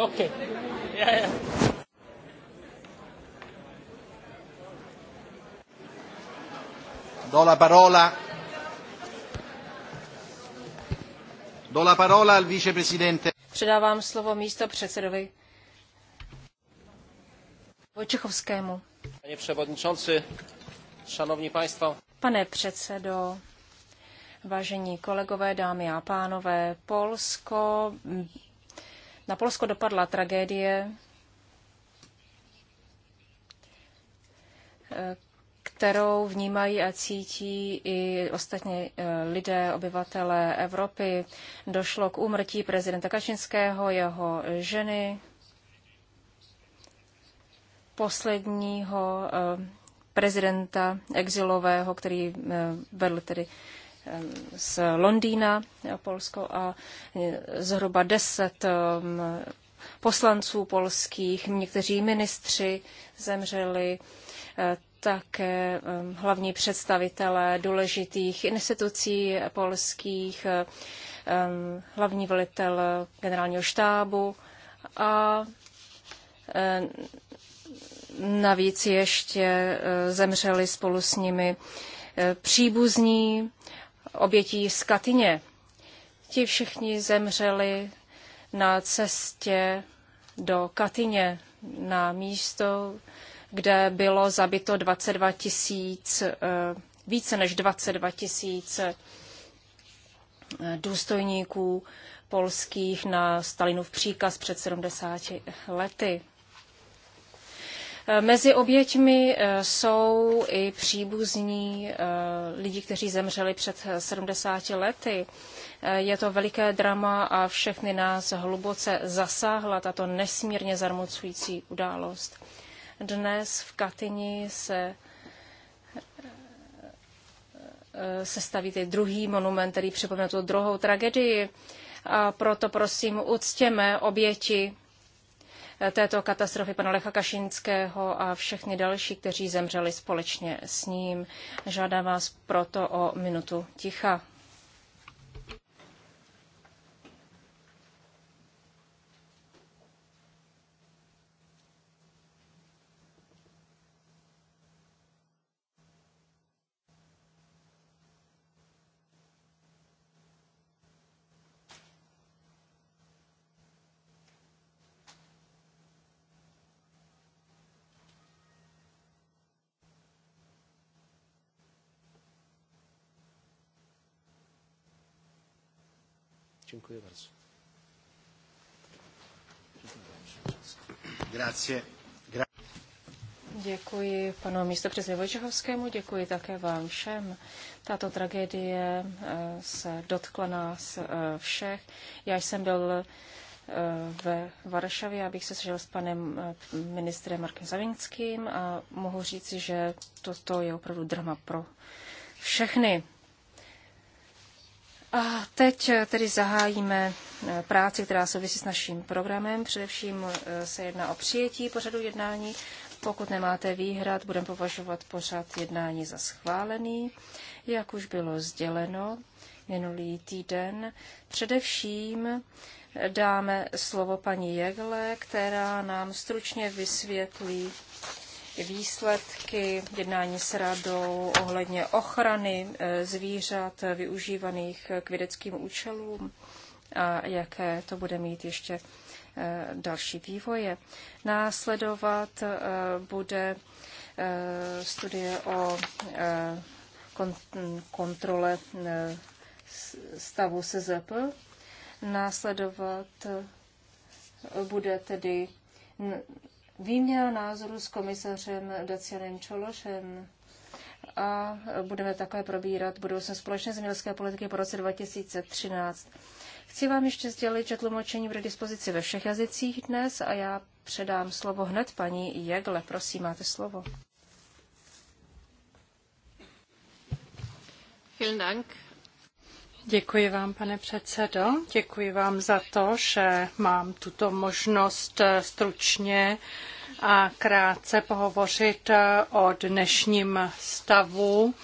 Okay. Yeah, yeah. Do la parola. Do la parola al vicepresidente. Předávám slovo místo předsedovi Vojčechovskému. Pane předsedající, šanovní państwo. Pane předsedo, vážení kolegové, dámy a pánové, Polsko na Polsko dopadla tragédie, kterou vnímají a cítí i ostatní eh, lidé, obyvatelé Evropy. Došlo k úmrtí prezidenta Kačinského, jeho ženy, posledního eh, prezidenta exilového, který eh, vedl tedy z Londýna, Polsko, a zhruba deset um, poslanců polských, někteří ministři zemřeli, eh, také um, hlavní představitelé důležitých institucí polských, eh, um, hlavní velitel generálního štábu a eh, navíc ještě zemřeli spolu s nimi příbuzní obětí z Katyně. Ti všichni zemřeli na cestě do Katyně, na místo, kde bylo zabito 22 tisíc, eh, více než 22 tisíc eh, důstojníků polských na Stalinův příkaz před 70 lety. Mezi oběťmi eh, jsou i příbuzní eh, lidí, kteří zemřeli před 70 lety. Eh, je to veliké drama a všechny nás hluboce zasáhla tato nesmírně zarmocující událost. Dnes v Katyni se se staví ty druhý monument, který připomíná tu druhou tragedii. A proto prosím, uctěme oběti této katastrofy pana Lecha Kašinského a všechny další, kteří zemřeli společně s ním. Žádám vás proto o minutu ticha. Dziękuję bardzo. Grazie. Gra- Děkuji panu místopředsedovi Vojčechovskému, děkuji také vám všem. Tato tragédie eh, se dotkla nás eh, všech. Já jsem byl eh, ve Varšavě, abych se sežil s panem ministrem Markem Zavinským a mohu říci, že toto je opravdu drama pro všechny. A teď eh, tedy zahájíme eh, práci, která souvisí s naším programem. Především eh, se jedná o přijetí pořadu jednání. Pokud nemáte výhrad, budeme považovat pořad jednání za schválený. Jak už bylo sděleno minulý týden, především dáme slovo paní Jegle, která nám stručně vysvětlí výsledky jednání s radou ohledně ochrany eh, zvířat využívaných k vědeckým účelům a jaké to bude mít ještě eh, další vývoje. Následovat eh, bude studie o kontrole stavu SZP. Následovat bude tedy výměna názoru s komisařem Dacianem Čološem a budeme také probírat budoucnost společné zemědělské politiky po roce 2013. Chci vám ještě sdělit, že tlumočení bude dispozici ve všech jazycích dnes a já předám slovo hned paní Jegle. Prosím, máte slovo. Vielen Dank. Děkuji vám, pane předsedo. Děkuji vám za to, že mám tuto možnost eh, stručně a krátce pohovořit eh, o dnešním stavu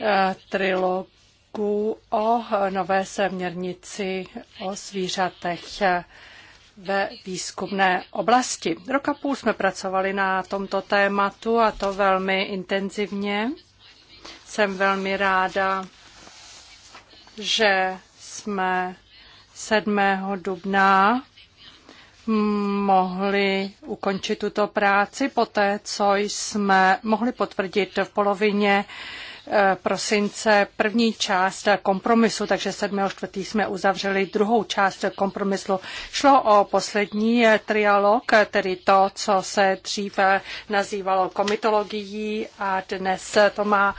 eh, trilogu o nové směrnici o zvířatech ve výzkumné oblasti. Roka půl jsme pracovali na tomto tématu a to velmi intenzivně. Jsem velmi ráda, že jsme 7. dubna mohli ukončit tuto práci poté, co jsme mohli potvrdit v polovině Eh, prosince první část kompromisu, takže 7. čtvrtý jsme uzavřeli druhou část kompromisu. Šlo o poslední eh, trialog, eh, tedy to, co se dříve nazývalo komitologií a dnes to má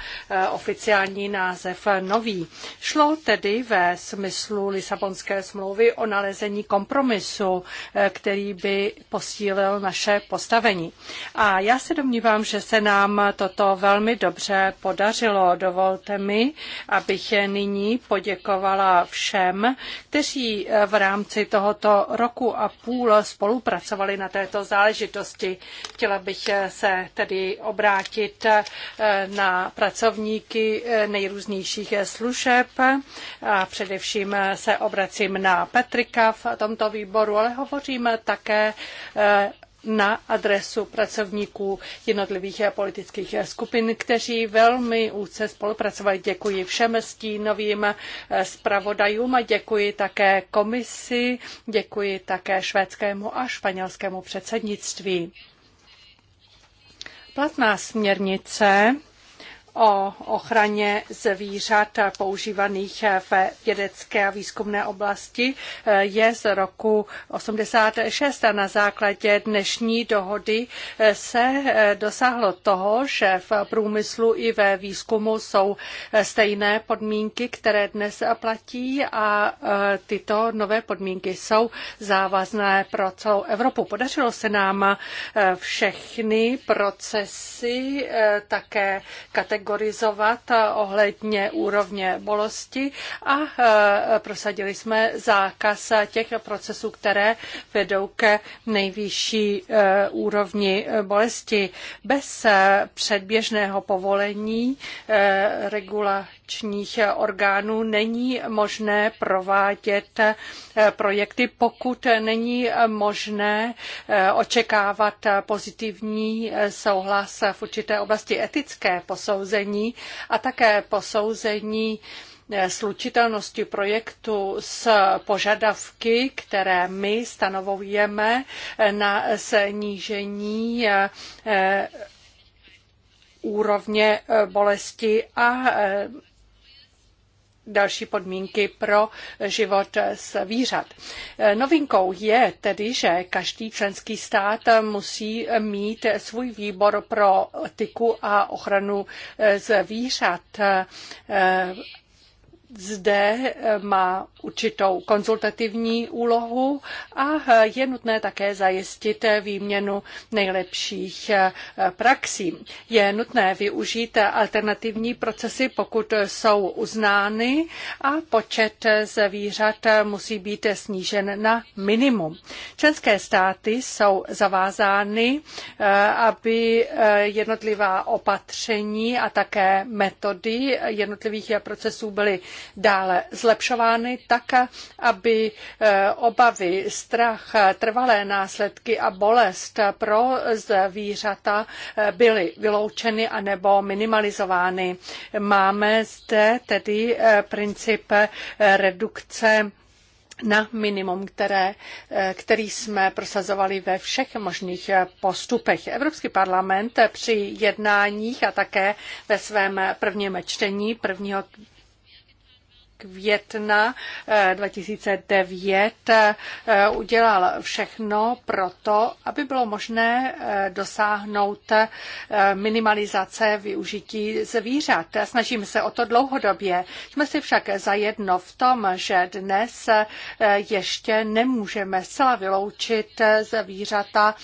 oficiální název nový. Šlo tedy ve smyslu Lisabonské smlouvy o nalezení kompromisu, který by posílil naše postavení. A já se domnívám, že se nám toto velmi dobře podařilo podařilo. Dovolte mi, abych nyní poděkovala všem, kteří v rámci tohoto roku a půl spolupracovali na této záležitosti. Chtěla bych se tedy obrátit eh, na pracovníky eh, nejrůznějších služeb. A především se obracím na Petrika v tomto výboru, ale hovořím také eh, na adresu pracovníků jednotlivých politických skupin, kteří velmi úzce spolupracovali. Děkuji všem stínovým eh, zpravodajům a děkuji také komisi, děkuji také švédskému a španělskému předsednictví. Platná směrnice o ochraně zvířat používaných v vědecké a výzkumné oblasti eh, je z roku 86 a na základě dnešní dohody eh, se eh, dosáhlo toho, že v průmyslu i ve výzkumu jsou stejné podmínky, které dnes platí a tyto nové podmínky jsou závazné pro celou Evropu. Podařilo se nám všechny procesy také kategorizovat kategorizovat eh, ohledně úrovně bolesti a eh, prosadili jsme zákaz eh, těch procesů, které vedou ke nejvyšší úrovni bolesti. Bez předběžného povolení regulační regulačních orgánů není možné provádět eh, projekty, pokud není možné eh, očekávat pozitivní eh, souhlas v určité oblasti etické posouzení a také posouzení slučitelnosti projektu s požadavky, které my stanovujeme na snížení úrovně bolesti a další podmínky pro život zvířat. Novinkou je tedy, že každý členský stát musí mít svůj výbor pro etiku a ochranu zvířat zde eh, má určitou konzultativní úlohu a eh, je nutné také zajistit eh, výměnu nejlepších praxí. Je nutné využít alternativní procesy, pokud jsou uznány a počet zvířat musí být snížen na minimum. Členské státy jsou zavázány, aby jednotlivá opatření a také metody jednotlivých procesů byly dále zlepšovány tak, aby eh, obavy, strach, trvalé následky a bolest pro zvířata eh, byly vyloučeny anebo minimalizovány. Máme zde tedy eh, princip redukce na minimum, které, který jsme prosazovali ve všech možných postupech. Evropský parlament při jednáních a také ve svém prvním čtení 1 května 2009 eh, eh, udělal všechno pro to, aby bylo možné eh, dosáhnout minimalizace využití zvířat. Snažíme se o to dlouhodobě. Jsme si však zajedno v tom, že dnes ještě nemůžeme zcela vyloučit zvířata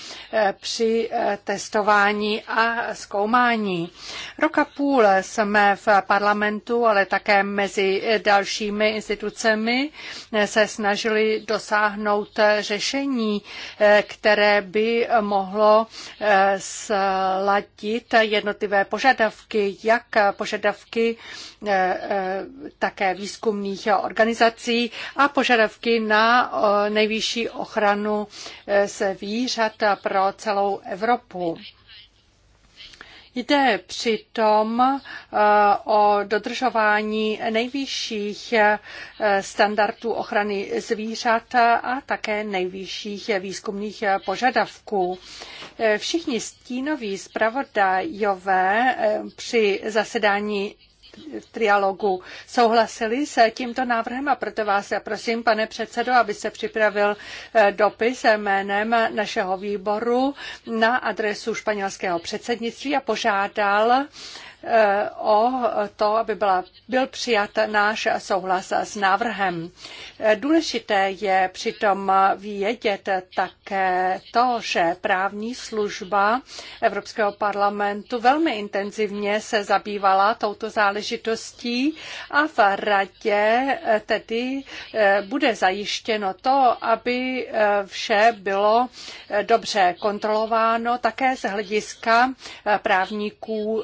při testování a zkoumání. Roka půl jsme v parlamentu, ale také mezi dalšími dalšími institucemi eh, se snažili dosáhnout eh, řešení, eh, které by mohlo sladit jednotlivé požadavky, jak požadavky také výzkumných organizací a požadavky na nejvyšší ochranu zvířat pro celou Evropu. Jde přitom eh, o dodržování nejvyšších eh, standardů ochrany zvířat a také nejvyšších výzkumných požadavků. Eh, všichni stínoví zpravodajové při zasedání trialogu souhlasili s tímto návrhem a proto vás prosím, pane předsedo, aby se připravil eh, dopis jménem našeho výboru na adresu španělského předsednictví a požádal Eh, o to, aby byla, byl přijat náš souhlas s návrhem. Eh, důležité je přitom vědět také to, že právní služba Evropského parlamentu velmi intenzivně se zabývala touto záležitostí a v radě eh, tedy bude zajištěno to, aby vše bylo dobře kontrolováno také z hlediska právníků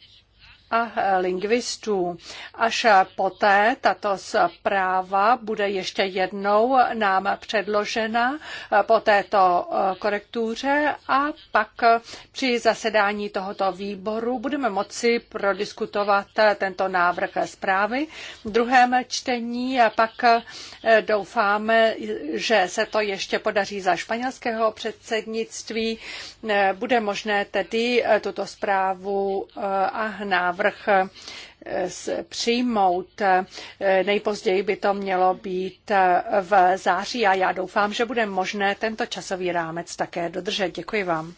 a lingvistů. Až poté tato zpráva bude ještě jednou nám předložena po této eh, korektuře a pak při zasedání tohoto výboru budeme moci prodiskutovat eh, tento návrh zprávy. V druhém čtení a pak eh, doufáme, že se to ještě podaří za španělského předsednictví. Bude možné tedy tuto zprávu a návrh návrh eh, přijmout. Eh, nejpozději by to mělo být eh, v září a já doufám, že bude možné tento časový rámec také dodržet. Děkuji vám.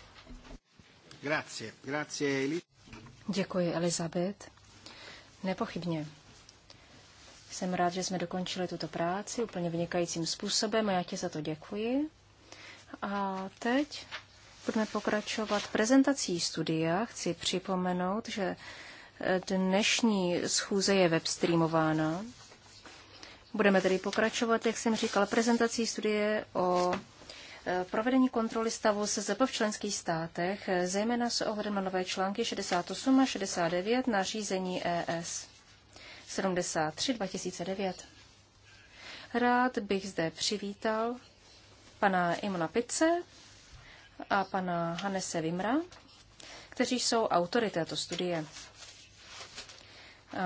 Grazie, grazie. Děkuji, Elizabeth. Nepochybně. Jsem rád, že jsme dokončili tuto práci úplně vynikajícím způsobem a já ti za to děkuji. A teď budeme pokračovat prezentací studia. Chci připomenout, že Dnešní schůze je webstreamována. Budeme tedy pokračovat, jak jsem říkal, prezentací studie o e, provedení kontroly stavu SZP v členských státech, e, zejména s ohledem na nové články 68 a 69 na řízení ES 73 2009. Rád bych zde přivítal pana Imona Pice a pana Hanese Vimra, kteří jsou autory této studie.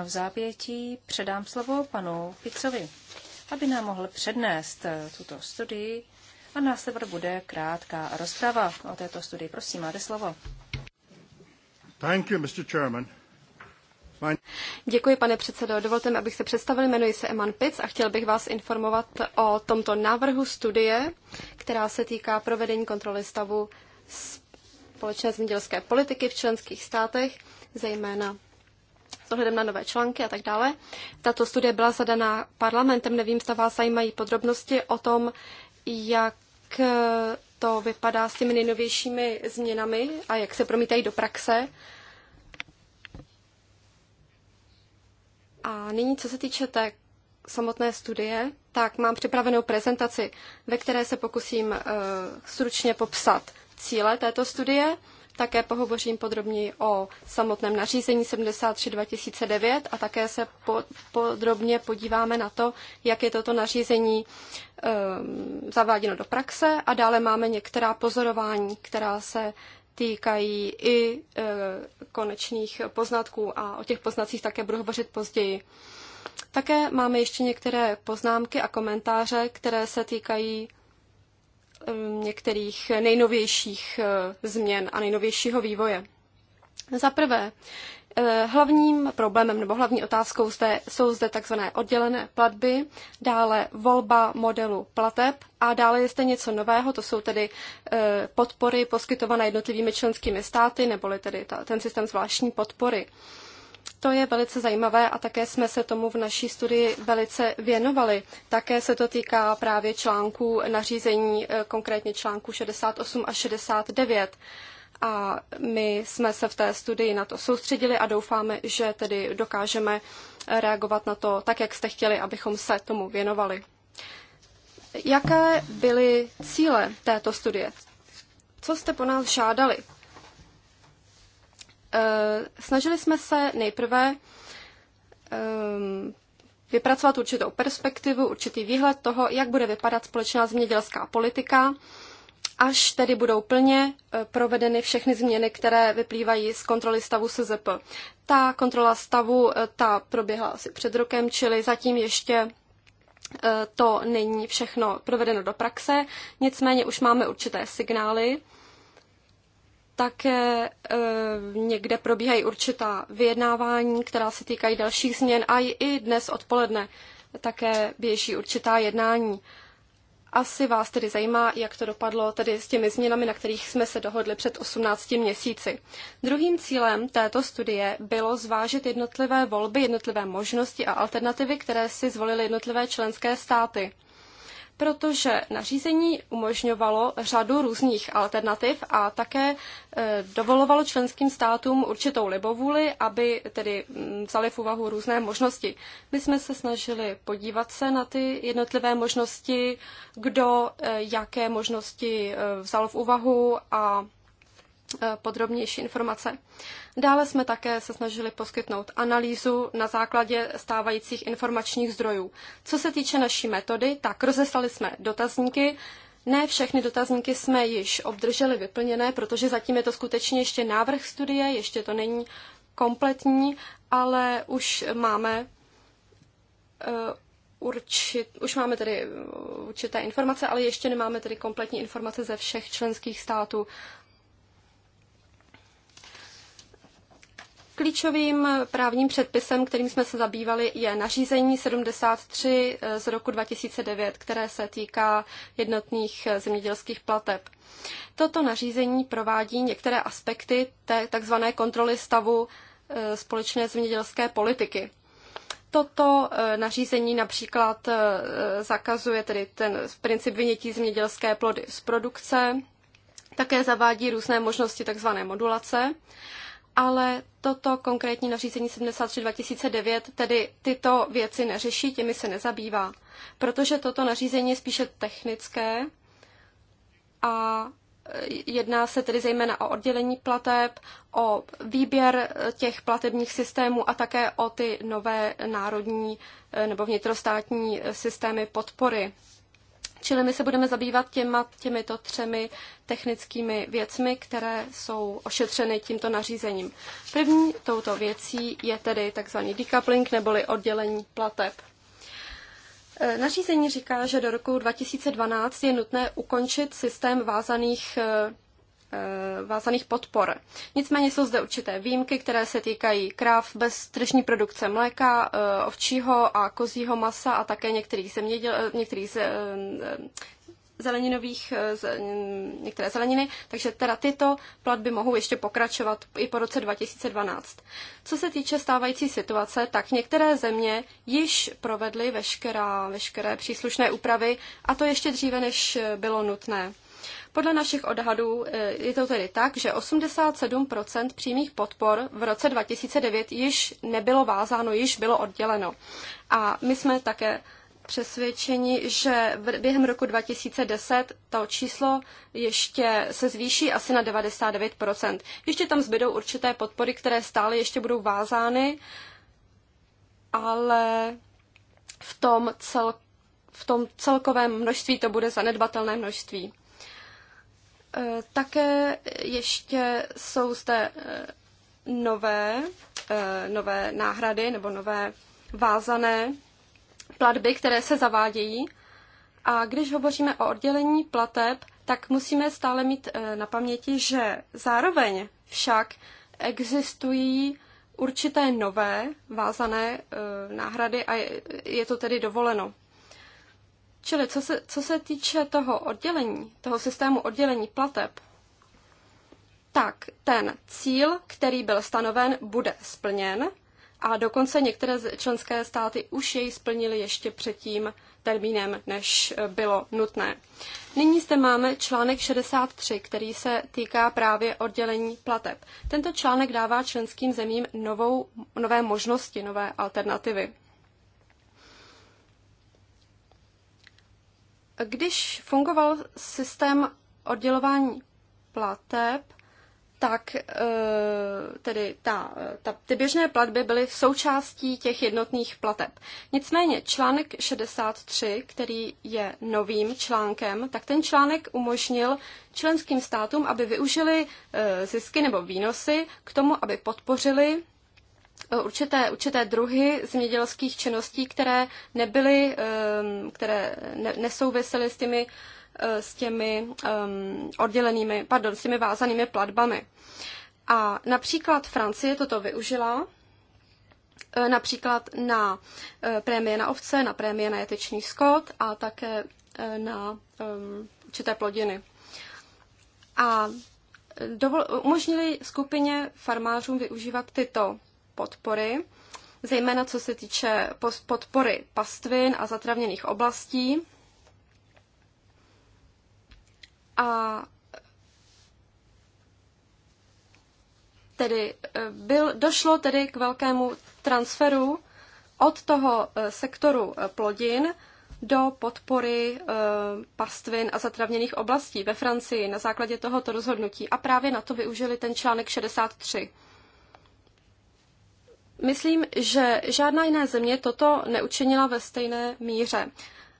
V zápětí předám slovo panu Picovi, aby nám mohl přednést eh, tuto studii a následovat bude krátká rozprava o této studii. Prosím, máte slovo. Thank you, Mr. Chairman. Děkuji, pane předsedo. Dovolte mi, abych se představil. Jmenuji se Eman Pitz a chtěl bych vás informovat o tomto návrhu studie, která se týká provedení kontroly stavu společné zemědělské politiky v členských státech, zejména s ohledem na nové články a tak dále. Tato studie byla zadaná parlamentem, nevím, zda vás zajímají podrobnosti o tom, jak to vypadá s těmi nejnovějšími změnami a jak se promítají do praxe. A nyní, co se týče té samotné studie, tak mám připravenou prezentaci, ve které se pokusím uh, stručně popsat cíle této studie také pohovořím podrobněji o samotném nařízení 73 2009 a také se po, podrobně podíváme na to, jak je toto nařízení um, zaváděno do praxe a dále máme některá pozorování, která se týkají i e, konečných poznatků a o těch poznacích také budu hovořit později. Také máme ještě některé poznámky a komentáře, které se týkají Um, některých nejnovějších uh, změn a nejnovějšího vývoje. Za prvé, uh, hlavním problémem nebo hlavní otázkou zde, jsou zde takzvané oddělené platby, dále volba modelu plateb a dále je zde něco nového, to jsou tedy uh, podpory poskytované jednotlivými členskými státy, neboli tedy ta, ten systém zvláštní podpory. To je velice zajímavé a také jsme se tomu v naší studii velice věnovali. Také se to týká právě článků nařízení, eh, konkrétně článku 68 a 69. A my jsme se v té studii na to soustředili a doufáme, že tedy dokážeme reagovat na to tak, jak jste chtěli, abychom se tomu věnovali. Jaké byly cíle této studie? Co jste po nás žádali? Eh, snažili jsme se nejprve eh, vypracovat určitou perspektivu, určitý výhled toho, jak bude vypadat společná zemědělská politika, až tedy budou plně eh, provedeny všechny změny, které vyplývají z kontroly stavu SZP. Ta kontrola stavu ta proběhla asi před rokem, čili zatím ještě to není všechno provedeno do praxe, nicméně už máme určité signály, také eh, někde probíhají určitá vyjednávání, která se týkají dalších změn a i dnes odpoledne také běží určitá jednání. Asi vás tedy zajímá, jak to dopadlo tedy s těmi změnami, na kterých jsme se dohodli před 18 měsíci. Druhým cílem této studie bylo zvážit jednotlivé volby, jednotlivé možnosti a alternativy, které si zvolily jednotlivé členské státy protože nařízení umožňovalo řadu různých alternativ a také e, dovolovalo členským státům určitou libovůli, aby tedy mm, vzali v úvahu různé možnosti. My jsme se snažili podívat se na ty jednotlivé možnosti, kdo e, jaké možnosti e, vzal v úvahu a Eh, podrobnější informace. Dále jsme také se snažili poskytnout analýzu na základě stávajících informačních zdrojů. Co se týče naší metody, tak rozeslali jsme dotazníky. Ne všechny dotazníky jsme již obdrželi vyplněné, protože zatím je to skutečně ještě návrh studie, ještě to není kompletní, ale už máme eh, určit, už máme tedy eh, určité informace, ale ještě nemáme tedy kompletní informace ze všech členských států. Klíčovým právním předpisem, kterým jsme se zabývali, je nařízení 73 eh, z roku 2009, které se týká jednotných eh, zemědělských plateb. Toto nařízení provádí některé aspekty té tzv. kontroly stavu eh, společné zemědělské politiky. Toto nařízení například zakazuje tedy ten princip vynětí zemědělské plody z produkce, také zavádí různé možnosti tzv. modulace ale toto konkrétní nařízení 73 2009 tedy tyto věci neřeší, těmi se nezabývá, protože toto nařízení je spíše technické a e, jedná se tedy zejména o oddělení plateb, o výběr e, těch platebních systémů a také o ty nové národní e, nebo vnitrostátní systémy podpory Čili my se budeme zabývat těma, těmito třemi technickými věcmi, které jsou ošetřeny tímto nařízením. První touto věcí je tedy tzv. decoupling neboli oddělení plateb. E, nařízení říká, že do roku 2012 je nutné ukončit systém vázaných e, Eh, vázaných podpor. Nicméně jsou zde určité výjimky, které se týkají kráv bez tržní produkce mléka, eh, ovčího a kozího masa a také některých, zeměděl, eh, některých z, zeleninových, mm, některé zeleniny, takže teda tyto platby mohou ještě pokračovat i po roce 2012. Co se týče stávající situace, tak některé země již provedly veškerá, veškeré příslušné úpravy a to ještě dříve, než bylo nutné. Podle našich odhadů eh, je to tedy tak, že 87 přímých podpor v roce 2009 již nebylo vázáno, již bylo odděleno. A my jsme také přesvědčeni, že během roku 2010 to číslo ještě se zvýší asi na 99%. Ještě tam zbydou určité podpory, které stále ještě budou vázány, ale v tom, cel, v tom celkovém množství to bude zanedbatelné množství. Eh, také ještě jsou zde eh, nové, eh, nové náhrady nebo nové vázané platby, které se zavádějí. A když hovoříme o oddělení plateb, tak musíme stále mít na paměti, že zároveň však existují určité nové vázané náhrady a je to tedy dovoleno. Čili co se, co se týče toho oddělení, toho systému oddělení plateb, tak ten cíl, který byl stanoven, bude splněn a dokonce některé členské státy už jej splnili ještě předtím termínem, než eh, bylo nutné. Nyní zde máme článek 63, který se týká právě oddělení plateb. Tento článek dává členským zemím novou, nové možnosti, nové alternativy. Když fungoval systém oddělování plateb, tak e, tedy ta, ta, ty běžné platby byly součástí těch jednotných plateb. Nicméně článek 63, který je novým článkem, tak ten článek umožnil členským státům, aby využili e, zisky nebo výnosy k tomu, aby podpořili určité, určité druhy zemědělských činností, které nebyly, ehm, které ne, nesouvisely s těmi, eh, s těmi ehm, oddělenými, pardon, s těmi vázanými platbami. A například Francie toto využila, eh, například na eh, prémie na ovce, na prémie na jetečný skot a také na ehm, určité plodiny. A dovol, umožnili skupině farmářům využívat tyto podpory, zejména co se týče podpory pastvin a zatravněných oblastí. A tedy e, byl, došlo tedy k velkému transferu od toho e, sektoru e, plodin do podpory pastvin a zatravněných oblastí ve Francii na základě tohoto rozhodnutí. A právě na to využili ten článek 63. Myslím, že žádná jiná země toto neučinila ve stejné míře.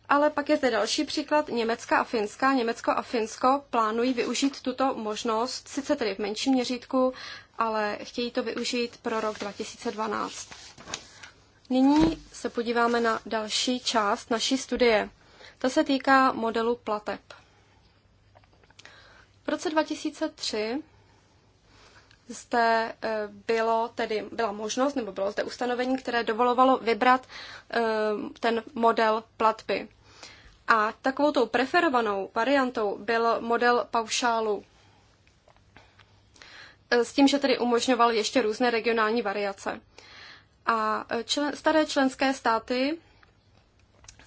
Ale pak je zde další příklad Německa a Finska. Německo a Finsko plánují využít tuto možnost, sice tedy v menším měřítku, ale chtějí to využít pro rok 2012. Nyní se podíváme na další část naší studie. Ta se týká modelu plateb. V roce 2003 zde eh, bylo tedy, byla možnost, nebo bylo zde ustanovení, které dovolovalo vybrat eh, ten model platby. A takovou tou preferovanou variantou byl model paušálu. Eh, s tím, že tedy umožňoval ještě různé regionální variace. A člen, staré členské státy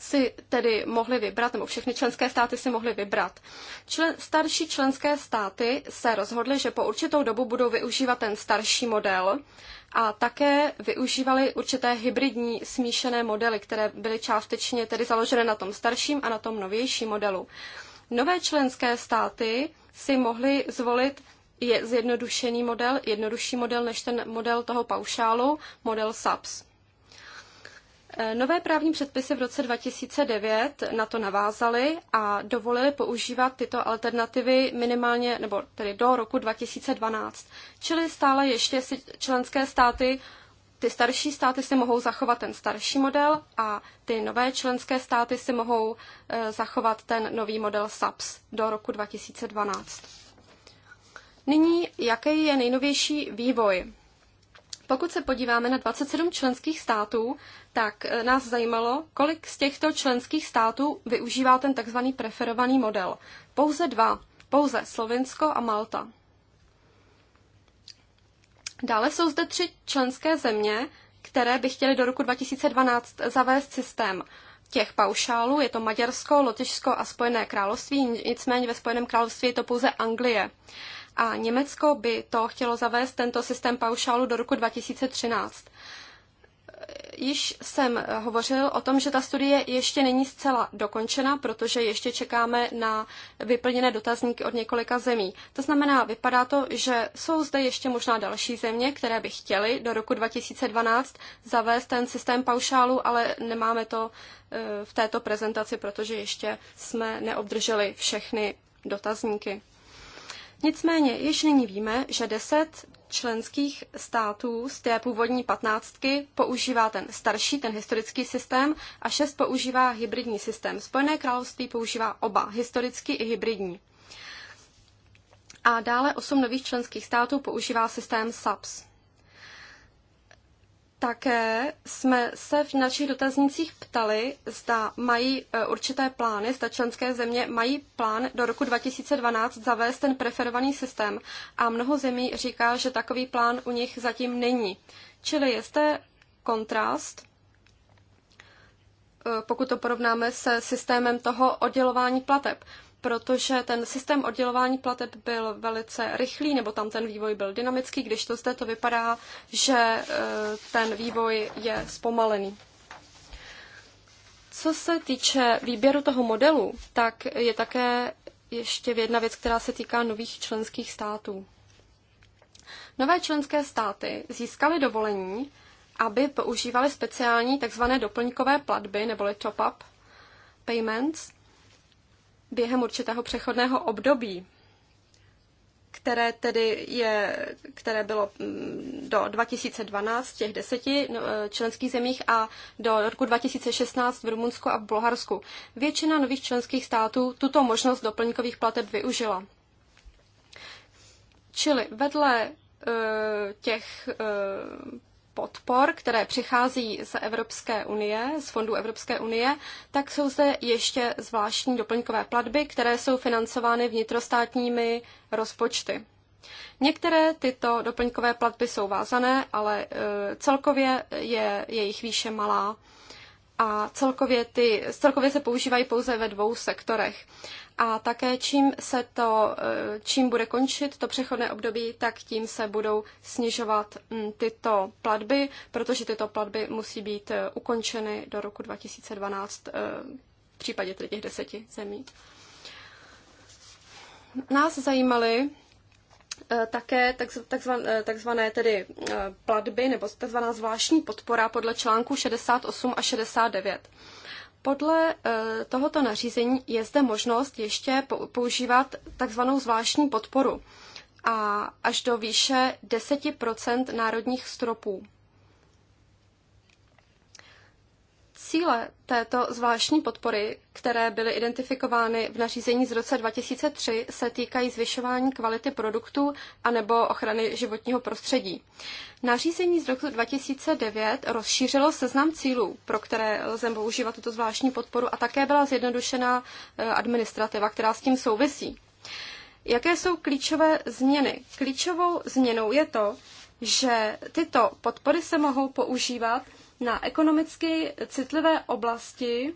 si tedy mohli vybrat, nebo všechny členské státy si mohly vybrat. Člen, starší členské státy se rozhodly, že po určitou dobu budou využívat ten starší model a také využívali určité hybridní smíšené modely, které byly částečně tedy založené na tom starším a na tom novějším modelu. Nové členské státy si mohly zvolit je zjednodušený model, jednodušší model než ten model toho paušálu, model SAPS. Eh, nové právní předpisy v roce 2009 na to navázaly a dovolily používat tyto alternativy minimálně, nebo tedy do roku 2012. Čili stále ještě si členské státy, ty starší státy si mohou zachovat ten starší model a ty nové členské státy si mohou eh, zachovat ten nový model SAPS do roku 2012. Nyní, jaký je nejnovější vývoj? Pokud se podíváme na 27 členských států, tak eh, nás zajímalo, kolik z těchto členských států využívá ten tzv. preferovaný model. Pouze dva, pouze Slovinsko a Malta. Dále jsou zde tři členské země, které by chtěly do roku 2012 zavést systém těch paušálů. Je to Maďarsko, Lotyšsko a Spojené království, nicméně ve Spojeném království je to pouze Anglie. Uh, a Německo by to chtělo zavést tento systém paušálu do roku 2013. Již jsem hovořil o tom, že ta studie ještě není zcela dokončena, protože ještě čekáme na vyplněné dotazníky od několika zemí. To znamená, vypadá to, že jsou zde ještě možná další země, které by chtěly do roku 2012 zavést ten systém paušálu, ale nemáme to eh, v této prezentaci, protože ještě jsme neobdrželi všechny dotazníky. Nicméně již nyní víme, že 10 členských států z té původní patnáctky používá ten starší, ten historický systém a šest používá hybridní systém. Spojené království používá oba, historický i hybridní. A dále osm nových členských států používá systém SAPS. Také jsme se v našich dotaznicích ptali, zda mají e, určité plány, zda členské země mají plán do roku 2012 zavést ten preferovaný systém. A mnoho zemí říká, že takový plán u nich zatím není. Čili je zde kontrast, e, pokud to porovnáme se systémem toho oddělování plateb protože ten systém oddělování plateb byl velice rychlý, nebo tam ten vývoj byl dynamický, když to zde to vypadá, že e, ten vývoj je zpomalený. Co se týče výběru toho modelu, tak je také ještě jedna věc, která se týká nových členských států. Nové členské státy získaly dovolení, aby používali speciální tzv. doplňkové platby neboli top-up payments – během určitého přechodného období, které tedy je, které bylo mm, do 2012 těch deseti no, e, členských zemích a do roku 2016 v Rumunsku a v Bulharsku. Většina nových členských států tuto možnost doplňkových plateb využila. Čili vedle e, těch e, podpor, které přichází z Evropské unie, z fondů Evropské unie, tak jsou zde ještě zvláštní doplňkové platby, které jsou financovány vnitrostátními rozpočty. Některé tyto doplňkové platby jsou vázané, ale e, celkově je jejich výše malá a celkově, ty, celkově se používají pouze ve dvou sektorech. A také čím se to, eh, čím bude končit to přechodné období, tak tím se budou snižovat mm, tyto platby, protože tyto platby musí být eh, ukončeny do roku 2012 eh, v případě těch deseti zemí. Nás zajímaly Eh, také eh, takzvané tedy eh, platby nebo takzvaná zvláštní podpora podle článku 68 a 69. Podle tohoto nařízení je zde možnost ještě používat takzvanou zvláštní podporu a až do výše 10 národních stropů. Cíle této zvláštní podpory, které byly identifikovány v nařízení z roce 2003, se týkají zvyšování kvality produktů anebo ochrany životního prostředí. Nařízení z roku 2009 rozšířilo seznam cílů, pro které lze používat tuto zvláštní podporu a také byla zjednodušena eh, administrativa, která s tím souvisí. Jaké jsou klíčové změny? Klíčovou změnou je to, že tyto podpory se mohou používat na ekonomicky citlivé oblasti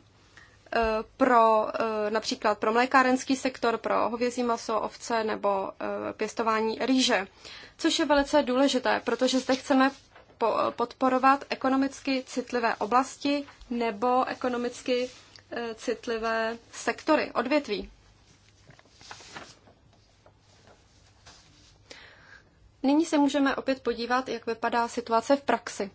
eh, pro eh, například pro mlékárenský sektor, pro hovězí maso, ovce nebo eh, pěstování rýže, což je velice důležité, protože zde chceme podporovat ekonomicky citlivé oblasti nebo ekonomicky citlivé sektory, odvětví. Nyní se můžeme opět podívat, jak vypadá situace v praxi.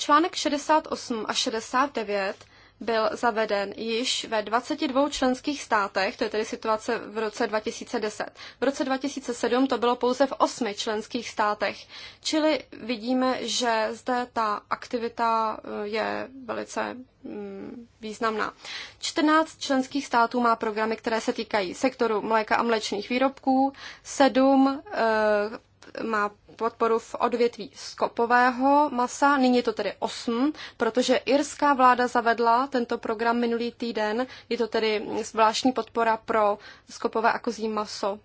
Článek 68 a 69 byl zaveden již ve 22 členských státech, to je tedy situace v roce 2010. V roce 2007 to bylo pouze v 8 členských státech, čili vidíme, že zde ta aktivita eh, je velice mm, významná. 14 členských států má programy, které se týkají sektoru mléka a mléčných výrobků, 7 eh, má podporu v odvětví skopového masa. Nyní je to tedy 8, protože irská vláda zavedla tento program minulý týden. Je to tedy zvláštní podpora pro skopové a kozí maso.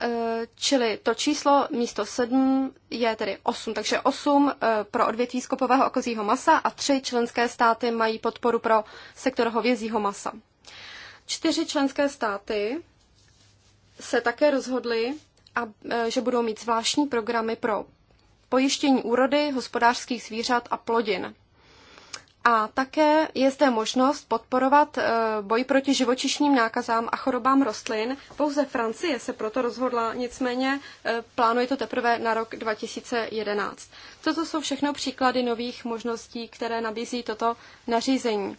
E, čili to číslo místo 7 je tedy 8, takže 8 e, pro odvětví skopového a kozího masa a 3 členské státy mají podporu pro sektor hovězího masa. Čtyři členské státy se také rozhodly a, e, že budou mít zvláštní programy pro pojištění úrody, hospodářských zvířat a plodin. A také je zde možnost podporovat e, boj proti živočišním nákazám a chorobám rostlin. Pouze Francie se proto rozhodla, nicméně e, plánuje to teprve na rok 2011. Toto jsou všechno příklady nových možností, které nabízí toto nařízení.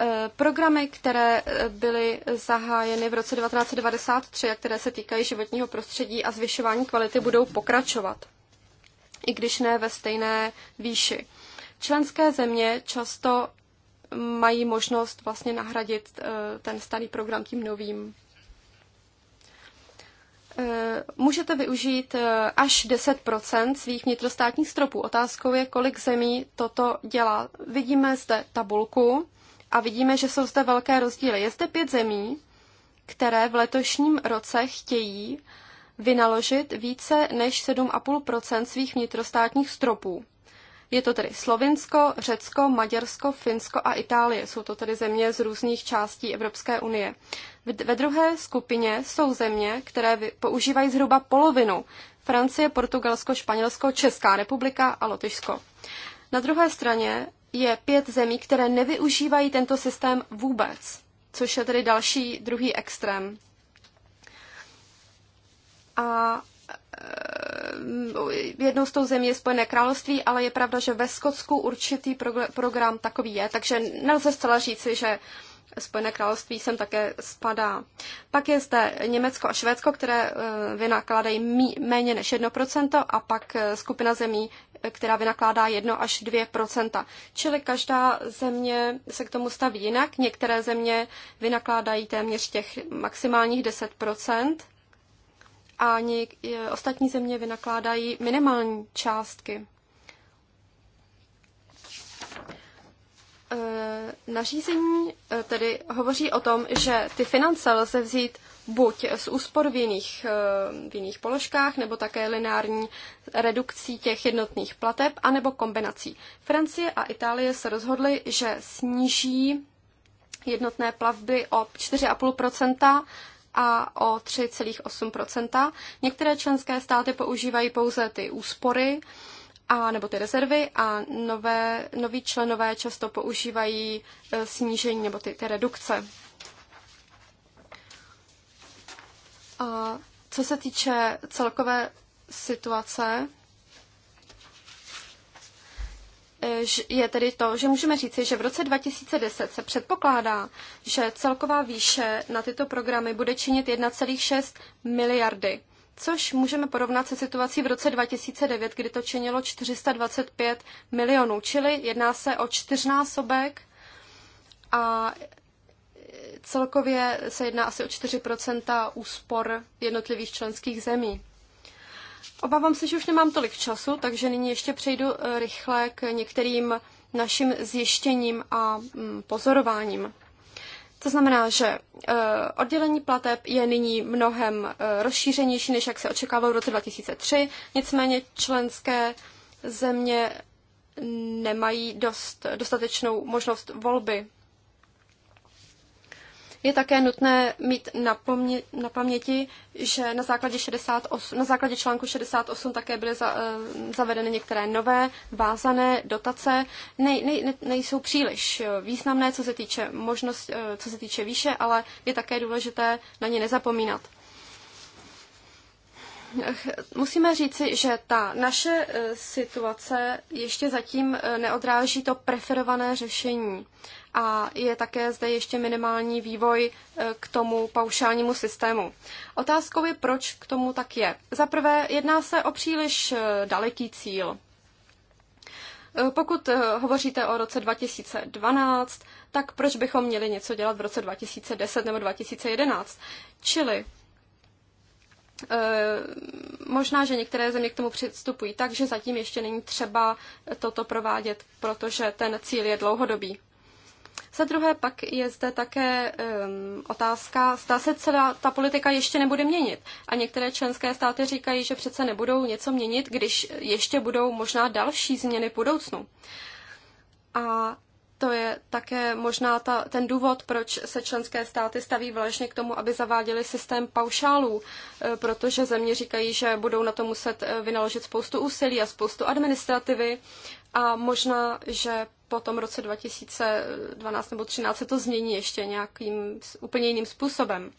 Eh, programy, které eh, byly zahájeny v roce 1993 a které se týkají životního prostředí a zvyšování kvality, budou pokračovat, i když ne ve stejné výši. Členské země často mají možnost vlastně nahradit eh, ten starý program tím novým. Můžete využít až 10 svých vnitrostátních stropů. Otázkou je, kolik zemí toto dělá. Vidíme zde tabulku a vidíme, že jsou zde velké rozdíly. Je zde pět zemí, které v letošním roce chtějí vynaložit více než 7,5 svých vnitrostátních stropů. Je to tedy Slovinsko, Řecko, Maďarsko, Finsko a Itálie. Jsou to tedy země z různých částí Evropské unie. Ve druhé skupině jsou země, které používají zhruba polovinu. Francie, Portugalsko, Španělsko, Česká republika a Lotyšsko. Na druhé straně je pět zemí, které nevyužívají tento systém vůbec, což je tedy další druhý extrém. A eh, jednou z tou zemí je Spojené království, ale je pravda, že ve Skotsku určitý program takový je, takže nelze zcela říci, že Spojené království sem také spadá. Pak je zde Německo a Švédsko, které eh, vynakládají méně než 1% a pak eh, skupina zemí která vynakládá 1 až 2 Čili každá země se k tomu staví jinak. Některé země vynakládají téměř těch maximálních 10 a něk, ostatní země vynakládají minimální částky. E, nařízení e, tedy hovoří o tom, že ty finance lze vzít buď z úspor v jiných, eh, v jiných položkách, nebo také lineární redukcí těch jednotných plateb, anebo kombinací. Francie a Itálie se rozhodly, že sníží jednotné plavby o 4,5 a o 3,8 Některé členské státy používají pouze ty úspory a nebo ty rezervy a nové, noví členové často používají eh, snížení nebo ty, ty redukce. A co se týče celkové situace, je tedy to, že můžeme říci, že v roce 2010 se předpokládá, že celková výše na tyto programy bude činit 1,6 miliardy, což můžeme porovnat se situací v roce 2009, kdy to činilo 425 milionů, čili jedná se o čtyřnásobek a Celkově se jedná asi o 4 úspor jednotlivých členských zemí. Obávám se, že už nemám tolik času, takže nyní ještě přejdu eh, rychle k některým našim zjištěním a mm, pozorováním. To znamená, že eh, oddělení plateb je nyní mnohem eh, rozšířenější, než jak se očekávalo v roce 2003. Nicméně členské země nemají dost, dostatečnou možnost volby je také nutné mít na, pomě- na paměti, že na základě, 68, na základě článku 68 také byly za, eh, zavedeny některé nové vázané dotace. Ne, ne, ne, nejsou příliš eh, významné, co se týče možnost, eh, co se týče výše, ale je také důležité na ně nezapomínat musíme říci, že ta naše e, situace ještě zatím e, neodráží to preferované řešení. A je také zde ještě minimální vývoj e, k tomu paušálnímu systému. Otázkou je, proč k tomu tak je. Za prvé, jedná se o příliš daleký cíl. Pokud hovoříte o roce 2012, tak proč bychom měli něco dělat v roce 2010 nebo 2011? Čili Eh, možná, že některé země k tomu přistupují tak, že zatím ještě není třeba toto provádět, protože ten cíl je dlouhodobý. Za druhé pak je zde také um, otázka, zda se celá ta politika ještě nebude měnit. A některé členské státy říkají, že přece nebudou něco měnit, když ještě budou možná další změny v budoucnu. A to je také možná ta, ten důvod, proč se členské státy staví vlastně k tomu, aby zaváděli systém paušálů, e, protože země říkají, že budou na to muset e, vynaložit spoustu úsilí a spoustu administrativy a možná, že po tom roce 2012 nebo 2013 se to změní ještě nějakým úplně jiným způsobem.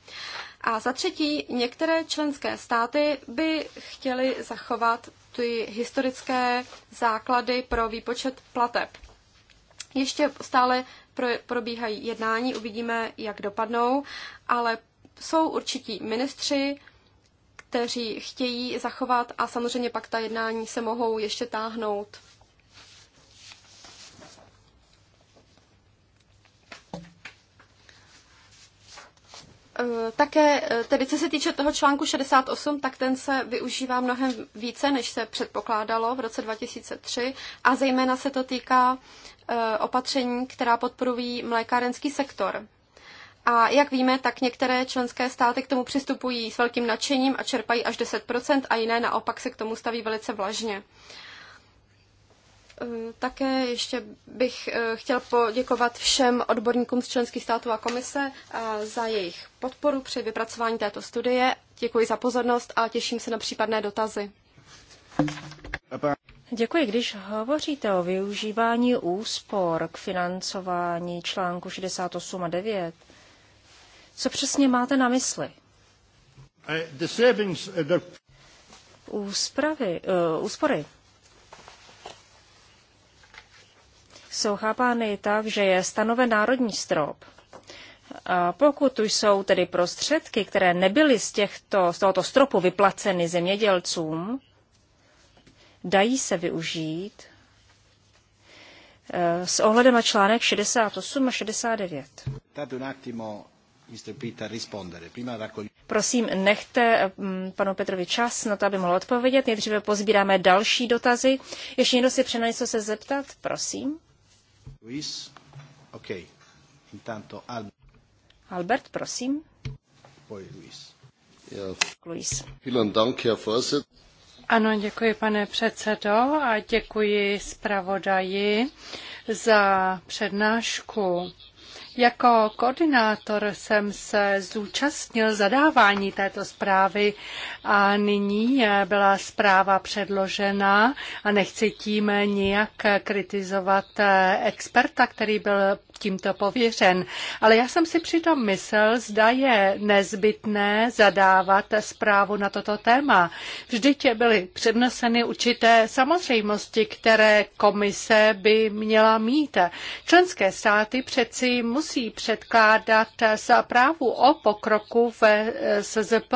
A za třetí, některé členské státy by chtěly zachovat ty historické základy pro výpočet plateb. Ještě stále probíhají jednání, uvidíme, jak dopadnou, ale jsou určití ministři, kteří chtějí zachovat a samozřejmě pak ta jednání se mohou ještě táhnout. Eh, také, eh, tedy co se týče toho článku 68, tak ten se využívá mnohem více, než se předpokládalo v roce 2003 a zejména se to týká Eh, opatření, která podporují mlékárenský sektor. A jak víme, tak některé členské státy k tomu přistupují s velkým nadšením a čerpají až 10%, a jiné naopak se k tomu staví velice vlažně. Eh, také ještě bych eh, chtěl poděkovat všem odborníkům z členských států a komise za jejich podporu při vypracování této studie. Děkuji za pozornost a těším se na případné dotazy. Děkuji. Když hovoříte o využívání úspor k financování článku 68 a 9, co přesně máte na mysli? Eh, eh, Úspravy, uh, úspory jsou chápány tak, že je stanoven národní strop. A pokud už jsou tedy prostředky, které nebyly z, těchto, z tohoto stropu vyplaceny zemědělcům, dají se využít eh, s ohledem na článek 68 a 69. Prosím, nechte eh, mm, panu Petrovi čas na to, aby mohl odpovědět. Nejdříve pozbíráme další dotazy. Ještě někdo si přeje na něco se zeptat? Prosím. Luis? OK. Intanto Albert. Albert, prosím. Poi Luis. Luis. Vielen Dank, Herr ano, děkuji pane předsedo a děkuji zpravodaji za přednášku. Jako koordinátor jsem se zúčastnil zadávání této zprávy a nyní byla zpráva předložena a nechci tím nijak kritizovat experta, který byl tímto pověřen. Ale já jsem si přitom myslel, zda je nezbytné zadávat zprávu na toto téma. Vždyť byly předneseny určité samozřejmosti, které komise by měla mít. Členské státy přeci musí předkládat zprávu o pokroku ve SZP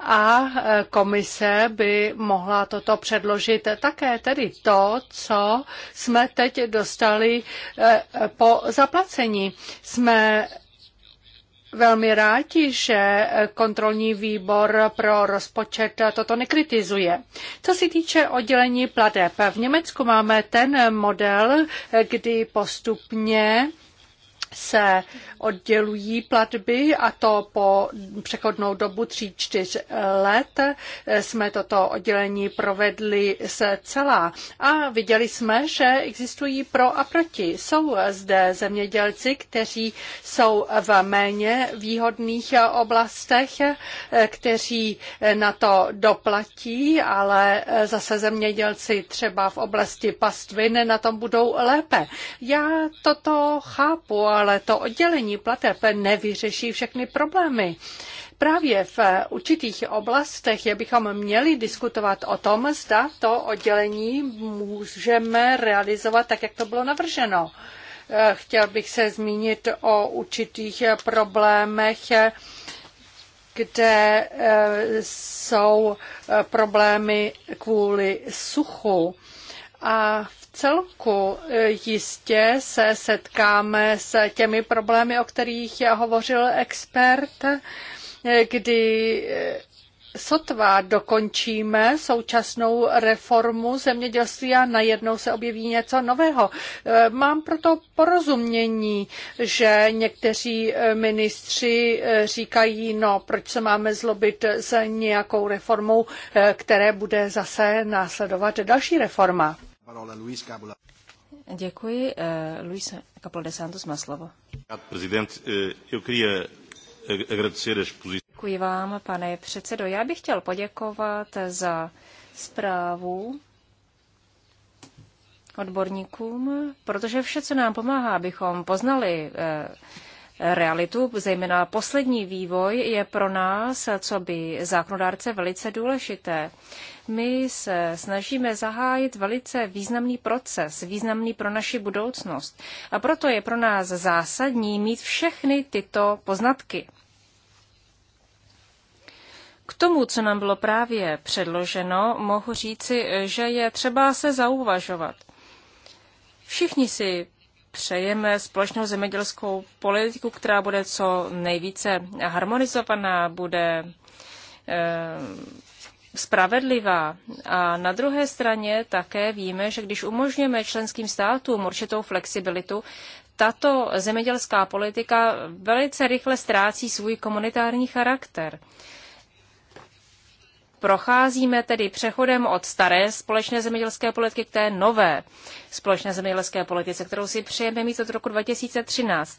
a komise by mohla toto předložit také tedy to, co jsme teď dostali eh, po zaplaceni. Jsme velmi rádi, že kontrolní výbor pro rozpočet toto nekritizuje. Co se týče oddělení plateb, v Německu máme ten model, kdy postupně se oddělují platby a to po přechodnou dobu 3-4 let jsme toto oddělení provedli se celá a viděli jsme, že existují pro a proti. Jsou zde zemědělci, kteří jsou v méně výhodných oblastech, kteří na to doplatí, ale zase zemědělci třeba v oblasti pastvin na tom budou lépe. Já toto chápu, ale ale to oddělení plateb nevyřeší všechny problémy právě v určitých oblastech bychom měli diskutovat o tom, zda to oddělení můžeme realizovat tak, jak to bylo navrženo. Chtěl bych se zmínit o určitých problémech, kde eh, jsou eh, problémy kvůli suchu. A v celku e, jistě se setkáme s těmi problémy, o kterých hovořil expert, e, kdy e, sotva dokončíme současnou reformu zemědělství a najednou se objeví něco nového. Mám proto porozumění, že někteří ministři říkají, no proč se máme zlobit s nějakou reformou, které bude zase následovat další reforma parola Luis Capula. Děkuji. Eh, Luis Capula de Santos má slovo. Eh, Děkuji vám, pane předsedo. Já bych chtěl poděkovat za zprávu odborníkům, protože vše, co nám pomáhá, abychom poznali eh, realitu, zejména poslední vývoj je pro nás, co by zákonodárce, velice důležité. My se snažíme zahájit velice významný proces, významný pro naši budoucnost. A proto je pro nás zásadní mít všechny tyto poznatky. K tomu, co nám bylo právě předloženo, mohu říci, že je třeba se zauvažovat. Všichni si přejeme společnou zemědělskou politiku, která bude co nejvíce harmonizovaná, bude eh, spravedlivá. A na druhé straně také víme, že když umožňujeme členským státům určitou flexibilitu, tato zemědělská politika velice rychle ztrácí svůj komunitární charakter. Procházíme tedy přechodem od staré společné zemědělské politiky k té nové společné zemědělské politice, kterou si přejeme mít od roku 2013,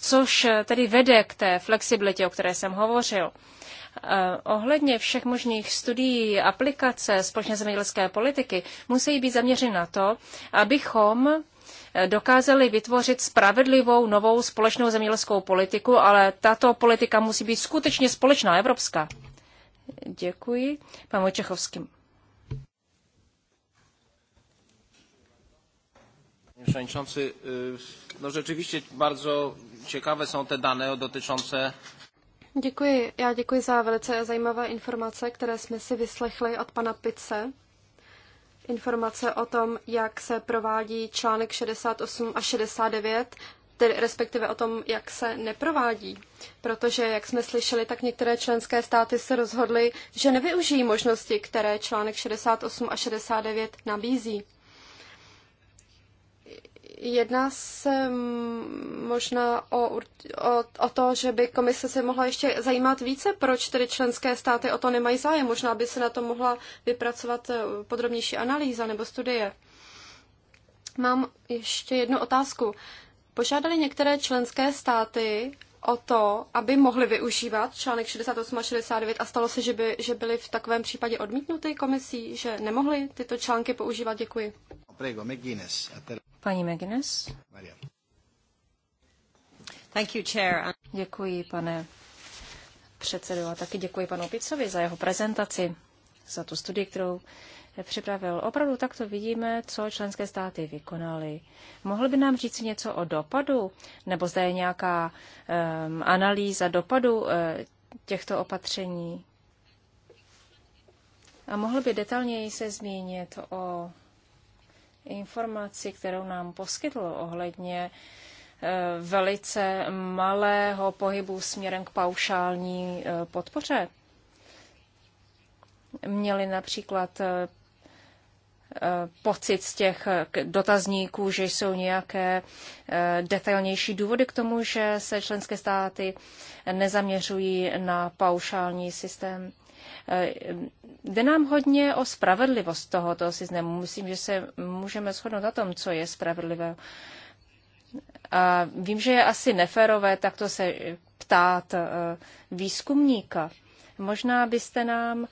což tedy vede k té flexibilitě, o které jsem hovořil. Eh, ohledně všech možných studií aplikace společné zemědělské politiky musí být zaměřeny na to, abychom eh, dokázali vytvořit spravedlivou novou společnou zemědělskou politiku, ale tato politika musí být skutečně společná evropská. Děkuji. Pan Vojčechovský. Panie Przewodniczący, no rzeczywiście bardzo ciekawe są te dane dotyczące. Děkuji. Já děkuji za velice zajímavé informace, které jsme si vyslechli od pana Pice. Informace o tom, jak se provádí článek 68 a 69 tedy respektive o tom, jak se neprovádí. Protože, jak jsme slyšeli, tak některé členské státy se rozhodly, že nevyužijí možnosti, které článek 68 a 69 nabízí. Jedná se možná o, o, o to, že by komise se mohla ještě zajímat více, proč tedy členské státy o to nemají zájem. Možná by se na to mohla vypracovat e, podrobnější analýza nebo studie. Mám ještě jednu otázku požádali některé členské státy o to, aby mohli využívat článek 68 a 69 a stalo se, že, by, že byly v takovém případě odmítnuty komisí, že nemohli tyto články používat. Děkuji. Prego, McGuinness. Paní McGuinness. Maria. Thank you, chair. Děkuji, pane předsedo, a taky děkuji panu Picovi za jeho prezentaci, za tu studii, kterou připravil. Opravdu takto vidíme, co členské státy vykonaly. Mohl by nám říct něco o dopadu, nebo zde je nějaká um, analýza dopadu uh, těchto opatření? A mohl by detailněji se zmínit o informaci, kterou nám poskytl ohledně eh, velice malého pohybu směrem k paušální eh, podpoře. Měli například Eh, pocit z těch eh, dotazníků, že jsou nějaké eh, detailnější důvody k tomu, že se členské státy nezaměřují na paušální systém. Jde nám hodně o spravedlivost tohoto systému. Myslím, že se můžeme shodnout na tom, co je spravedlivé. A vím, že je asi neférové takto se ptát výzkumníka. Možná byste nám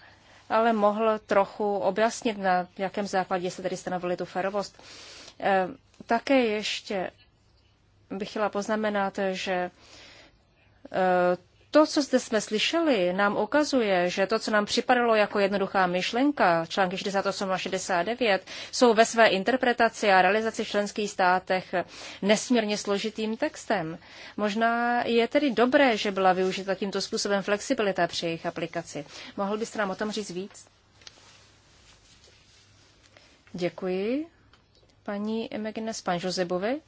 ale mohl trochu objasnit, na jakém základě se tedy stanovili tu ferovost. Eh, také ještě bych chtěla poznamenat, že eh, to, co zde jsme slyšeli, nám ukazuje, že to, co nám připadalo jako jednoduchá myšlenka, články 68 a 69, jsou ve své interpretaci a realizaci v členských státech nesmírně složitým textem. Možná je tedy dobré, že byla využita tímto způsobem flexibilita při jejich aplikaci. Mohl byste nám o tom říct víc? Děkuji. Paní Emegines, pan Josebovi.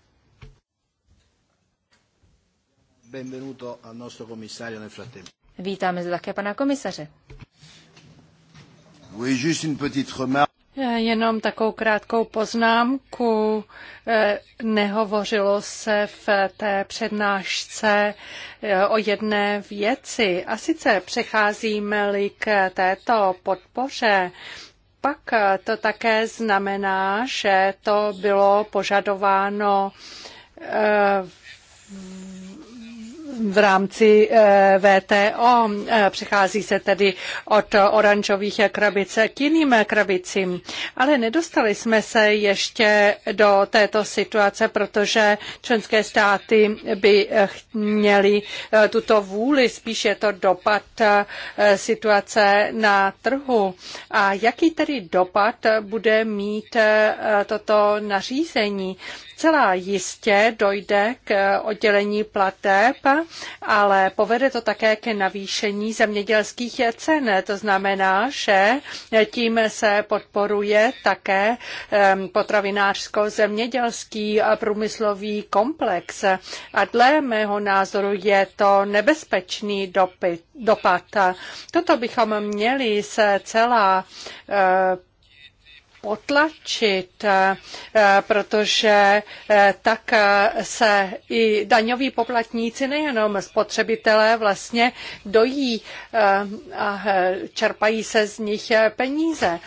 Benvenuto al nostro commissario nel frattempo. Vítáme zde také pana komisaře. Oui, juste une petite remarque. Eh, jenom takovou krátkou poznámku. Eh, nehovořilo se v té přednášce eh, o jedné věci. A sice přecházíme-li k této podpoře, pak to také znamená, že to bylo požadováno v v rámci eh, VTO. Eh, Přechází se tedy od oranžových krabic k jiným krabicím. Ale nedostali jsme se ještě do této situace, protože členské státy by eh, měly tuto vůli, spíše to dopad situace na trhu. A jaký tedy dopad bude mít toto nařízení? Celá jistě dojde k oddělení plateb, ale povede to také ke navýšení zemědělských cen. To znamená, že tím se podporuje také potravinářsko-zemědělský průmyslový komplex. A dle mého názoru je to nebezpečný dopyt, dopad. Toto bychom měli se celá eh, potlačit, eh, protože eh, tak eh, se i daňoví poplatníci, nejenom spotřebitelé, vlastně dojí a čerpají se z nich peníze.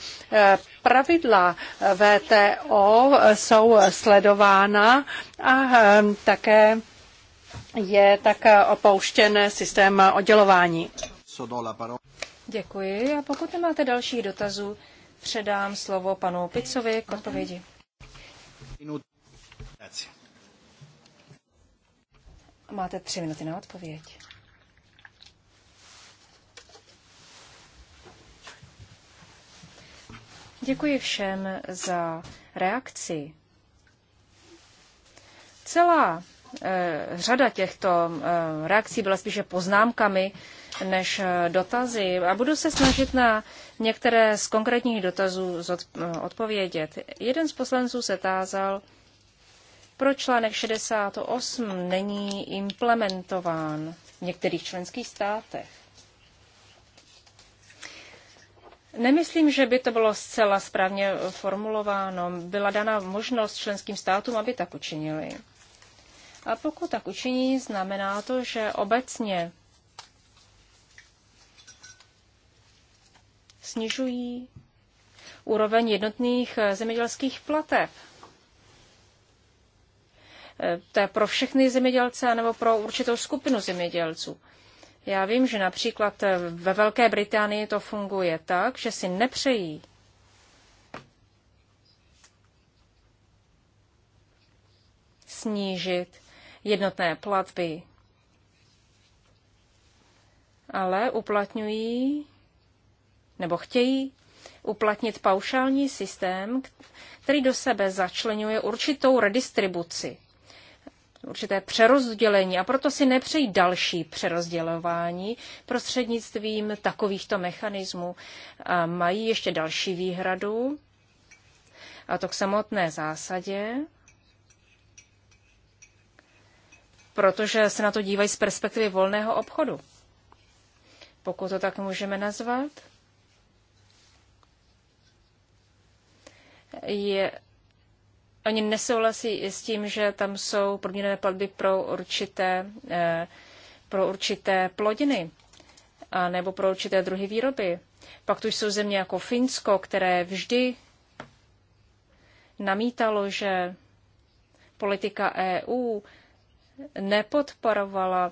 Pravidla VTO jsou sledována a také je tak opouštěn systém oddělování. Děkuji a pokud nemáte další dotazů, předám slovo panu Picovi k odpovědi. Máte tři minuty na odpověď. Děkuji všem za reakci. Celá Eh, řada těchto eh, reakcí byla spíše poznámkami než eh, dotazy. A budu se snažit na některé z konkrétních dotazů odpovědět. Jeden z poslanců se tázal, proč článek 68 není implementován v některých členských státech. Nemyslím, že by to bylo zcela správně formulováno. Byla dana možnost členským státům, aby tak učinili. A pokud tak učiní, znamená to, že obecně snižují úroveň jednotných eh, zemědělských plateb. Eh, to je pro všechny zemědělce nebo pro určitou skupinu zemědělců. Já vím, že například eh, ve Velké Británii to funguje tak, že si nepřejí snížit jednotné platby, ale uplatňují nebo chtějí uplatnit paušální systém, který do sebe začlenuje určitou redistribuci, určité přerozdělení a proto si nepřejí další přerozdělování prostřednictvím takovýchto mechanismů. A mají ještě další výhradu a to k samotné zásadě, protože se na to dívají z perspektivy volného obchodu. Pokud to tak můžeme nazvat. Je, oni nesouhlasí s tím, že tam jsou podmíněné platby pro určité, eh, pro určité plodiny a nebo pro určité druhy výroby. Pak tu jsou země jako Finsko, které vždy namítalo, že politika EU nepodporovala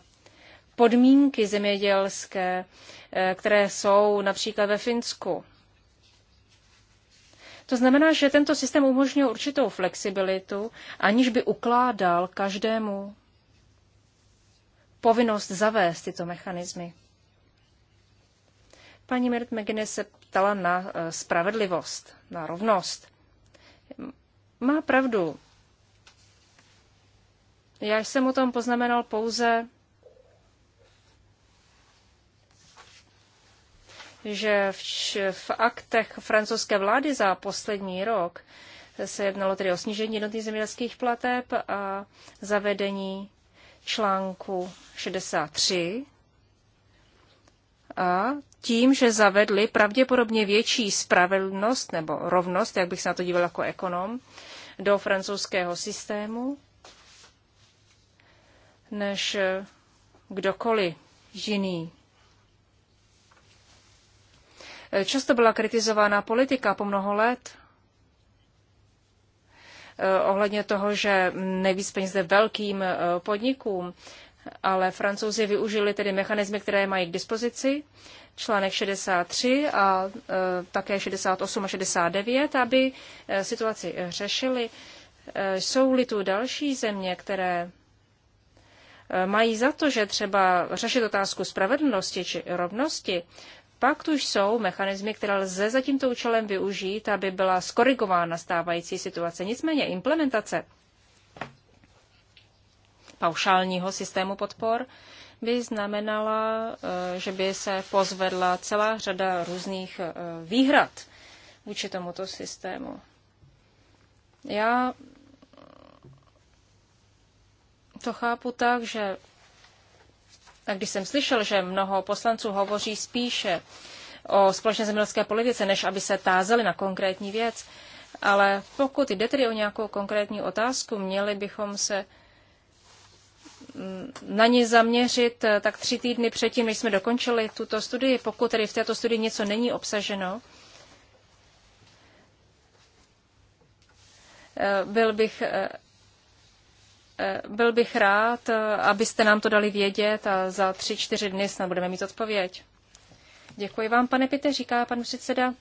podmínky zemědělské, eh, které jsou například ve Finsku. To znamená, že tento systém umožňuje určitou flexibilitu, aniž by ukládal každému povinnost zavést tyto mechanismy. Paní Mert Megine se ptala na eh, spravedlivost, na rovnost. Má pravdu, já jsem o tom poznamenal pouze, že v, v aktech francouzské vlády za poslední rok se jednalo tedy o snížení jednotných zemědělských plateb a zavedení článku 63 a tím, že zavedli pravděpodobně větší spravedlnost nebo rovnost, jak bych se na to díval jako ekonom, do francouzského systému, než kdokoliv jiný. Často byla kritizována politika po mnoho let eh, ohledně toho, že nejvíc peněz jde velkým eh, podnikům, ale francouzi využili tedy mechanizmy, které mají k dispozici, článek 63 a eh, také 68 a 69, aby situaci řešili. Jsou-li tu další země, které Eh, mají za to, že třeba řešit otázku spravedlnosti či rovnosti, pak tu jsou mechanismy, které lze za tímto účelem využít, aby byla skorigována stávající situace. Nicméně implementace paušálního systému podpor by znamenala, eh, že by se pozvedla celá řada různých eh, výhrad vůči tomuto systému. Já to chápu tak, že a když jsem slyšel, že mnoho poslanců hovoří spíše o společné zemědělské politice, než aby se tázeli na konkrétní věc, ale pokud jde tedy o nějakou konkrétní otázku, měli bychom se mm, na ní zaměřit eh, tak tři týdny předtím, než jsme dokončili tuto studii, pokud tedy v této studii něco není obsaženo. Eh, byl bych eh, Eh, byl bych rád, eh, abyste nám to dali vědět a za tři, čtyři dny snad budeme mít odpověď. Děkuji vám, pane Pite, říká pan předseda.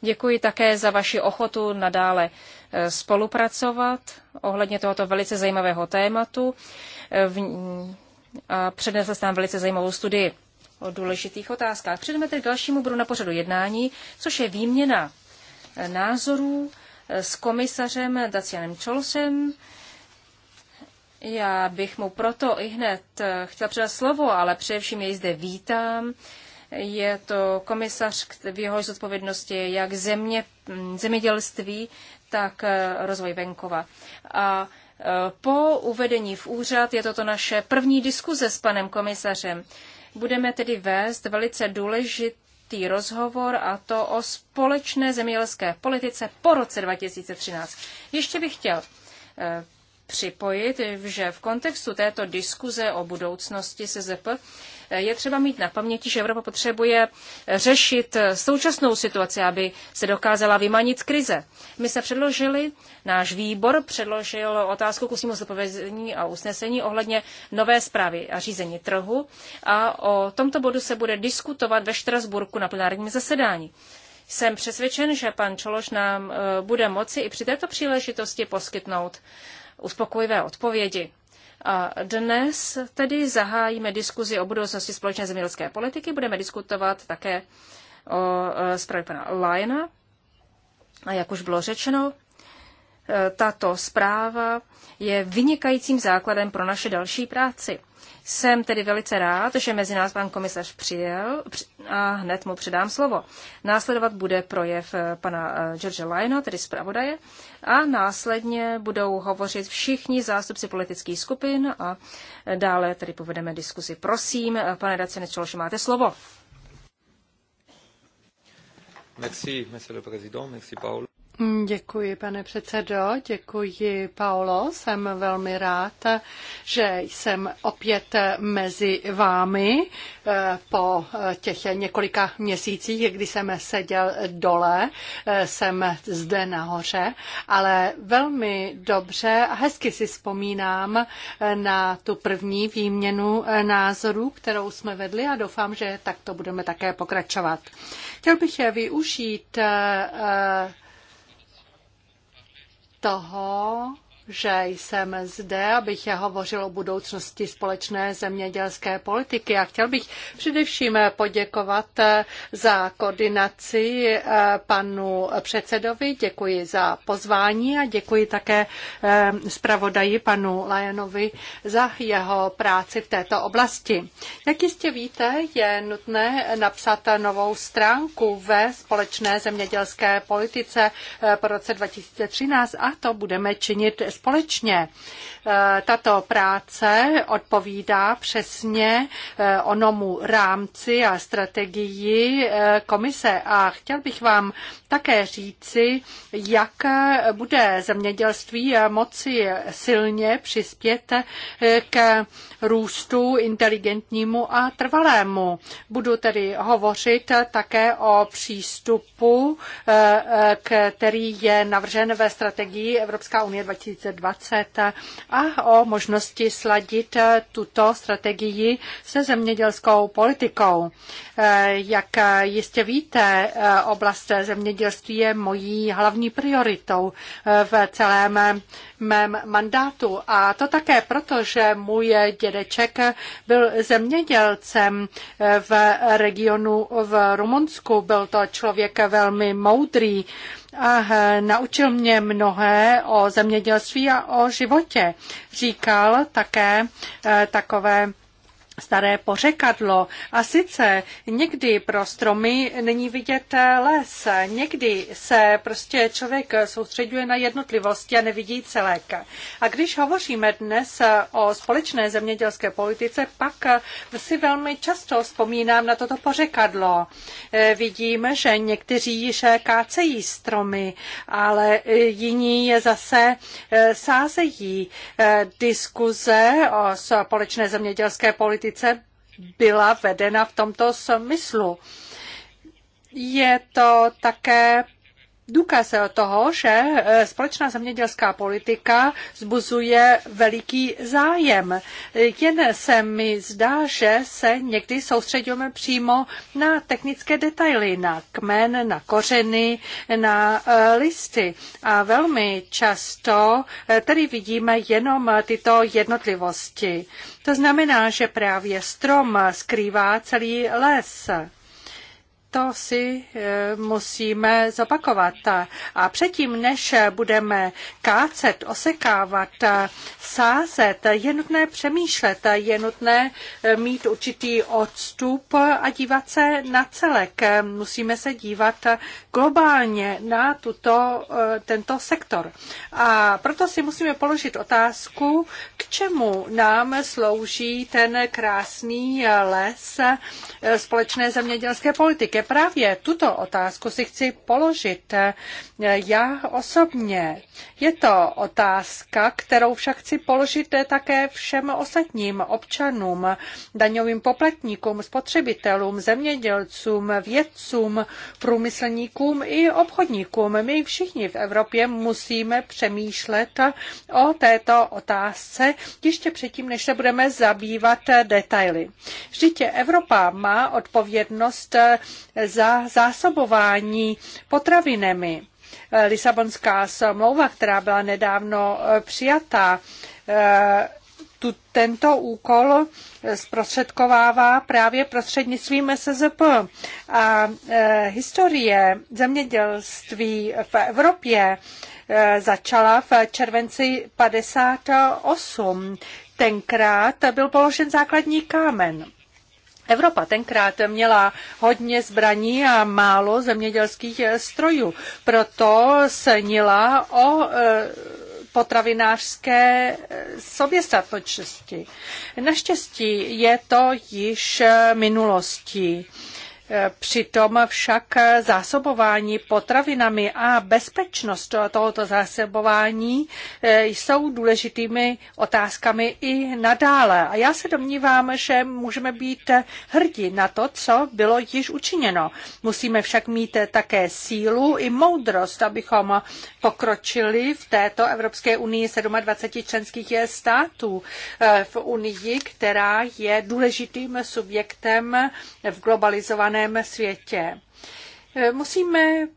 Děkuji také za vaši ochotu nadále eh, spolupracovat ohledně tohoto velice zajímavého tématu. A přednesl jste nám velice zajímavou studii o důležitých otázkách. Přejdeme tedy k dalšímu budu na pořadu jednání, což je výměna názorů s komisařem Dacianem Čolsem. Já bych mu proto i hned eh, chtěla předat slovo, ale především jej zde vítám. Je to komisař v jeho zodpovědnosti jak země, mm, zemědělství, tak eh, rozvoj venkova. A eh, po uvedení v úřad je toto naše první diskuze s panem komisařem. Budeme tedy vést velice důležitý rozhovor a to o společné zemědělské politice po roce 2013. Ještě bych chtěl připojit, že v kontextu této diskuze o budoucnosti SZP eh, je třeba mít na paměti, že Evropa potřebuje řešit současnou situaci, aby se dokázala vymanit krize. My jsme předložili, náš výbor předložil otázku k ústnímu zodpovězení a usnesení ohledně nové zprávy a řízení trhu a o tomto bodu se bude diskutovat ve Štrasburku na plenárním zasedání. Jsem přesvědčen, že pan Čološ nám eh, bude moci i při této příležitosti poskytnout uspokojivé odpovědi. A dnes tedy zahájíme diskuzi o budoucnosti společné zemědělské politiky. Budeme diskutovat také o e, zprávě pana Lajna. A jak už bylo řečeno, Eh, tato zpráva je vynikajícím základem pro naše další práci. Jsem tedy velice rád, že mezi nás pan komisař přijel a hned mu předám slovo. Následovat bude projev eh, pana eh, George Lina, tedy zpravodaje, a následně budou hovořit všichni zástupci politických skupin a dále tedy povedeme diskusi. Prosím, pane Dacene že máte slovo. Merci, monsieur le président, merci Paul. Děkuji, pane předsedo, děkuji, Paolo. Jsem velmi rád, že jsem opět mezi vámi eh, po těch několika měsících, kdy jsem seděl dole, eh, jsem zde nahoře, ale velmi dobře a hezky si vzpomínám eh, na tu první výměnu názorů, kterou jsme vedli a doufám, že tak to budeme také pokračovat. Chtěl bych využít toho, že jsem zde, abych hovořil o budoucnosti společné zemědělské politiky a chtěl bych především poděkovat za koordinaci eh, panu předsedovi, děkuji za pozvání a děkuji také eh, zpravodaji panu Lajanovi za jeho práci v této oblasti. Jak jistě víte, je nutné napsat novou stránku ve společné zemědělské politice eh, po roce 2013 a to budeme činit společně. E, tato práce odpovídá přesně e, onomu rámci a strategii e, komise a chtěl bych vám také říci, jak bude zemědělství moci silně přispět k růstu inteligentnímu a trvalému. Budu tedy hovořit také o přístupu, který je navržen ve strategii Evropská unie 2020. 2020 a o možnosti sladit tuto strategii se zemědělskou politikou. Eh, jak jistě víte, eh, oblast zemědělství je mojí hlavní prioritou eh, v celém mém mandátu. A to také proto, že můj dědeček byl zemědělcem v regionu v Rumunsku. Byl to člověk velmi moudrý a eh, naučil mě mnohé o zemědělství a o životě. Říkal také eh, takové staré pořekadlo. A sice někdy pro stromy není vidět les, někdy se prostě člověk soustředuje na jednotlivosti a nevidí celek. A když hovoříme dnes o společné zemědělské politice, pak si velmi často vzpomínám na toto pořekadlo. Eh, Vidíme, že někteří již kácejí stromy, ale eh, jiní je zase eh, sázejí. Diskuze o společné zemědělské politice politice byla vedena v tomto smyslu. Je to také důkaz toho, že e, společná zemědělská politika zbuzuje veliký zájem. Jen se mi zdá, že se někdy soustředíme přímo na technické detaily, na kmen, na kořeny, na e, listy. A velmi často e, tedy vidíme jenom tyto jednotlivosti. To znamená, že právě strom skrývá celý les to si eh, musíme zopakovat. A předtím, než budeme kácet, osekávat, sázet, je nutné přemýšlet, je nutné eh, mít určitý odstup a dívat se na celek. Musíme se dívat globálně na tuto, eh, tento sektor. A proto si musíme položit otázku, k čemu nám slouží ten krásný les společné zemědělské politiky právě tuto otázku si chci položit eh, já osobně. Je to otázka, kterou však chci položit eh, také všem ostatním občanům, daňovým poplatníkům, spotřebitelům, zemědělcům, vědcům, průmyslníkům i obchodníkům. My všichni v Evropě musíme přemýšlet o této otázce ještě předtím, než se budeme zabývat eh, detaily. Vždyť Evropa má odpovědnost za zásobování potravinami. Lisabonská smlouva, která byla nedávno eh, přijatá, eh, tu, tento úkol zprostředkovává právě prostřednictvím SZP. A e, historie zemědělství v Evropě e, začala v červenci 58. Tenkrát byl položen základní kámen. Evropa tenkrát měla hodně zbraní a málo zemědělských eh, strojů. Proto senila o eh, potravinářské eh, soběstačnosti. Naštěstí je to již minulostí. Přitom však zásobování potravinami a bezpečnost tohoto zásobování eh, jsou důležitými otázkami i nadále. A já se domnívám, že můžeme být hrdí na to, co bylo již učiněno. Musíme však mít také sílu i moudrost, abychom pokročili v této Evropské unii 27 členských států eh, v unii, která je důležitým subjektem v globalizované reálném světě. Eh, musíme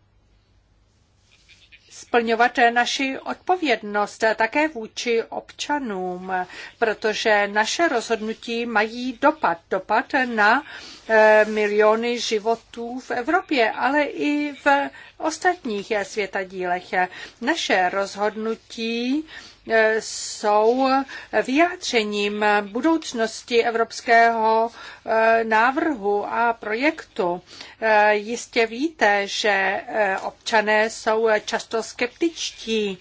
splňovat naši odpovědnost také vůči občanům, protože naše rozhodnutí mají dopad, dopad na Eh, miliony životů v Evropě, ale i v ostatních světadílech. Naše rozhodnutí eh, jsou vyjádřením budoucnosti evropského eh, návrhu a projektu. Jistě víte, že občané jsou často skeptičtí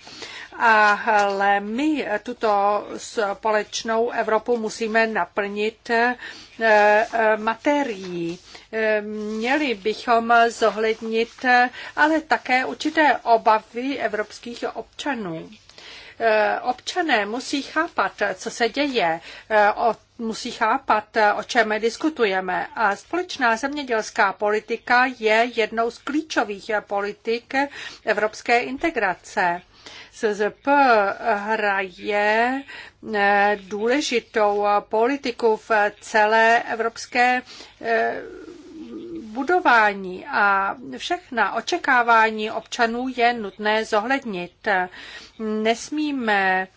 ale my tuto společnou Evropu musíme naplnit eh, eh, materií. Eh, měli bychom zohlednit ale také určité obavy evropských občanů. Občané musí chápat, co se děje, musí chápat, o čem diskutujeme. A společná zemědělská politika je jednou z klíčových politik evropské integrace. SZP hraje eh, důležitou politiku v celé evropské eh, budování a všechna očekávání občanů je nutné zohlednit. Nesmíme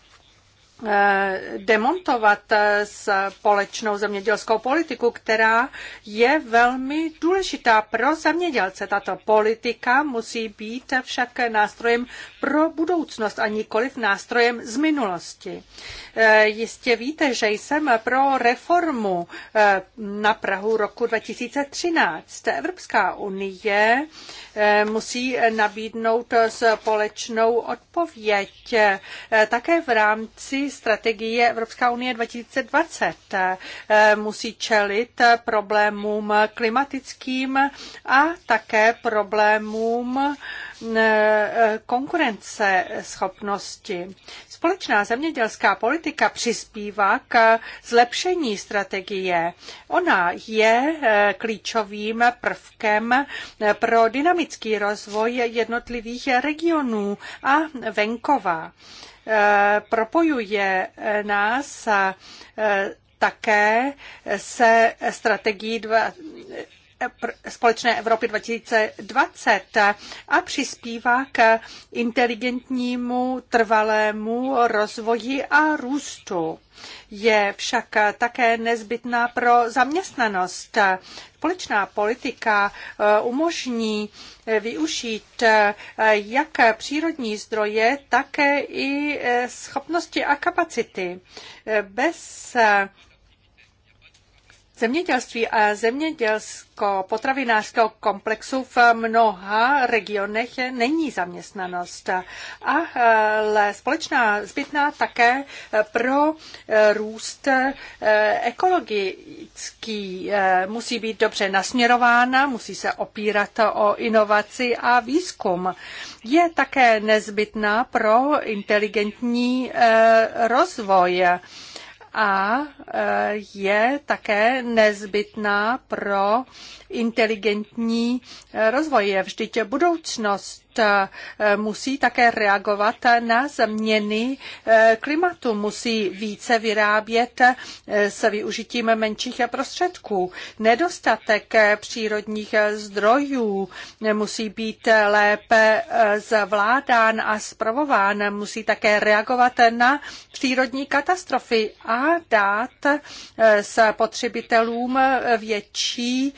Eh, demontovat eh, společnou zemědělskou politiku, která je velmi důležitá pro zemědělce. Tato politika musí být však nástrojem pro budoucnost a nikoliv nástrojem z minulosti. Eh, jistě víte, že jsem pro reformu na Prahu roku 2013. Evropská unie musí nabídnout společnou odpověď také v rámci strategie Evropská unie 2020 eh, musí čelit problémům klimatickým a také problémům eh, konkurence schopnosti. Společná zemědělská politika přispívá k zlepšení strategie. Ona je eh, klíčovým prvkem pro dynamický rozvoj jednotlivých regionů a venkova propojuje nás e, také se strategií společné Evropy 2020 a přispívá k inteligentnímu, trvalému rozvoji a růstu. Je však také nezbytná pro zaměstnanost. Společná politika eh, umožní eh, využít eh, jak přírodní zdroje, tak i schopnosti a kapacity. Bez Zemědělství a zemědělsko-potravinářského komplexu v mnoha regionech není zaměstnanost, ale společná zbytná také pro růst ekologický eh, musí být dobře nasměrována, musí se opírat o inovaci a výzkum. Je také nezbytná pro inteligentní eh, rozvoj a e, je také nezbytná pro inteligentní e, rozvoj. je Vždyť budoucnost Eh, musí také reagovat na změny eh, klimatu, musí více vyrábět eh, s využitím menších prostředků. Nedostatek přírodních zdrojů musí být lépe zvládán a zpravován, musí také reagovat na přírodní katastrofy a dát potřebitelům větší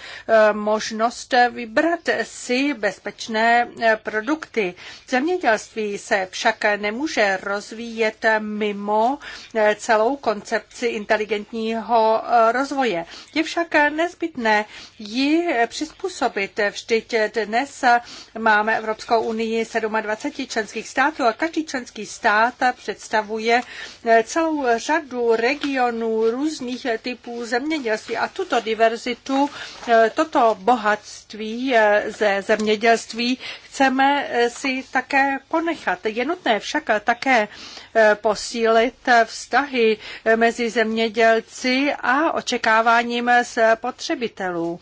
možnost vybrat si bezpečné produkty produkty. Zemědělství se však nemůže rozvíjet mimo eh, celou koncepci inteligentního eh, rozvoje. Je však nezbytné ji přizpůsobit. Vždyť dnes máme Evropskou unii 27 členských států a každý členský stát představuje eh, celou řadu regionů různých typů zemědělství a tuto diverzitu, toto bohatství ze zemědělství chceme Eh, si také ponechat. Je nutné však také eh, posílit vztahy eh, mezi zemědělci a očekáváním spotřebitelů.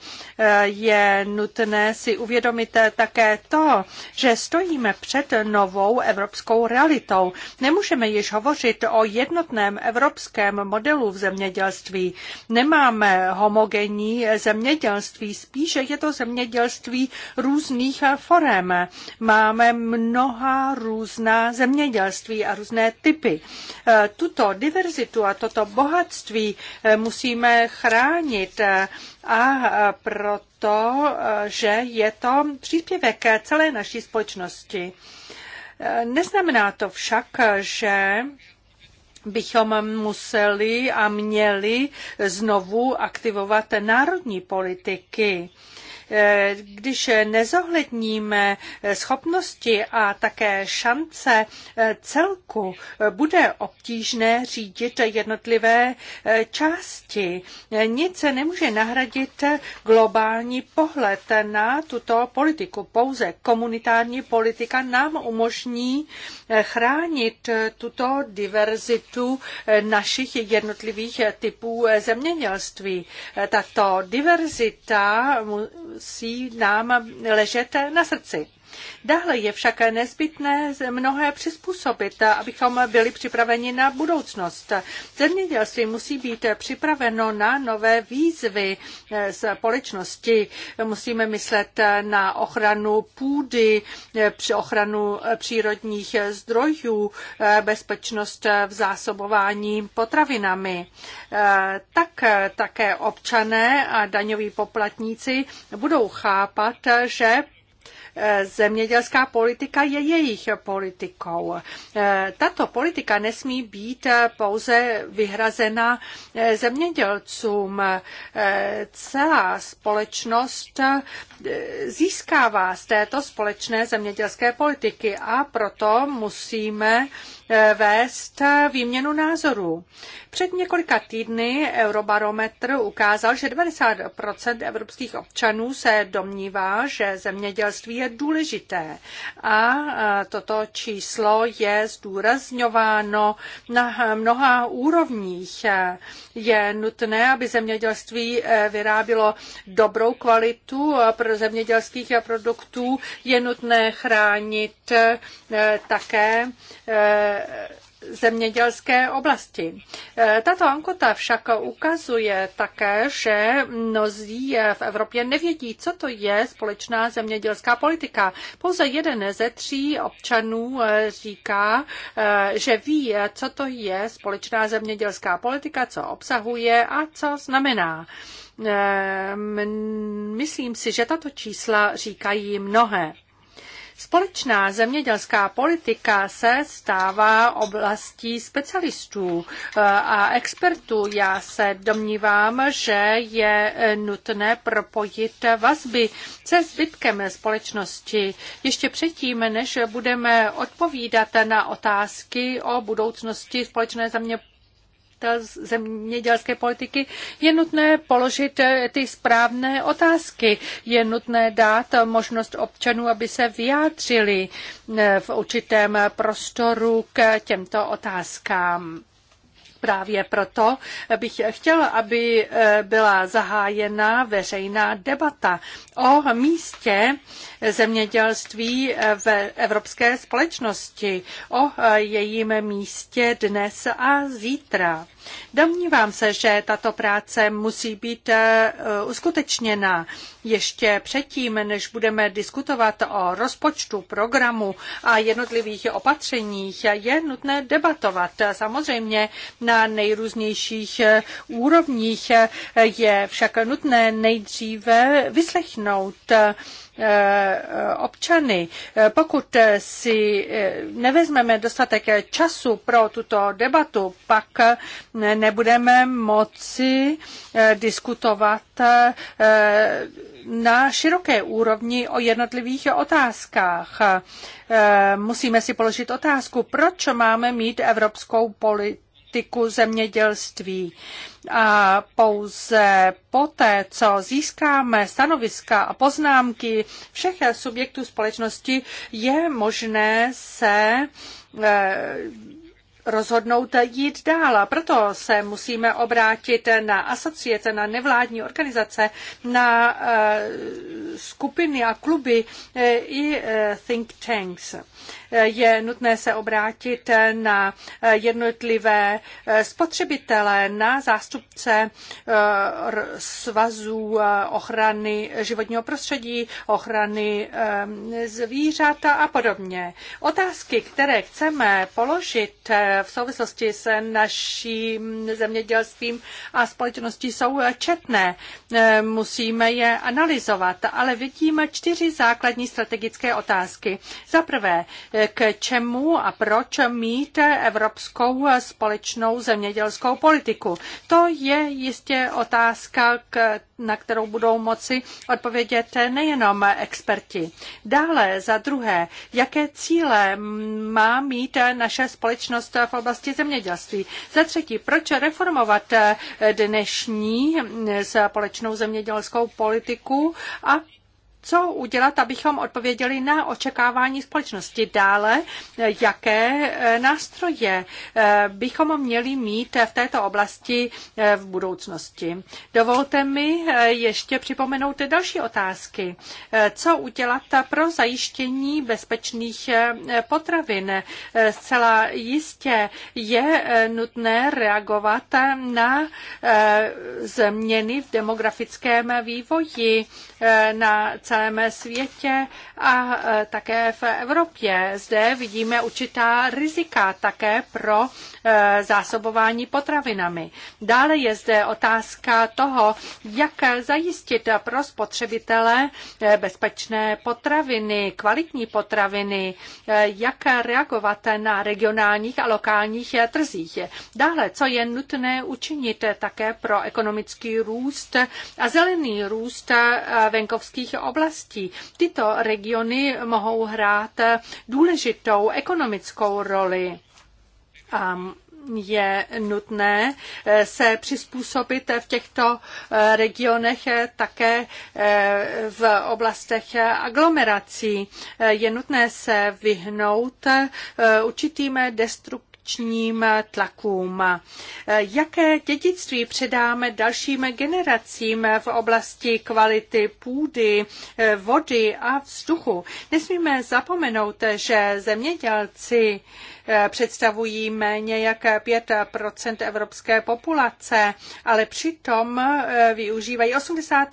Je nutné si uvědomit také to, že stojíme před novou evropskou realitou. Nemůžeme již hovořit o jednotném evropském modelu v zemědělství. Nemáme homogenní zemědělství, spíše je to zemědělství různých forem. Máme mnoha různá zemědělství a různé typy. E, tuto diverzitu a toto bohatství e, musíme chránit e, a proto, že je to příspěvek celé naší společnosti. Neznamená to však, že bychom museli a měli znovu aktivovat národní politiky. Eh, když nezohledníme schopnosti a také šance eh, celku, eh, bude obtížné řídit jednotlivé části. Nic nemůže nahradit globální pohled na tuto politiku. Pouze komunitární politika nám umožní chránit tuto diverzitu našich jednotlivých typů zemědělství. Tato diverzita musí nám ležet na srdci. Dále je však nezbytné mnohé přizpůsobit, abychom byli připraveni na budoucnost. Zemědělství musí být připraveno na nové výzvy eh, společnosti. Musíme myslet na ochranu půdy, eh, ochranu eh, přírodních zdrojů, bezpečnost v zásobování potravinami. Tak také občané a daňoví poplatníci budou chápat, že zemědělská politika je jejich politikou. Eh, tato politika nesmí být pouze vyhrazena eh, zemědělcům. Eh, celá společnost získává z této společné zemědělské politiky a proto musíme vést výměnu názorů. Před několika týdny Eurobarometr ukázal, že 90 evropských občanů se domnívá, že zemědělství je důležité. A toto číslo je zdůrazňováno na mnoha úrovních. Je nutné, aby zemědělství eh, vyrábělo dobrou kvalitu pro zemědělských produktů. Je nutné chránit eh, také eh, zemědělské oblasti. E, tato ankota však ukazuje také, že mnozí e, v Evropě nevědí, co to je společná zemědělská politika. Pouze jeden ze tří občanů e, říká, že ví, co to je společná zemědělská politika, co obsahuje a co znamená. Myslím si, že tato čísla říkají mnohé. Společná zemědělská politika se stává oblastí specialistů eh, a expertů. Já se domnívám, že je eh, nutné propojit vazby se zbytkem společnosti. Ještě předtím, než budeme odpovídat na otázky o budoucnosti společné zemědělské té zemědělské politiky, je nutné položit eh, ty správné otázky. Je nutné dát možnost občanů, aby se vyjádřili eh, v určitém prostoru k těmto otázkám. Právě proto bych chtěl, aby eh, byla zahájena veřejná debata o místě zemědělství eh, v evropské společnosti, o eh, jejím místě dnes a zítra. Domnívám se, že tato práce musí být eh, uskutečněna ještě předtím, než budeme diskutovat o rozpočtu, programu a jednotlivých opatřeních. Je nutné debatovat samozřejmě na nejrůznějších eh, úrovních. Eh, je však nutné nejdříve vyslechnout Eh, občany. Eh, pokud eh, si nevezmeme dostatek času pro tuto debatu, pak nebudeme moci diskutovat na široké úrovni o jednotlivých otázkách. Musíme si položit otázku, proč máme mít evropskou politiku politiku zemědělství. A pouze poté, co získáme stanoviska a poznámky všech subjektů společnosti, je možné se eh, rozhodnout jít dál. A proto se musíme obrátit na asociace, na nevládní organizace, na eh, skupiny a kluby eh, i eh, think tanks. Je nutné se obrátit na jednotlivé spotřebitele, na zástupce svazů ochrany životního prostředí, ochrany zvířat a podobně. Otázky, které chceme položit v souvislosti se naším zemědělstvím a společností jsou četné. E, musíme je analyzovat, ale vidíme čtyři základní strategické otázky. Za prvé, e, k čemu a proč mít evropskou společnou zemědělskou politiku? To je jistě otázka, k na kterou budou moci odpovědět nejenom experti. Dále za druhé, jaké cíle má mít naše společnost v oblasti zemědělství. Za třetí, proč reformovat dnešní společnou zemědělskou politiku a co udělat, abychom odpověděli na očekávání společnosti. Dále, jaké e, nástroje e, bychom měli mít v této oblasti e, v budoucnosti. Dovolte mi ještě připomenout další otázky. Co udělat pro zajištění bezpečných potravin? Zcela jistě je nutné reagovat na změny v demografickém vývoji, na celém světě a e, také v Evropě. Zde vidíme určitá rizika také pro Eh, zásobování potravinami. Dále je zde otázka toho, jak zajistit pro spotřebitele eh, bezpečné potraviny, kvalitní potraviny, eh, jak reagovat na regionálních a lokálních trzích. Dále, co je nutné učinit také pro ekonomický růst a zelený růst venkovských oblastí. Tyto regiony mohou hrát důležitou ekonomickou roli. A je nutné eh, se přizpůsobit v těchto eh, regionech eh, také v oblastech aglomerací. Je nutné se vyhnout určitým destruktivním tlakům. Jaké dědictví předáme dalším generacím v oblasti kvality půdy, vody a vzduchu? Nesmíme zapomenout, že zemědělci představují méně jak 5 evropské populace, ale přitom eh, využívají 80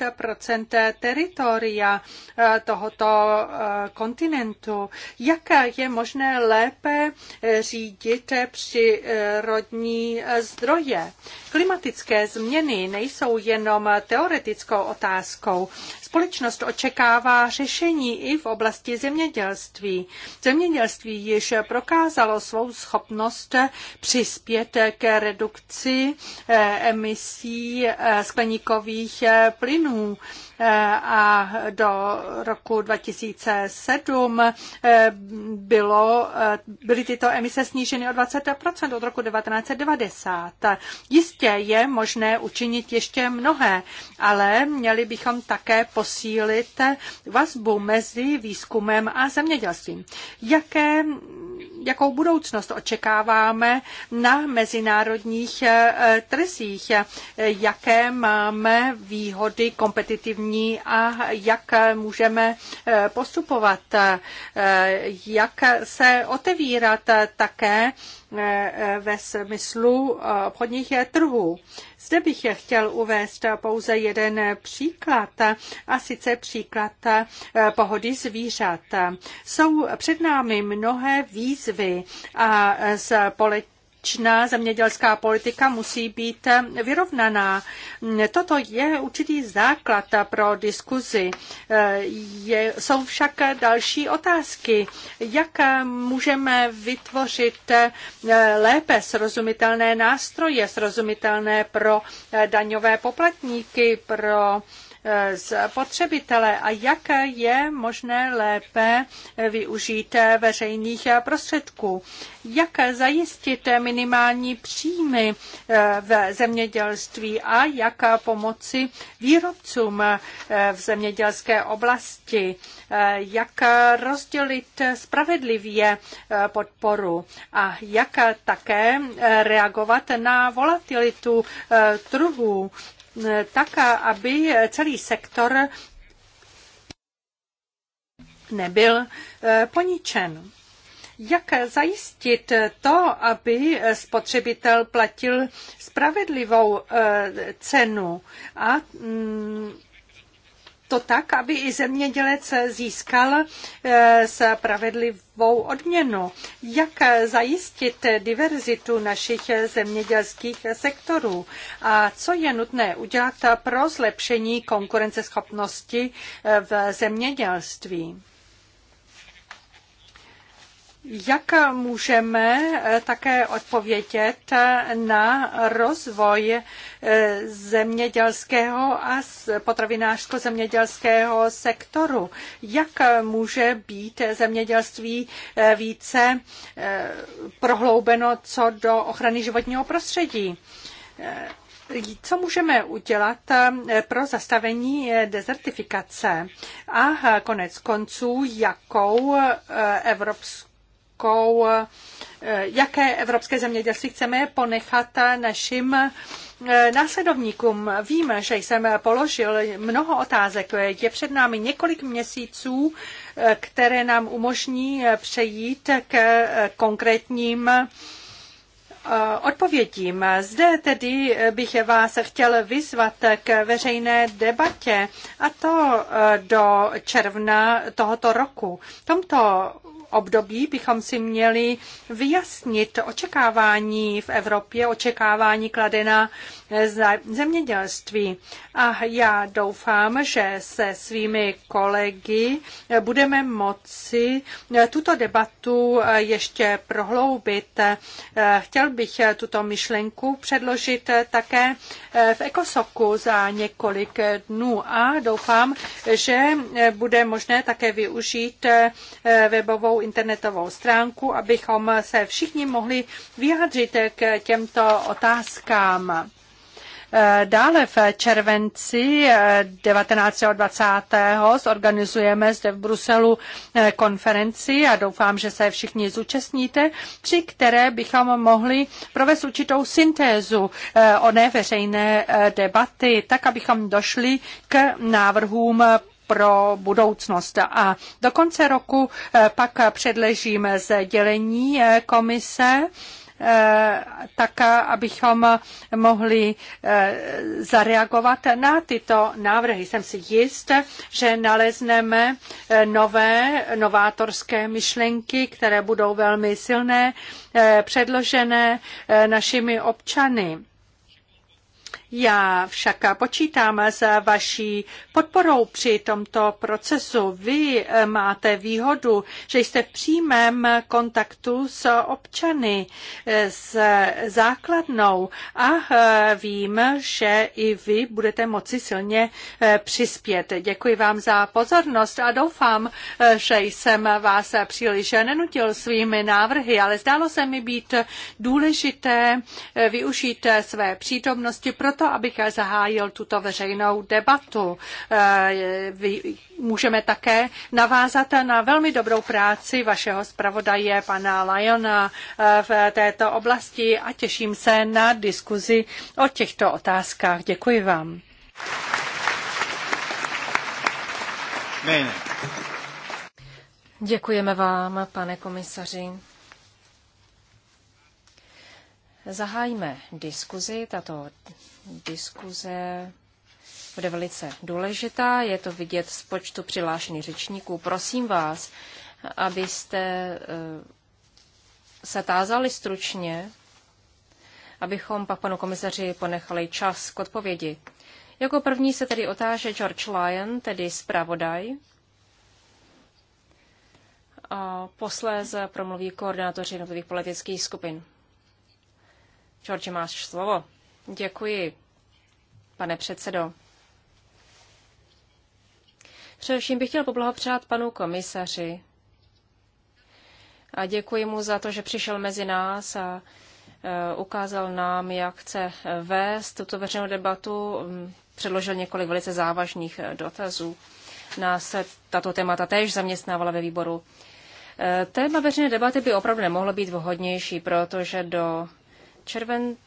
teritoria eh, tohoto eh, kontinentu. Jak je možné lépe řídit přírodní zdroje? Klimatické změny nejsou jenom teoretickou otázkou. Společnost očekává řešení i v oblasti zemědělství. Zemědělství již prokázalo svou schopnost přispět k redukci eh, emisí eh, skleníkových eh, plynů a do roku 2007 bylo, byly tyto emise sníženy o 20% od roku 1990. Jistě je možné učinit ještě mnohé, ale měli bychom také post- posílit vazbu mezi výzkumem a zemědělstvím. Jaké, jakou budoucnost očekáváme na mezinárodních eh, trzích? Jaké máme výhody kompetitivní a jak můžeme eh, postupovat? Eh, jak se otevírat také ve smyslu obchodních trhů? Zde bych chtěl uvést pouze jeden příklad, a sice příklad eh, pohody zvířat. Jsou před námi mnohé výzvy a společně společná zemědělská politika musí být vyrovnaná. Toto je určitý základ pro diskuzi. Je, jsou však další otázky. Jak můžeme vytvořit eh, lépe srozumitelné nástroje, srozumitelné pro eh, daňové poplatníky, pro spotřebitele eh, a jak je možné lépe využít veřejných prostředků. Jak zajistit minimální příjmy eh, v zemědělství a jak pomoci výrobcům eh, v zemědělské oblasti. Jak rozdělit spravedlivě podporu a jak také reagovat na volatilitu trhů tak, aby celý sektor nebyl eh, poničen. Jak zajistit to, aby spotřebitel platil spravedlivou eh, cenu a mm, to tak, aby i zemědělec získal eh, spravedlivou odměnu. Jak zajistit diverzitu našich zemědělských sektorů? A co je nutné udělat pro zlepšení konkurenceschopnosti eh, v zemědělství? Jak můžeme eh, také odpovědět na rozvoj eh, zemědělského a potravinářsko-zemědělského sektoru? Jak může být zemědělství eh, více prohloubeno co do ochrany životního prostředí? Co můžeme udělat pro zastavení dezertifikace? A konec konců, jakou evropskou otázkou, eh, jaké evropské zemědělství chceme ponechat našim eh, následovníkům. Vím, že jsem položil mnoho otázek. Je před námi několik měsíců, eh, které nám umožní přejít k konkrétním odpovědím. Zde tedy bych vás chtěl vyzvat k veřejné debatě, a to do června tohoto roku. V tomto období bychom si měli vyjasnit očekávání v Evropě, očekávání kladená eh, zemědělství. A já doufám, že se svými kolegy eh, budeme moci eh, tuto debatu ještě prohloubit. Chtěl bych tuto myšlenku předložit také v Ekosoku za několik dnů a doufám, že bude možné také využít webovou internetovou stránku, abychom se všichni mohli vyjádřit k těmto otázkám. Dále v červenci eh, 19. a 20. zorganizujeme zde v Bruselu eh, konferenci a doufám, že se všichni zúčastníte, při které bychom mohli provést určitou syntézu eh, o neveřejné debaty, tak abychom došli k návrhům pro budoucnost. A do konce roku eh, pak předležíme sdělení eh, komise, eh, tak, abychom mohli zareagovat na tyto návrhy. Jsem si jist, že nalezneme nové novátorské myšlenky, které budou velmi silné, předložené našimi občany já však počítám s vaší podporou při tomto procesu. Vy eh, máte výhodu, že jste v přímém kontaktu s občany, eh, s základnou a eh, vím, že i vy budete moci silně přispět. Děkuji vám za pozornost a doufám, že jsem vás příliš nenutil svými návrhy, ale zdálo se mi být důležité využít své přítomnosti proto, proto, abych zahájil tuto veřejnou debatu. Eh, můžeme také navázat na velmi dobrou práci vašeho zpravodaje, pana Lajona, eh, v této oblasti a těším se na diskuzi o těchto otázkách. Děkuji vám. Děkujeme vám, pane komisaři. Zahájíme diskuzi. Tato diskuze bude velice důležitá. Je to vidět z počtu přihlášených řečníků. Prosím vás, abyste eh, se tázali stručně, abychom pak panu komisaři ponechali čas k odpovědi. Jako první se tedy otáže George Lyon, tedy zpravodaj. A posléze promluví koordinátoři jednotlivých politických skupin. George, máš slovo. Děkuji, pane předsedo. Především bych chtěl poblahopřát panu komisaři a děkuji mu za to, že přišel mezi nás a e, ukázal nám, jak chce vést tuto veřejnou debatu. Mm, předložil několik velice závažných e, dotazů. Nás tato témata též zaměstnávala ve výboru. E, téma veřejné debaty by opravdu nemohlo být vhodnější, protože do července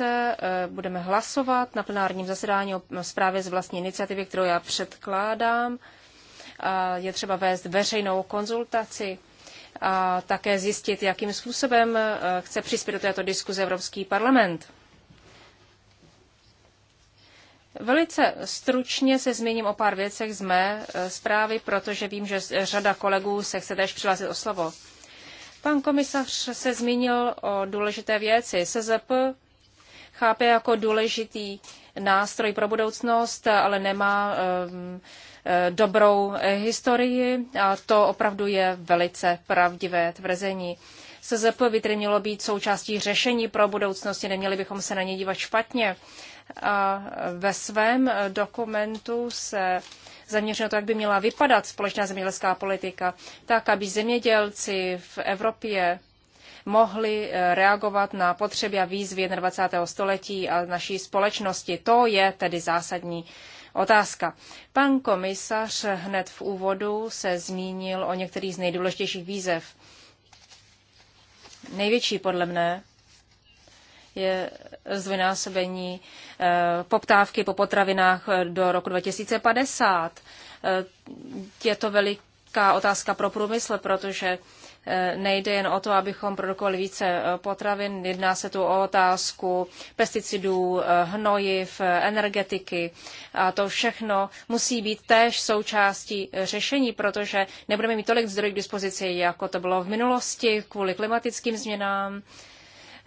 eh, budeme hlasovat na plenárním zasedání o eh, zprávě z vlastní iniciativy, kterou já předkládám. Je třeba vést veřejnou konzultaci a také zjistit, jakým způsobem eh, chce přispět do této diskuze Evropský parlament. Velice stručně se zmíním o pár věcech z mé zprávy, protože vím, že řada kolegů se chce též přihlásit o slovo. Pan komisař se zmínil o důležité věci. SZP chápe jako důležitý nástroj pro budoucnost, ale nemá um, dobrou historii a to opravdu je velice pravdivé tvrzení. SZP by tedy mělo být součástí řešení pro budoucnosti, neměli bychom se na ně dívat špatně a ve svém dokumentu se zaměřil na to, jak by měla vypadat společná zemědělská politika, tak aby zemědělci v Evropě mohli eh, reagovat na potřeby a výzvy 21. století a naší společnosti. To je tedy zásadní otázka. Pan komisař hned v úvodu se zmínil o některých z nejdůležitějších výzev. Největší podle mne je zdvojnásobení eh, poptávky po potravinách eh, do roku 2050. Eh, je to veliká otázka pro průmysl, protože nejde jen o to, abychom produkovali více potravin, jedná se tu o otázku pesticidů, hnojiv, energetiky a to všechno musí být též součástí řešení, protože nebudeme mít tolik zdrojů k dispozici, jako to bylo v minulosti kvůli klimatickým změnám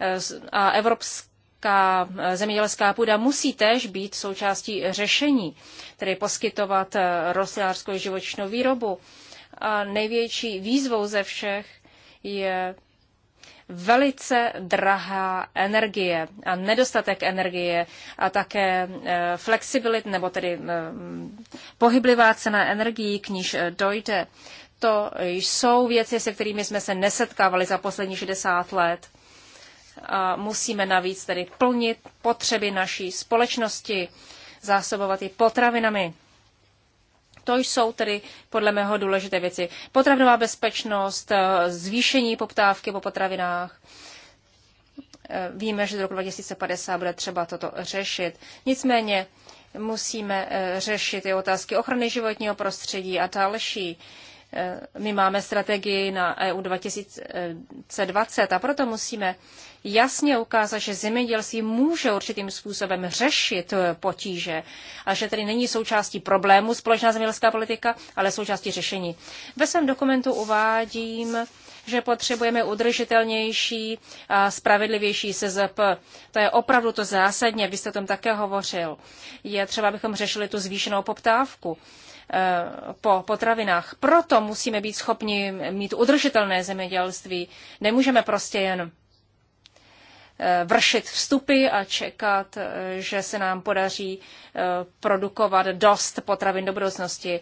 Eh, a evropská eh, zemědělská půda musí též být součástí řešení, tedy poskytovat eh, rostlinářskou živočišnou výrobu. A největší výzvou ze všech je velice drahá energie a nedostatek energie a také flexibilit, nebo tedy pohyblivá cena energií, k níž dojde. To jsou věci, se kterými jsme se nesetkávali za poslední 60 let musíme navíc tedy plnit potřeby naší společnosti, zásobovat ji potravinami. To jsou tedy podle mého důležité věci. Potravinová bezpečnost, eh, zvýšení poptávky po potravinách. Eh, víme, že do roku 2050 bude třeba toto řešit. Nicméně musíme eh, řešit i otázky ochrany životního prostředí a další. My máme strategii na EU 2020 a proto musíme jasně ukázat, že zemědělství může určitým způsobem řešit potíže a že tedy není součástí problému společná zemědělská politika, ale součástí řešení. Ve svém dokumentu uvádím, že potřebujeme udržitelnější a spravedlivější SZP. To je opravdu to zásadně, vy jste o tom také hovořil. Je třeba, abychom řešili tu zvýšenou poptávku eh, po potravinách. Proto musíme být schopni mít udržitelné zemědělství. Nemůžeme prostě jen vršit vstupy a čekat, eh, že se nám podaří eh, produkovat dost potravin do budoucnosti.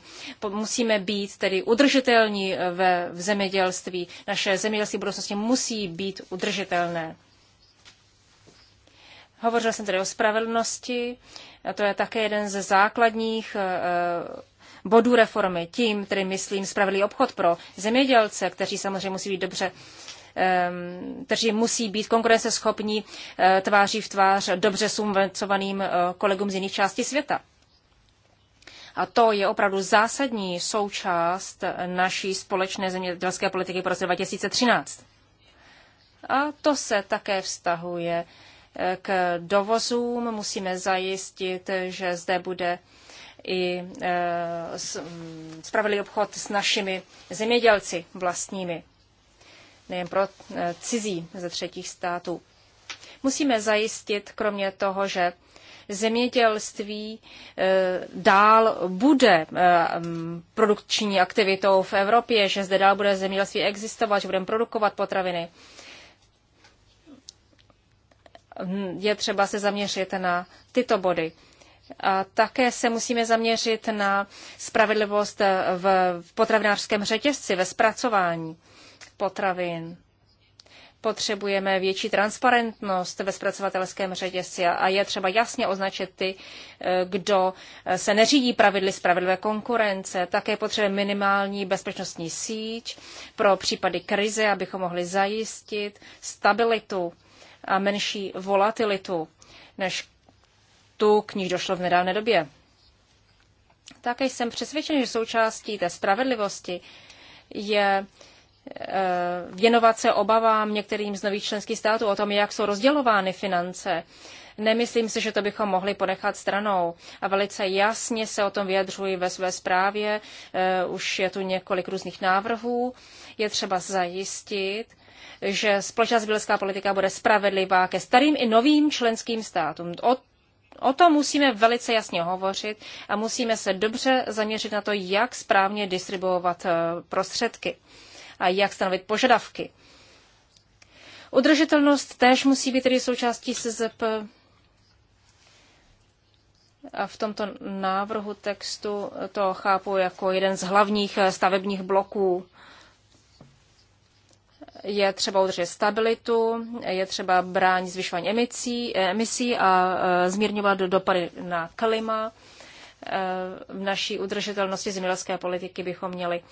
Musíme být tedy udržitelní eh, v zemědělství. Naše zemědělství v budoucnosti musí být udržitelné. Hovořil jsem tedy o spravedlnosti. A to je také jeden ze základních bodů reformy. Tím, který myslím, spravedlivý obchod pro zemědělce, kteří samozřejmě musí být dobře kteří ehm, musí být konkurenceschopní eh, tváří v tvář dobře subvencovaným eh, kolegům z jiných částí světa. A to je opravdu zásadní součást naší společné zemědělské politiky pro roce 2013. A to se také vztahuje eh, k dovozům. Musíme zajistit, že zde bude i mm, spravedlivý obchod s našimi zemědělci vlastními nejen pro eh, cizí ze třetích států. Musíme zajistit, kromě toho, že zemědělství eh, dál bude eh, mm, produkční aktivitou v Evropě, že zde dál bude zemědělství existovat, že budeme produkovat potraviny. Hm, je třeba se zaměřit na tyto body. A také se musíme zaměřit na spravedlivost v potravinářském řetězci, ve zpracování potravin. Potřebujeme větší transparentnost ve zpracovatelském řetězci a je třeba jasně označit ty, eh, kdo eh, se neřídí pravidly spravedlivé konkurence. Také potřebujeme minimální bezpečnostní síť pro případy krize, abychom mohli zajistit stabilitu a menší volatilitu než tu, k níž došlo v nedávné době. Také jsem přesvědčen, že součástí té spravedlivosti je Eh, věnovat se obavám některým z nových členských států o tom, jak jsou rozdělovány finance. Nemyslím si, že to bychom mohli ponechat stranou. A velice jasně se o tom vyjadřuji ve své zprávě. Eh, už je tu několik různých návrhů. Je třeba zajistit, že společná zemědělská politika bude spravedlivá ke starým i novým členským státům. O O tom musíme velice jasně hovořit a musíme se dobře zaměřit na to, jak správně distribuovat eh, prostředky a jak stanovit požadavky. Udržitelnost též musí být tedy součástí SZP. A v tomto návrhu textu to chápu jako jeden z hlavních stavebních bloků. Je třeba udržet stabilitu, je třeba bránit zvyšování emisí, emisí a e, zmírňovat dopady na klima. E, v naší udržitelnosti zemědělské politiky bychom měli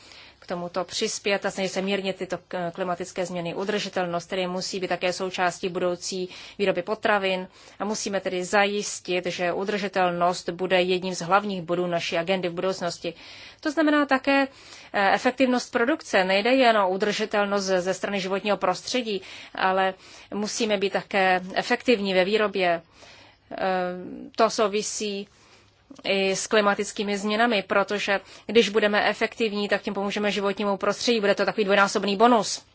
k tomuto přispět a snaží se mírnit tyto klimatické změny. Udržitelnost tedy musí být také součástí budoucí výroby potravin a musíme tedy zajistit, že udržitelnost bude jedním z hlavních bodů naší agendy v budoucnosti. To znamená také eh, efektivnost produkce. Nejde jen o udržitelnost ze strany životního prostředí, ale musíme být také efektivní ve výrobě. Eh, to souvisí i s klimatickými změnami, protože když budeme efektivní, tak tím pomůžeme životnímu prostředí. Bude to takový dvojnásobný bonus.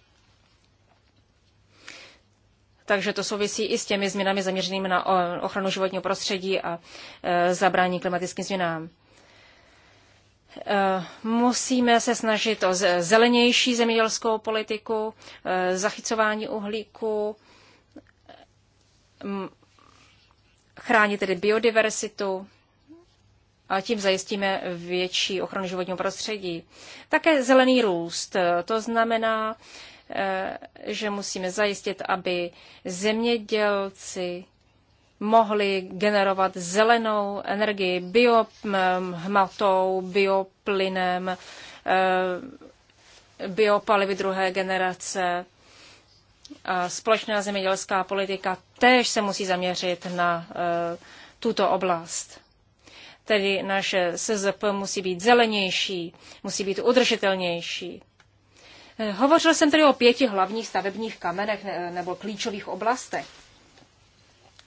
Takže to souvisí i s těmi změnami zaměřenými na ochranu životního prostředí a e, zabrání klimatickým změnám. E, musíme se snažit o zelenější zemědělskou politiku, e, zachycování uhlíku, chránit tedy biodiversitu, a tím zajistíme větší ochranu životního prostředí. Také zelený růst. To znamená, eh, že musíme zajistit, aby zemědělci mohli generovat zelenou energii biohmatou, bioplynem, eh, biopalivy druhé generace. A společná zemědělská politika též se musí zaměřit na eh, tuto oblast. Tedy naše SZP musí být zelenější, musí být udržitelnější. Eh, hovořil jsem tedy o pěti hlavních stavebních kamenech nebo klíčových oblastech.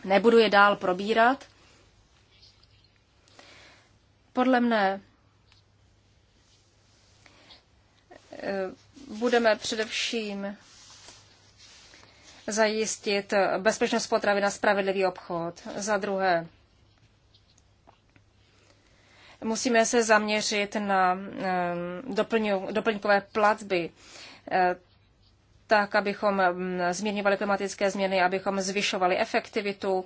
Nebudu je dál probírat. Podle mne eh, budeme především zajistit bezpečnost potravy na spravedlivý obchod. Za druhé, Musíme se zaměřit na ehm, doplňkové platby, eh, tak, abychom mm, zmírňovali klimatické změny, abychom zvyšovali efektivitu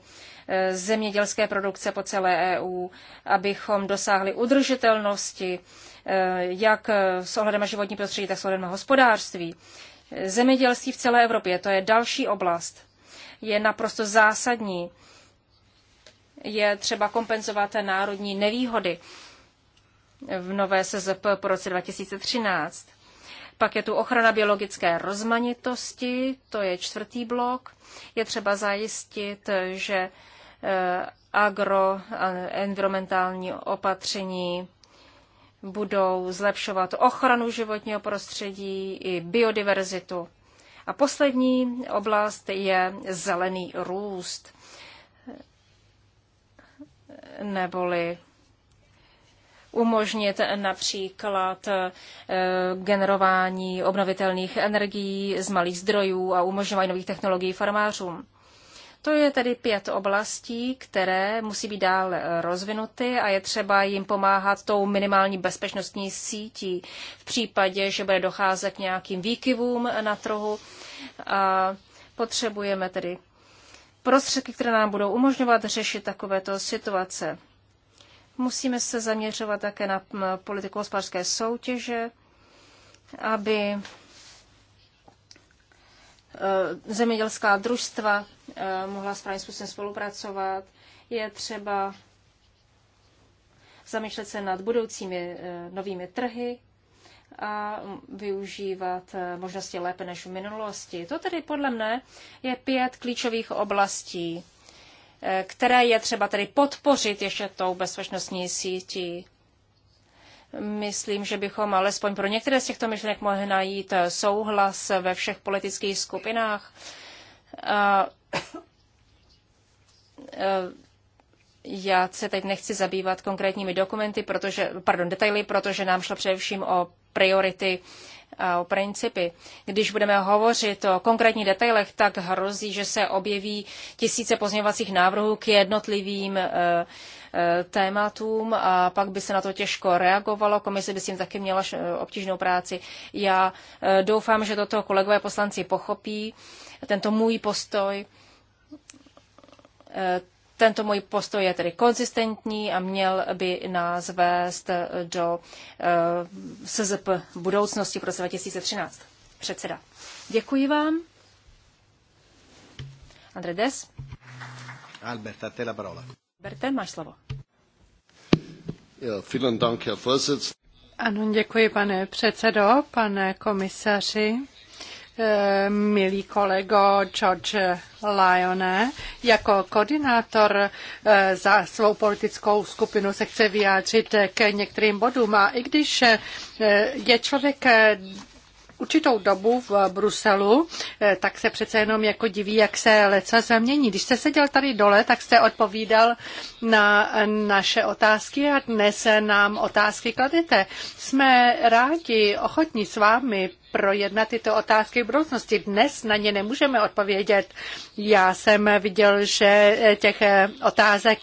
eh, zemědělské produkce po celé EU, abychom dosáhli udržitelnosti eh, jak s ohledem na životní prostředí, tak s ohledem na hospodářství. Zemědělství v celé Evropě, to je další oblast, je naprosto zásadní. Je třeba kompenzovat národní nevýhody v nové SZP po roce 2013. Pak je tu ochrana biologické rozmanitosti, to je čtvrtý blok. Je třeba zajistit, že eh, agroenvironmentální opatření budou zlepšovat ochranu životního prostředí i biodiverzitu. A poslední oblast je zelený růst, neboli umožnit například eh, generování obnovitelných energií z malých zdrojů a umožňování nových technologií farmářům. To je tedy pět oblastí, které musí být dál rozvinuty a je třeba jim pomáhat tou minimální bezpečnostní sítí v případě, že bude docházet k nějakým výkyvům na trhu. A potřebujeme tedy prostředky, které nám budou umožňovat řešit takovéto situace. Musíme se zaměřovat také na politiku hospodářské soutěže, aby e, zemědělská družstva e, mohla správným způsobem spolupracovat. Je třeba zamýšlet se nad budoucími e, novými trhy a využívat možnosti lépe než v minulosti. To tedy podle mne je pět klíčových oblastí které je třeba tedy podpořit ještě tou bezpečnostní sítí. Myslím, že bychom alespoň pro některé z těchto myšlenek mohli najít eh, souhlas ve všech politických skupinách. Eh, já se teď nechci zabývat konkrétními dokumenty, protože, pardon, detaily, protože nám šlo především o priority eh, o principy. Když budeme hovořit o konkrétních detailech, tak hrozí, že se objeví tisíce pozměňovacích návrhů k jednotlivým eh, eh, tématům a pak by se na to těžko reagovalo. Komise by s tím taky měla obtížnou práci. Já doufám, že toto kolegové poslanci pochopí, tento můj postoj tento můj postoj je tedy konzistentní a měl by nás vést do eh, SZP budoucnosti pro 2013. Předseda. Děkuji vám. André Des. Albert, a te la parola. Alberte, máš slovo. Ja, vielen Dank, Herr Ano, děkuji, pane předsedo, pane komisaři. Eh, milý kolego George Lyoné, Jako koordinátor eh, za svou politickou skupinu se chce vyjádřit k některým bodům a i když eh, je člověk určitou dobu v Bruselu, eh, tak se přece jenom jako diví, jak se leca zamění. Když jste seděl tady dole, tak jste odpovídal na naše otázky a dnes nám otázky kladete. Jsme rádi, ochotní s vámi projednat tyto otázky v budoucnosti. Dnes na ně nemůžeme odpovědět. Já jsem viděl, že eh, těch eh, otázek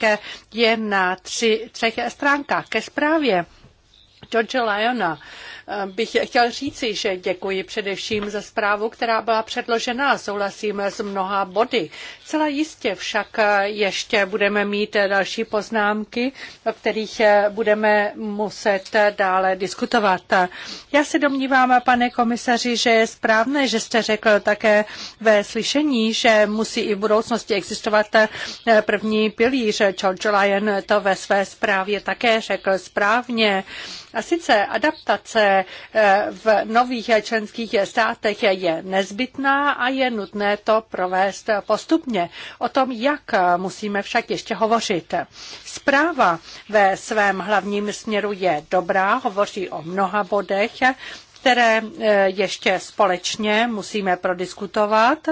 je na tři, třech stránkách ke zprávě. George Lyona. Eh, bych chtěl říci, že děkuji především za zprávu, která byla předložena. Souhlasím s mnoha body. Celá jistě však ještě budeme mít další poznámky, o kterých budeme muset dále diskutovat. Já se domnívám, pane komisaři, že je správné, že jste řekl také ve slyšení, že musí i v budoucnosti existovat první pilíř. George Lyon to ve své zprávě také řekl správně. A sice adaptace eh, v nových členských státech je nezbytná a je nutné to provést postupně podobně. O tom, jak eh, musíme však ještě hovořit. Zpráva ve svém hlavním směru je dobrá, hovoří o mnoha bodech, které eh, ještě společně musíme prodiskutovat.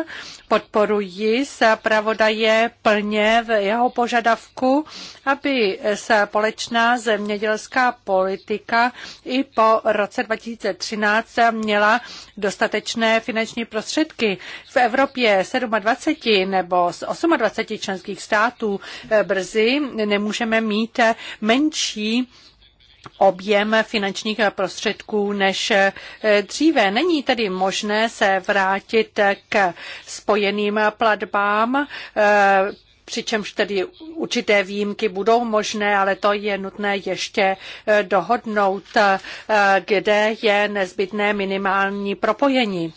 Podporuji se pravodaje plně v jeho požadavku, aby se společná zemědělská politika i po roce 2013 měla dostatečné finanční prostředky. V Evropě 27 nebo z 28 členských států eh, brzy nemůžeme mít menší objem finančních prostředků než eh, dříve. Není tedy možné se vrátit k spojeným platbám, eh, přičemž tedy určité výjimky budou možné, ale to je nutné ještě eh, dohodnout, kde je nezbytné minimální propojení.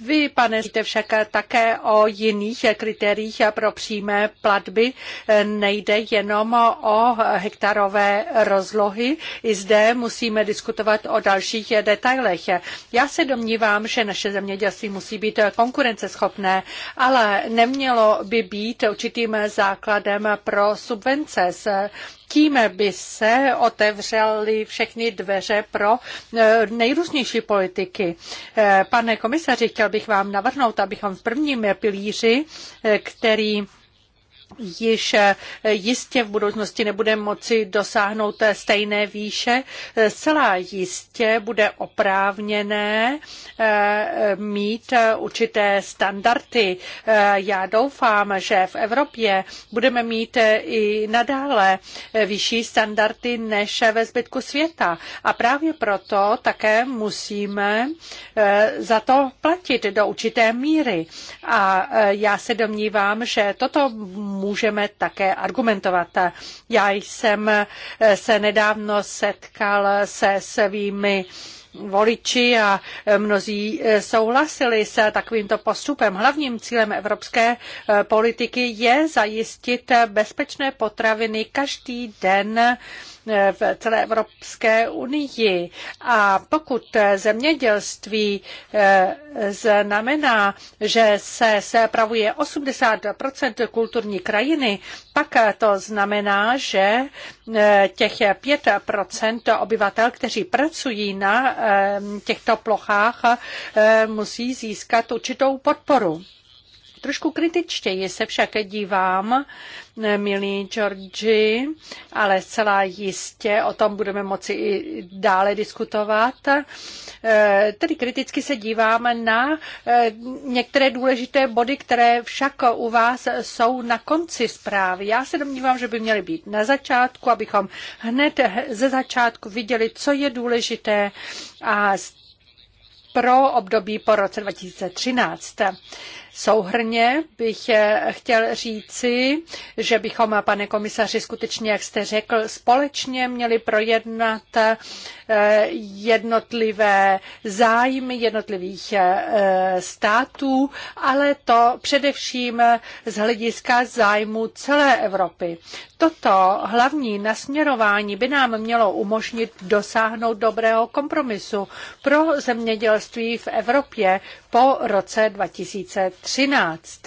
Vy, pane, víte však také o jiných kritériích pro přímé platby. Nejde jenom o hektarové rozlohy. I zde musíme diskutovat o dalších detailech. Já se domnívám, že naše zemědělství musí být konkurenceschopné, ale nemělo by být určitým základem pro subvence. Z tím by se otevřely všechny dveře pro e, nejrůznější politiky. E, pane komisaři, chtěl bych vám navrhnout, abychom v prvním pilíři, e, který již eh, jistě v budoucnosti nebude moci dosáhnout stejné výše. Eh, Celá jistě bude oprávněné eh, mít určité standardy. Já doufám, že v Evropě budeme mít i nadále vyšší standardy než ve zbytku světa. A právě proto také musíme za to platit do určité míry. A já se domnívám, že toto můžeme také argumentovat. Já jsem eh, se nedávno setkal se svými voliči a eh, mnozí eh, souhlasili s takovýmto postupem. Hlavním cílem evropské politiky je zajistit bezpečné potraviny každý den v celé Evropské unii. A pokud zemědělství eh, znamená, že se sepravuje 80 kulturní krajiny, pak to znamená, že eh, těch 5 obyvatel, kteří pracují na eh, těchto plochách, musí získat určitou podporu. Trošku kritičtěji se však dívám, eh, milí Georgi, ale celá jistě o tom budeme moci i dále diskutovat. Eh, tedy kriticky se dívám na eh, některé důležité body, které však u vás jsou na konci zprávy. Já se domnívám, že by měly být na začátku, abychom hned ze začátku viděli, co je důležité a pro období po roce 2013. Souhrně bych eh, chtěl říci, že bychom, pane komisaři, skutečně, jak jste řekl, společně měli projednat eh, jednotlivé zájmy jednotlivých eh, států, ale to především z hlediska zájmu celé Evropy. Toto hlavní nasměrování by nám mělo umožnit dosáhnout dobrého kompromisu pro zemědělství v Evropě po roce 2013. 13.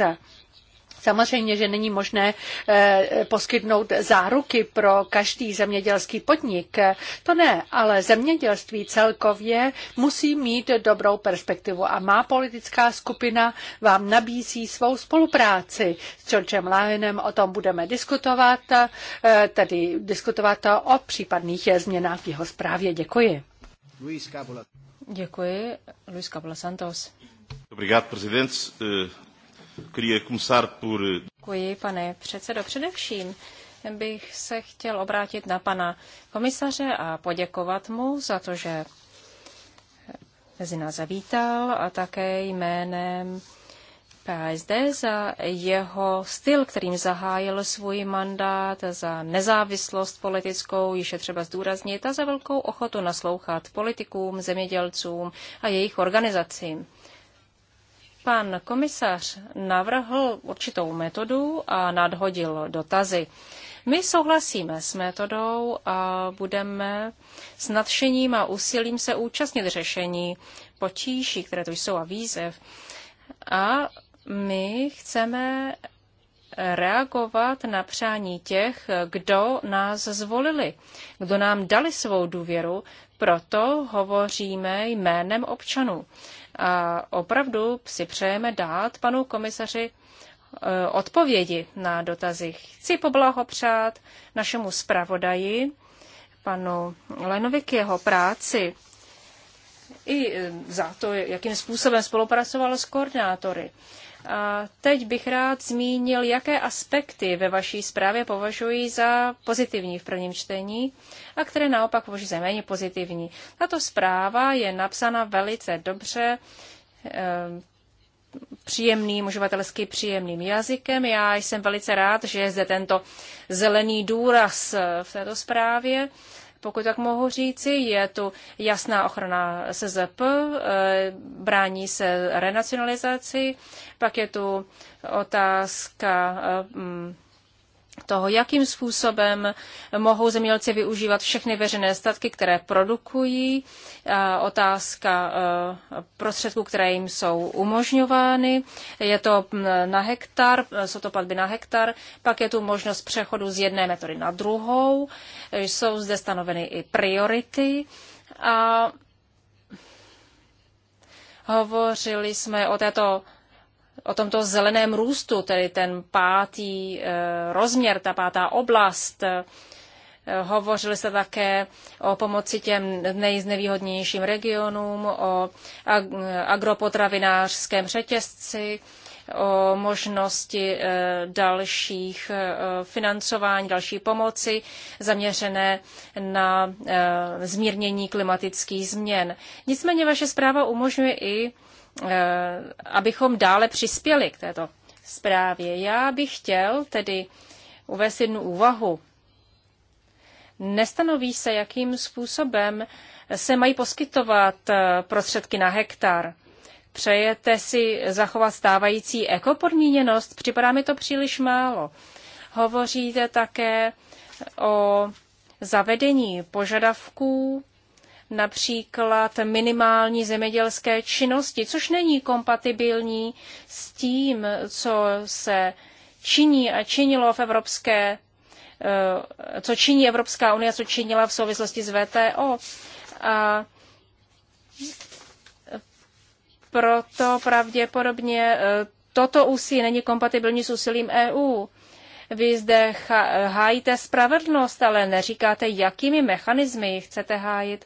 Samozřejmě, že není možné eh, poskytnout záruky pro každý zemědělský podnik. To ne, ale zemědělství celkově musí mít dobrou perspektivu a má politická skupina vám nabízí svou spolupráci. S Georgem Lyonem o tom budeme diskutovat, eh, tedy diskutovat o případných změnách v jeho zprávě. Děkuji. Luis Děkuji, Luis Capola Santos. Eh, eh, Děkuji, pane předsedo. Především bych se chtěl obrátit na pana komisaře a poděkovat mu za to, že mezi nás zavítal a také jménem PSD za jeho styl, kterým zahájil svůj mandát, za nezávislost politickou, již je třeba zdůraznit, a za velkou ochotu naslouchat politikům, zemědělcům a jejich organizacím. Pan komisař navrhl určitou metodu a nadhodil dotazy. My souhlasíme s metodou a budeme s nadšením a úsilím se účastnit řešení potíží, které to jsou a výzev. A my chceme reagovat na přání těch, kdo nás zvolili, kdo nám dali svou důvěru, proto hovoříme jménem občanů. A opravdu si přejeme dát panu komisaři eh, odpovědi na dotazy. Chci poblahopřát našemu zpravodaji, panu Lenovi k jeho práci i eh, za to, jakým způsobem spolupracoval s koordinátory teď bych rád zmínil, jaké aspekty ve vaší zprávě považuji za pozitivní v prvním čtení a které naopak považuji za méně pozitivní. Tato zpráva je napsána velice dobře, eh, příjemným, uživatelsky příjemným jazykem. Já jsem velice rád, že je zde tento zelený důraz eh, v této zprávě pokud tak mohu říci. Je tu jasná ochrana SZP, eh, brání se renacionalizaci, pak je tu otázka eh, mm, toho, jakým způsobem mohou zemědělci využívat všechny veřejné statky, které produkují, otázka e, prostředků, které jim jsou umožňovány, je to na hektar, e, jsou to platby na hektar, pak je tu možnost přechodu z jedné metody na druhou, jsou zde stanoveny i priority a hovořili jsme o této o tomto zeleném růstu, tedy ten pátý eh, rozměr, ta pátá oblast. Eh, hovořili se také o pomoci těm nejznevýhodnějším regionům, o agropotravinářském řetězci, o možnosti eh, dalších financování, další pomoci zaměřené na zmírnění klimatických změn. Nicméně vaše zpráva umožňuje i Eh, abychom dále přispěli k této zprávě. Já bych chtěl tedy uvést jednu úvahu. Nestanoví se, jakým způsobem se mají poskytovat eh, prostředky na hektar. Přejete si zachovat stávající ekopodmíněnost? Připadá mi to příliš málo. Hovoříte také o zavedení požadavků například minimální zemědělské činnosti, což není kompatibilní s tím, co se činí a činilo v Evropské, eh, co činí Evropská unie, co činila v souvislosti s VTO. A proto pravděpodobně eh, toto úsilí není kompatibilní s úsilím EU. Vy zde hájíte spravedlnost, ale neříkáte, jakými mechanismy chcete hájit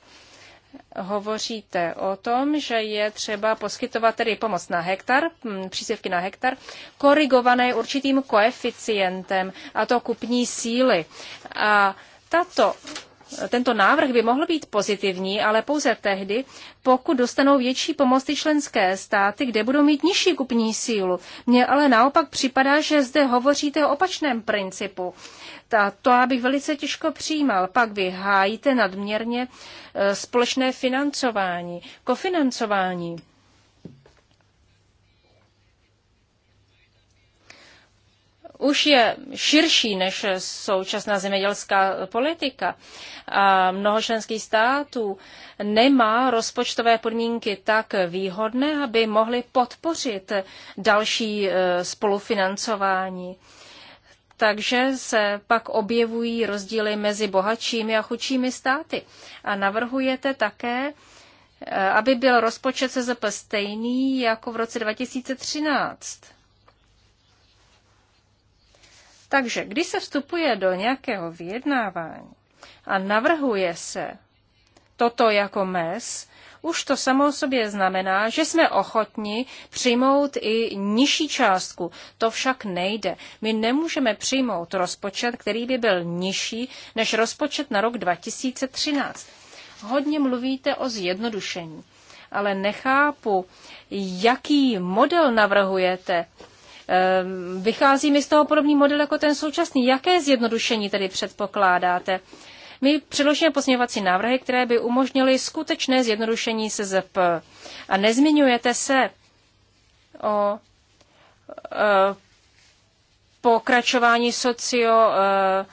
hovoříte o tom, že je třeba poskytovat tedy pomoc na hektar, mm, příspěvky na hektar, korigované určitým koeficientem, a to kupní síly. A tato tento návrh by mohl být pozitivní, ale pouze tehdy, pokud dostanou větší pomoc ty členské státy, kde budou mít nižší kupní sílu. Mně ale naopak připadá, že zde hovoříte o opačném principu. Ta, to bych velice těžko přijímal. Pak vy hájíte nadměrně eh, společné financování, kofinancování. už je širší než současná zemědělská politika. A mnoho členských států nemá rozpočtové podmínky tak výhodné, aby mohly podpořit další e, spolufinancování. Takže se pak objevují rozdíly mezi bohatšími a chudšími státy. A navrhujete také, e, aby byl rozpočet SZP stejný jako v roce 2013 takže když se vstupuje do nějakého vyjednávání a navrhuje se toto jako mes, už to samo o sobě znamená, že jsme ochotni přijmout i nižší částku. To však nejde. My nemůžeme přijmout rozpočet, který by byl nižší než rozpočet na rok 2013. Hodně mluvíte o zjednodušení, ale nechápu, jaký model navrhujete Ehm, vychází mi z toho podobný model jako ten současný. Jaké zjednodušení tedy předpokládáte? My předložíme pozměňovací návrhy, které by umožnily skutečné zjednodušení SZP. A nezmiňujete se o eh, pokračování socio eh,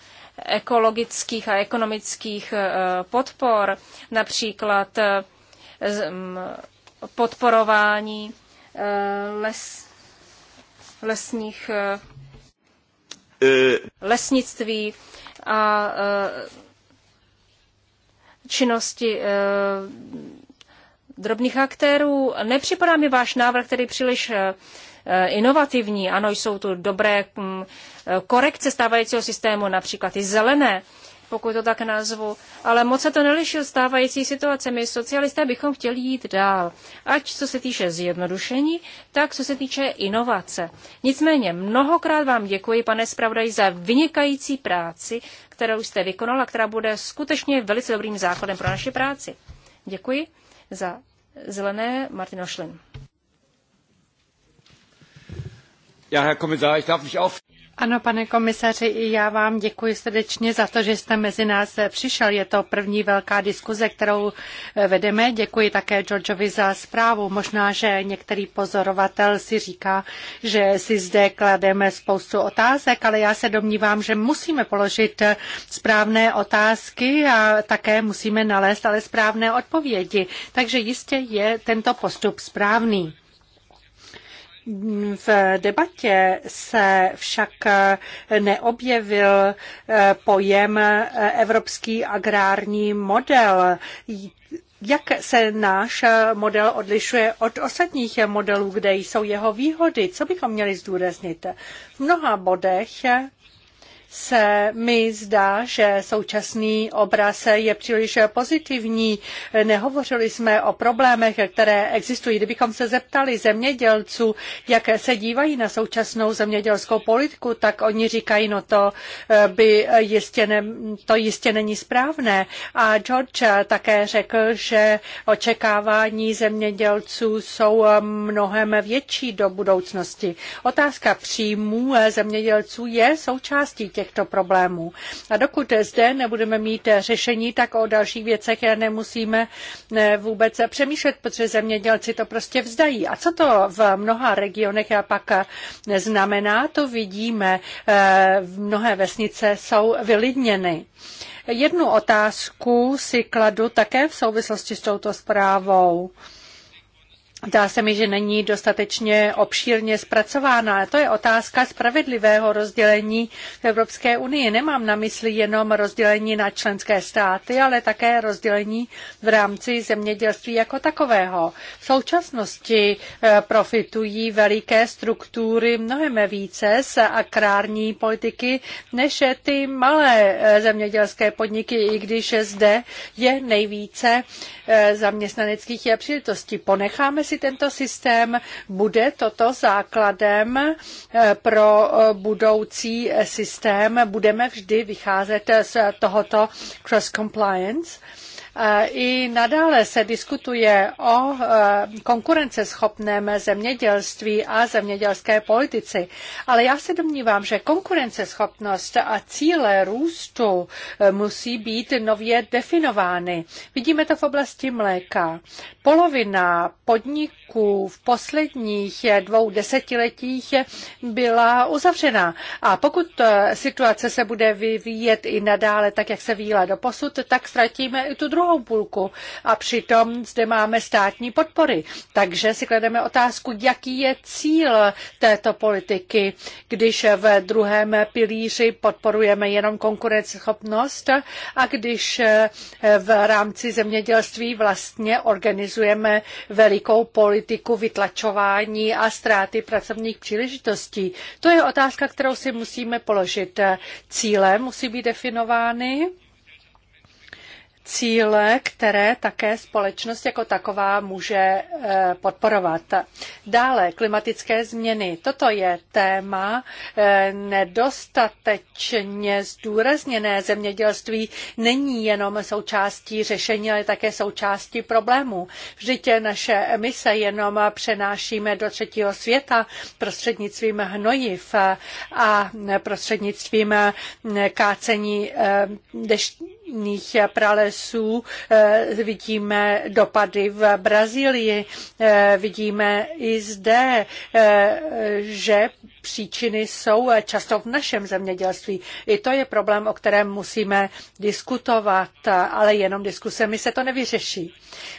ekologických a ekonomických eh, podpor, například mm, podporování les, lesních eh, eh, lesnictví a eh, činnosti drobných aktérů. Nepřipadá mi váš návrh tedy příliš inovativní. Ano, jsou tu dobré mm, korekce stávajícího systému, například i zelené pokud to tak nazvu. Ale moc se to neliší od stávající situace. My socialisté bychom chtěli jít dál. Ať co se týče zjednodušení, tak co se týče inovace. Nicméně mnohokrát vám děkuji, pane zpravodaj, za vynikající práci, kterou jste vykonala, která bude skutečně velice dobrým základem pro naši práci. Děkuji za zelené Martin Ošlin. Ja, Herr Kommissar, ich darf mich auf... Ano, pane komisaři, i já vám děkuji srdečně za to, že jste mezi nás přišel. Je to první velká diskuze, kterou eh, vedeme. Děkuji také Georgeovi za zprávu. Možná, že některý pozorovatel si říká, že si zde klademe spoustu otázek, ale já se domnívám, že musíme položit eh, správné otázky a také musíme nalézt ale správné odpovědi. Takže jistě je tento postup správný. V debatě se však neobjevil eh, pojem eh, evropský agrární model. Jak se náš model odlišuje od ostatních modelů, kde jsou jeho výhody? Co bychom měli zdůraznit? V mnoha bodech se mi zdá, že současný obraz je příliš pozitivní. Nehovořili jsme o problémech, které existují. Kdybychom se zeptali zemědělců, jak se dívají na současnou zemědělskou politiku, tak oni říkají, no to, eh, by jistě ne, to jistě není správné. A George také řekl, že očekávání zemědělců jsou eh, mnohem větší do budoucnosti. Otázka příjmů eh, zemědělců je součástí těch těchto problémů. A dokud zde nebudeme mít řešení, tak o dalších věcech nemusíme eh, vůbec přemýšlet, protože zemědělci to prostě vzdají. A co to v mnoha regionech a pak znamená, to vidíme. Eh, mnohé vesnice jsou vylidněny. Jednu otázku si kladu také v souvislosti s touto zprávou. Zdá se mi, že není dostatečně obšírně zpracována. To je otázka spravedlivého rozdělení v Evropské unii. Nemám na mysli jenom rozdělení na členské státy, ale také rozdělení v rámci zemědělství jako takového. V současnosti eh, profitují veliké struktury mnohem více z agrární politiky než ty malé eh, zemědělské podniky, i když zde je nejvíce eh, zaměstnaneckých příležitostí. Ponecháme si jestli tento systém, bude toto základem eh, pro eh, budoucí systém? Budeme vždy vycházet z tohoto cross-compliance? Eh, I nadále se diskutuje o eh, konkurenceschopném zemědělství a zemědělské politice, ale já se domnívám, že konkurenceschopnost a cíle růstu eh, musí být nově definovány. Vidíme to v oblasti mléka. Polovina podniků v posledních dvou desetiletích byla uzavřena. A pokud situace se bude vyvíjet i nadále tak, jak se výjela do posud, tak ztratíme i tu druhou druhou půlku a přitom zde máme státní podpory. Takže si klademe otázku, jaký je cíl této politiky, když v druhém pilíři podporujeme jenom konkurenceschopnost a když v rámci zemědělství vlastně organizujeme velikou politiku vytlačování a ztráty pracovních příležitostí. To je otázka, kterou si musíme položit. Cíle musí být definovány cíle, které také společnost jako taková může eh, podporovat. Dále klimatické změny. Toto je téma eh, nedostatečně zdůrazněné. Zemědělství není jenom součástí řešení, ale také součástí problémů. Vždyť naše emise jenom přenášíme do třetího světa prostřednictvím hnojiv a prostřednictvím kácení eh, deštných pralesů lesů, eh, vidíme dopady v Brazílii, eh, vidíme i zde, eh, že příčiny jsou eh, často v našem zemědělství. I to je problém, o kterém musíme diskutovat, eh, ale jenom diskusemi se to nevyřeší.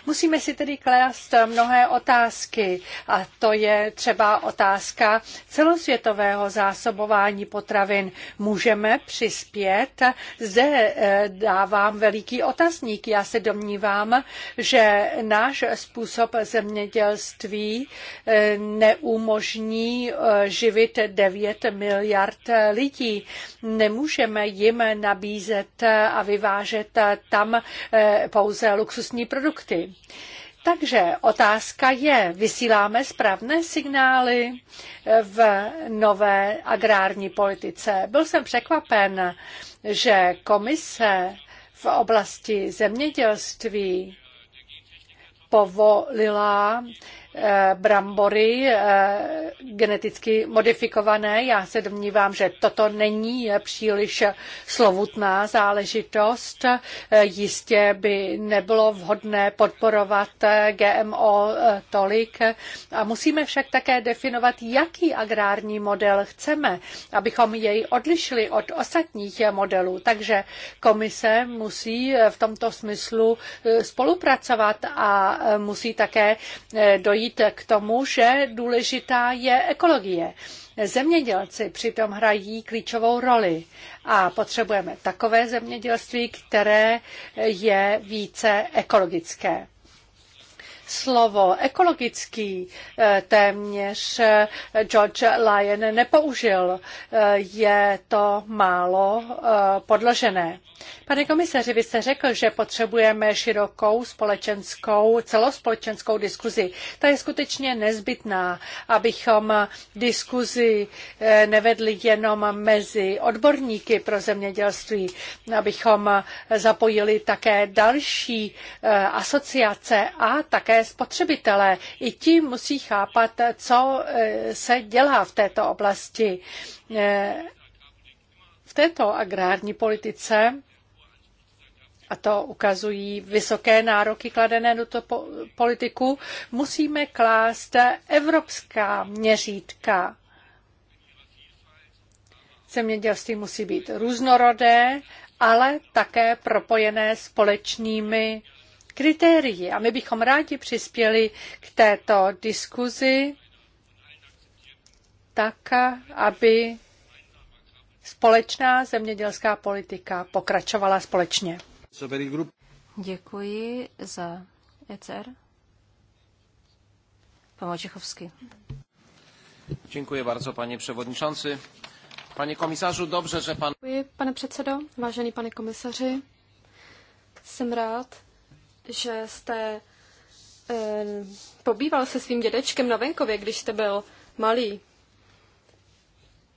Musíme si tedy klást eh, mnohé otázky a to je třeba otázka celosvětového zásobování potravin. Můžeme přispět? Zde dávám veliký otazník. Já se domnívám, že náš způsob zemědělství neumožní živit živit 9 miliard lidí. Nemůžeme jim nabízet a vyvážet tam eh, pouze luxusní produkty. Takže otázka je, vysíláme správné signály eh, v nové agrární politice. Byl jsem překvapen, že komise v oblasti zemědělství povolila Eh, brambory eh, geneticky modifikované. Já se domnívám, že toto není eh, příliš slovutná záležitost. Jistě by nebylo vhodné podporovat GMO tolik. A musíme však také definovat, jaký agrární model chceme, abychom jej odlišili od ostatních modelů. Takže komise musí v tomto smyslu spolupracovat a musí také dojít dojít k tomu, že důležitá je ekologie. Zemědělci přitom hrají klíčovou roli a potřebujeme takové zemědělství, které je více ekologické slovo ekologický eh, téměř eh, George Lyon nepoužil. Eh, je to málo podložené. Pane komisaři, vy jste řekl, že potřebujeme širokou společenskou, celospolečenskou diskuzi. Ta je skutečně nezbytná, abychom diskuzi nevedli jenom mezi odborníky pro zemědělství, abychom zapojili také další asociace a také také spotřebitelé. I ti musí chápat, co e, se dělá v této oblasti. E, v této agrární politice a to ukazují vysoké nároky kladené do to politiku, musíme klást evropská měřítka. Zemědělství musí být různorodé, ale také propojené společnými kritérií. A my bychom rádi přispěli k této diskuzi tak, aby společná zemědělská politika pokračovala společně. Děkuji za ECR. Pan Wojciechowski. Dziękuję bardzo, panie przewodniczący. Panie komisarzu, dobře, že pan... Děkuji, pane předsedo, vážený pane komisaři. Jsem rád, že jste eh, pobýval se svým dědečkem na venkově, když jste byl malý.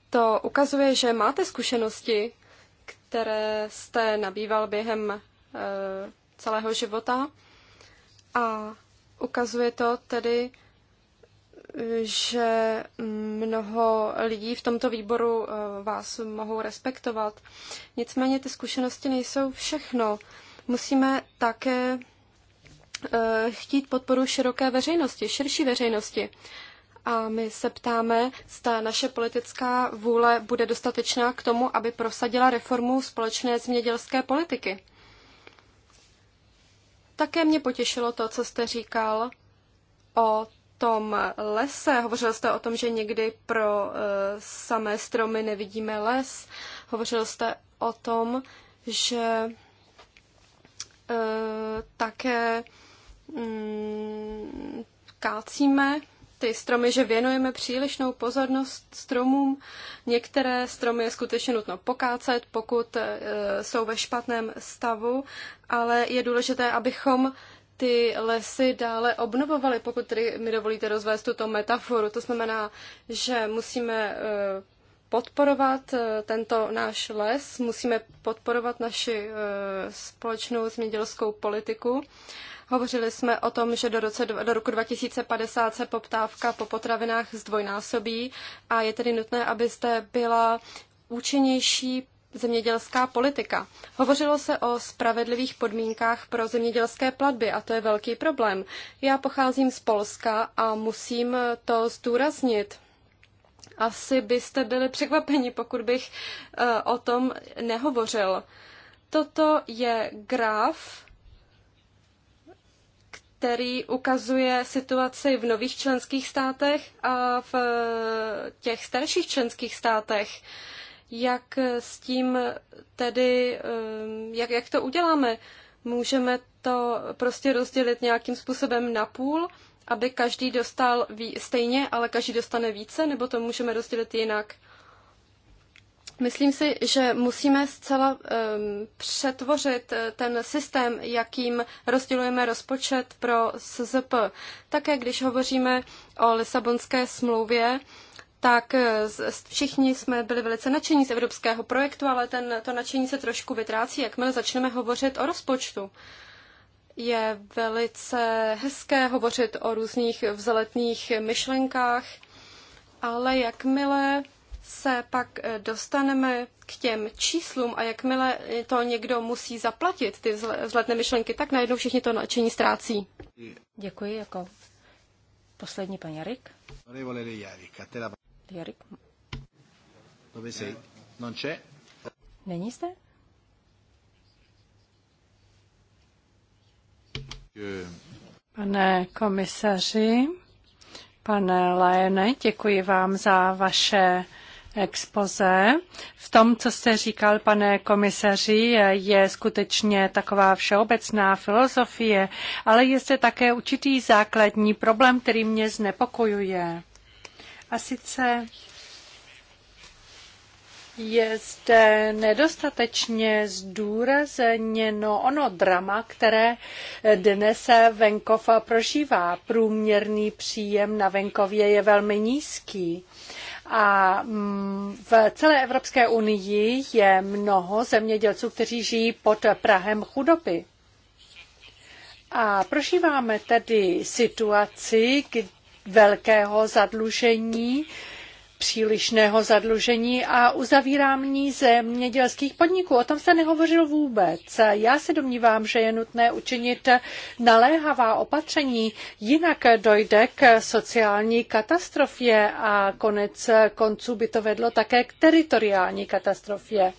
To ukazuje, že máte zkušenosti, které jste nabýval během eh, celého života a ukazuje to tedy, že mnoho lidí v tomto výboru eh, vás mohou respektovat. Nicméně ty zkušenosti nejsou všechno. Musíme také Eh, chtít podporu široké veřejnosti, širší veřejnosti. A my se ptáme, zda naše politická vůle bude dostatečná k tomu, aby prosadila reformu společné zemědělské politiky. Také mě potěšilo to, co jste říkal o tom lese. Hovořil jste o tom, že někdy pro uh, samé stromy nevidíme les. Hovořil jste o tom, že uh, také mm, kácíme ty stromy, že věnujeme přílišnou pozornost stromům. Některé stromy je skutečně nutno pokácet, pokud e, jsou ve špatném stavu, ale je důležité, abychom ty lesy dále obnovovali, pokud tedy mi dovolíte rozvést tuto metaforu. To znamená, že musíme e, podporovat e, tento náš les, musíme podporovat naši společnou zemědělskou politiku Hovořili jsme o tom, že do, roce, do roku 2050 se poptávka po potravinách zdvojnásobí a je tedy nutné, aby zde byla účinnější zemědělská politika. Hovořilo se o spravedlivých podmínkách pro zemědělské platby a to je velký problém. Já pocházím z Polska a musím to zdůraznit. Asi byste byli překvapeni, pokud bych eh, o tom nehovořil. Toto je graf který ukazuje situaci v nových členských státech a v eh, těch starších členských státech. Jak s tím tedy, eh, jak, jak to uděláme? Můžeme to prostě rozdělit nějakým způsobem na půl, aby každý dostal stejně, ale každý dostane více, nebo to můžeme rozdělit jinak? Myslím si, že musíme zcela um, přetvořit eh, ten systém, jakým rozdělujeme rozpočet pro SZP. Také když hovoříme o Lisabonské smlouvě, tak eh, všichni jsme byli velice nadšení z evropského projektu, ale ten, to nadšení se trošku vytrácí, jakmile začneme hovořit o rozpočtu. Je velice hezké hovořit o různých vzletných myšlenkách, ale jakmile se pak eh, dostaneme k těm číslům a jakmile to někdo musí zaplatit, ty vzletné myšlenky, tak najednou všichni to nadšení ztrácí. Děkuji jako poslední pan Jarik. Jarik. Není zde? Pane komisaři, pane Lajene, děkuji vám za vaše expoze. V tom, co jste říkal, pane komisaři, je skutečně taková všeobecná filozofie, ale je zde také určitý základní problém, který mě znepokojuje. A sice je zde nedostatečně zdůrazněno ono drama, které dnes venkov prožívá. Průměrný příjem na venkově je velmi nízký. A mm, v celé Evropské unii je mnoho zemědělců, kteří žijí pod Prahem chudoby. A prožíváme tedy situaci velkého zadlužení, přílišného zadlužení a uzavírání zemědělských podniků. O tom se nehovořil vůbec. Já se domnívám, že je nutné učinit naléhavá opatření, jinak dojde k sociální katastrofě a konec konců by to vedlo také k teritoriální katastrofě.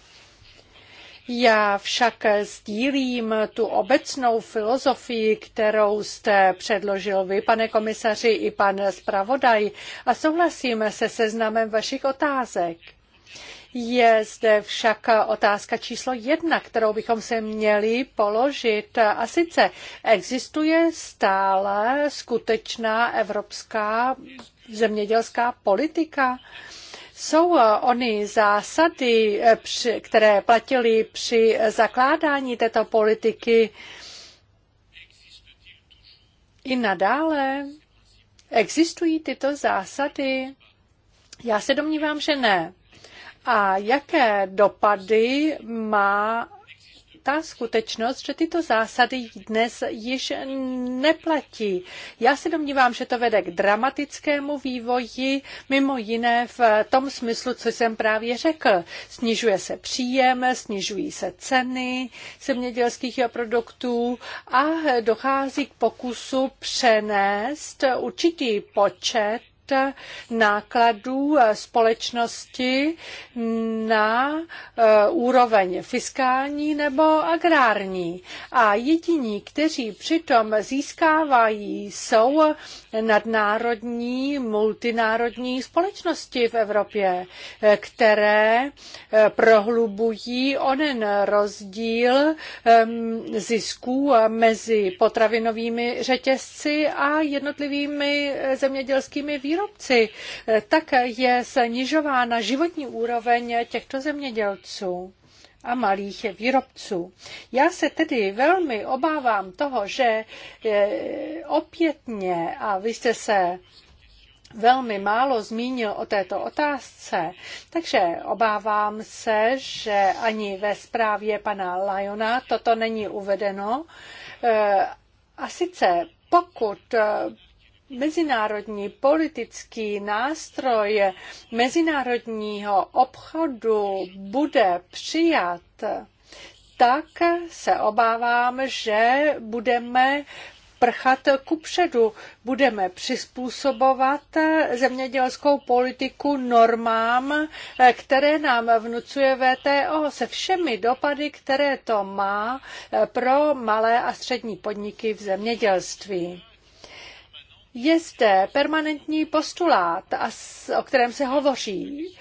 Já však sdílím tu obecnou filozofii, kterou jste předložil vy, pane komisaři, i pan zpravodaj a souhlasím se seznamem vašich otázek. Je zde však otázka číslo jedna, kterou bychom se měli položit. A sice existuje stále skutečná evropská zemědělská politika? Jsou eh, ony zásady, eh, které platily při zakládání této politiky i nadále? Existují tyto zásady? Já se domnívám, že ne. A jaké dopady má ta skutečnost, že tyto zásady dnes již neplatí. Já se domnívám, že to vede k dramatickému vývoji, mimo jiné v tom smyslu, co jsem právě řekl. Snižuje se příjem, snižují se ceny zemědělských produktů a dochází k pokusu přenést určitý počet nákladů eh, společnosti na eh, úroveň fiskální nebo agrární. A jediní, kteří přitom získávají, jsou nadnárodní, multinárodní společnosti v Evropě, eh, které prohlubují onen rozdíl ehm, zisků mezi potravinovými řetězci a jednotlivými zemědělskými výrobci výrobci, eh, tak je snižována životní úroveň těchto zemědělců a malých výrobců. Já se tedy velmi obávám toho, že eh, opětně, a vy jste se velmi málo zmínil o této otázce, takže obávám se, že ani ve zprávě pana Lajona toto není uvedeno. Eh, a sice pokud mezinárodní politický nástroj mezinárodního obchodu bude přijat, tak se obávám, že budeme prchat kupředu. Budeme přizpůsobovat zemědělskou politiku normám, které nám vnucuje VTO se všemi dopady, které to má pro malé a střední podniky v zemědělství. Je zde permanentní postulát, o kterém se hovoří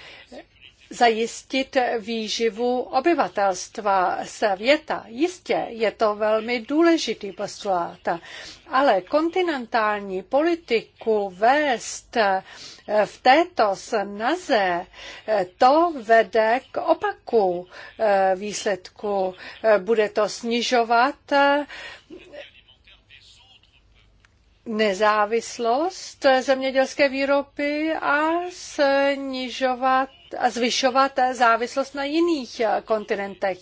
zajistit výživu obyvatelstva světa. Jistě je to velmi důležitý postulát, ale kontinentální politiku vést v této snaze, to vede k opaku eh, výsledku. Bude to snižovat nezávislost zemědělské výroby a snižovat a zvyšovat závislost na jiných kontinentech.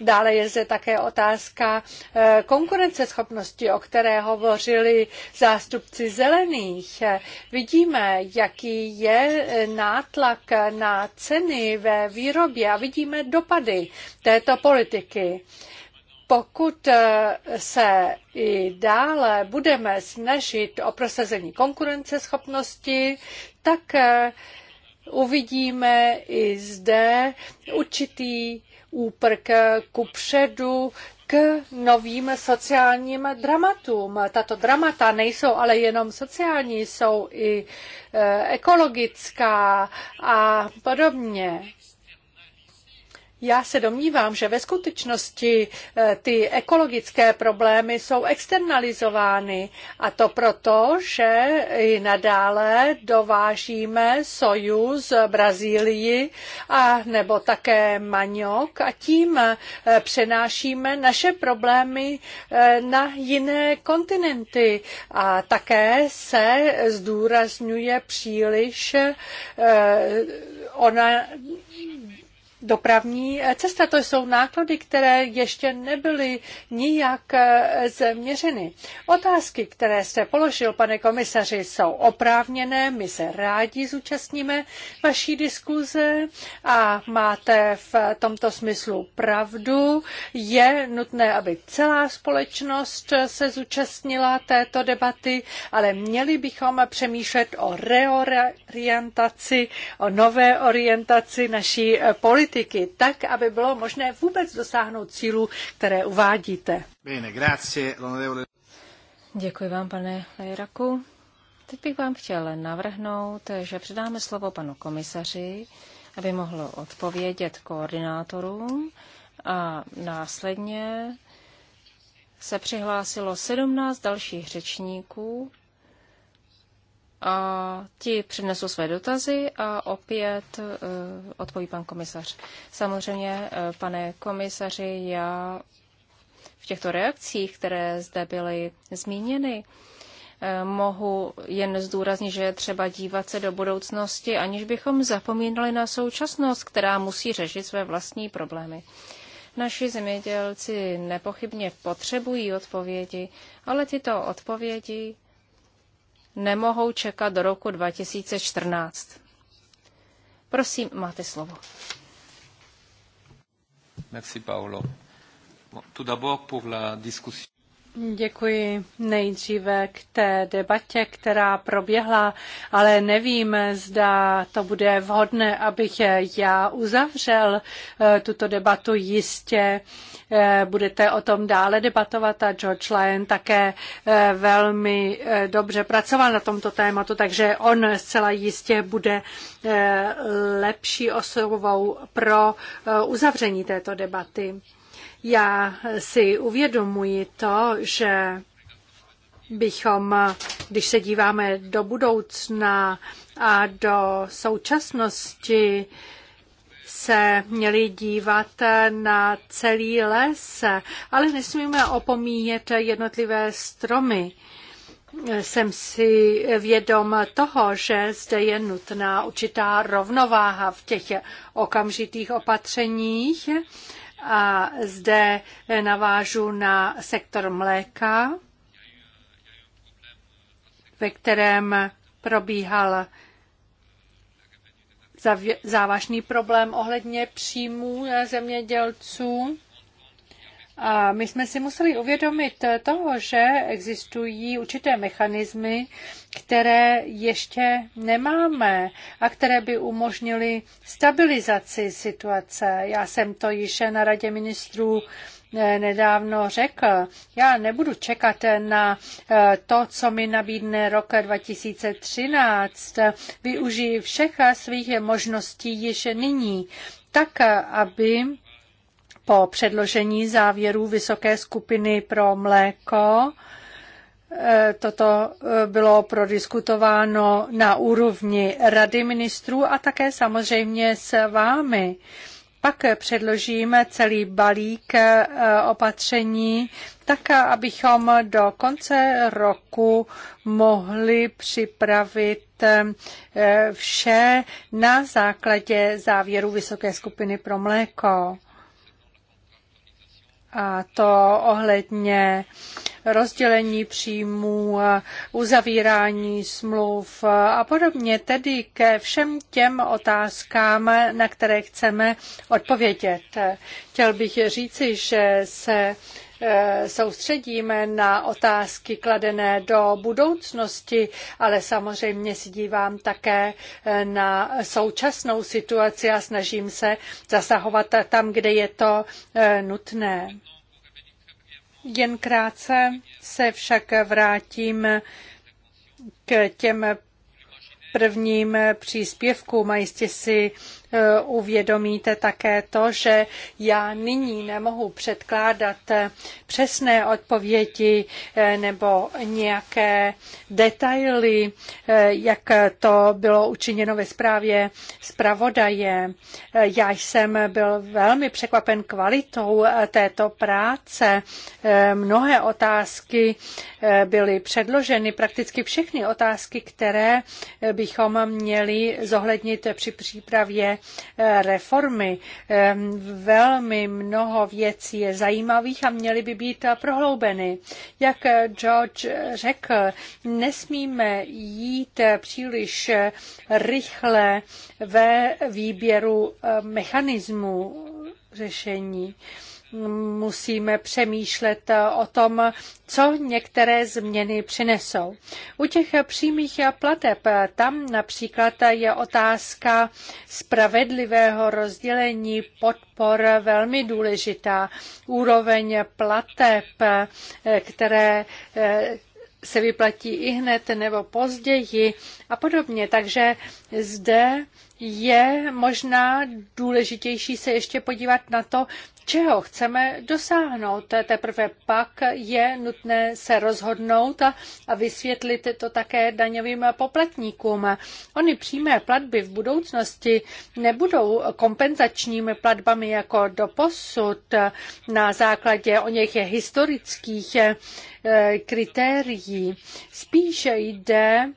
Dále je zde také otázka eh, konkurenceschopnosti, o které hovořili zástupci zelených. Vidíme, jaký je nátlak na ceny ve výrobě a vidíme dopady této politiky pokud eh, se i dále budeme snažit o prosazení konkurenceschopnosti, tak eh, uvidíme i zde určitý úprk eh, kupředu k novým sociálním dramatům. Tato dramata nejsou ale jenom sociální, jsou i ekologická a podobně. Já se domnívám, že ve skutečnosti eh, ty ekologické problémy jsou externalizovány a to proto, že i nadále dovážíme soju z Brazílii a nebo také maniok a tím eh, přenášíme naše problémy eh, na jiné kontinenty a také se zdůrazňuje příliš ona dopravní cesta. To jsou náklady, které ještě nebyly nijak eh, změřeny. Otázky, které jste položil, pane komisaři, jsou oprávněné. My se rádi zúčastníme vaší diskuze a máte v tomto smyslu pravdu. Je nutné, aby celá společnost se zúčastnila této debaty, ale měli bychom přemýšlet o reorientaci, o nové orientaci naší politiky politiky, tak, aby bylo možné vůbec dosáhnout cílů, které uvádíte. Bene, grazie, Děkuji vám, pane Lejraku. Teď bych vám chtěl navrhnout, že předáme slovo panu komisaři, aby mohl odpovědět koordinátorům a následně se přihlásilo 17 dalších řečníků, a ti přednesou své dotazy a opět e, odpoví pan komisař. Samozřejmě, e, pane komisaři, já v těchto reakcích, které zde byly zmíněny, e, mohu jen zdůraznit, že je třeba dívat se do budoucnosti, aniž bychom zapomínali na současnost, která musí řešit své vlastní problémy. Naši zemědělci nepochybně potřebují odpovědi, ale tyto odpovědi nemohou čekat do roku 2014. Prosím, máte slovo. Merci Paolo. Tout d'abord pour la discussion. Děkuji nejdříve k té debatě, která proběhla, ale nevím, zda to bude vhodné, abych já uzavřel eh, tuto debatu. Jistě eh, budete o tom dále debatovat a George Lyon také eh, velmi dobře pracoval na tomto tématu, takže on zcela jistě bude lepší osobou pro uzavření této debaty. Já si uvědomuji to, že bychom, když se díváme do budoucna a do současnosti, se měli dívat na celý les, ale nesmíme opomíjet jednotlivé stromy. Jsem si vědom toho, že zde je nutná určitá rovnováha v těch okamžitých opatřeních a zde navážu na sektor mléka, ve kterém probíhal závažný problém ohledně příjmů zemědělců. A my jsme si museli uvědomit toho, že existují určité mechanismy, které ještě nemáme a které by umožnily stabilizaci situace. Já jsem to již na radě ministrů eh, nedávno řekl. Já nebudu čekat na eh, to, co mi nabídne rok 2013. Využiji všech svých možností již nyní, tak aby po předložení závěrů Vysoké skupiny pro mléko e, Toto e, bylo prodiskutováno na úrovni Rady ministrů a také samozřejmě s vámi. Pak předložíme celý balík e, opatření, tak abychom do konce roku mohli připravit vše na základě závěru Vysoké skupiny pro mléko a to ohledně rozdělení příjmů, uzavírání smluv a podobně, tedy ke všem těm otázkám, na které chceme odpovědět. Chtěl bych říci, že se Eh, soustředíme na otázky kladené do budoucnosti, ale samozřejmě si dívám také eh, na současnou situaci a snažím se zasahovat tam, kde je to eh, nutné. Jen krátce se však vrátím k těm prvním příspěvkům a jistě si Eh, uvědomíte také to, že já nyní nemohu předkládat eh, přesné odpovědi eh, nebo nějaké detaily, jak to bylo učiněno ve zprávě zpravodaje. Já jsem byl velmi překvapen kvalitou této práce. Mnohé otázky byly předloženy, prakticky všechny otázky, které bychom měli zohlednit při přípravě reformy. Velmi mnoho věcí je zajímavých a měly by být prohloubeny. Jak George řekl, nesmíme jít příliš rychle ve výběru eh, mechanismů řešení musíme přemýšlet o tom, co některé změny přinesou. U těch přímých plateb, tam například je otázka spravedlivého rozdělení podpor velmi důležitá. Úroveň plateb, které eh, se vyplatí i hned nebo později a podobně. Takže zde je možná důležitější se ještě podívat na to, čeho chceme dosáhnout. Teprve pak je nutné se rozhodnout a vysvětlit to také daňovým poplatníkům. Ony přímé platby v budoucnosti nebudou kompenzačními platbami jako doposud na základě o něch historických eh, kritérií. Spíše jde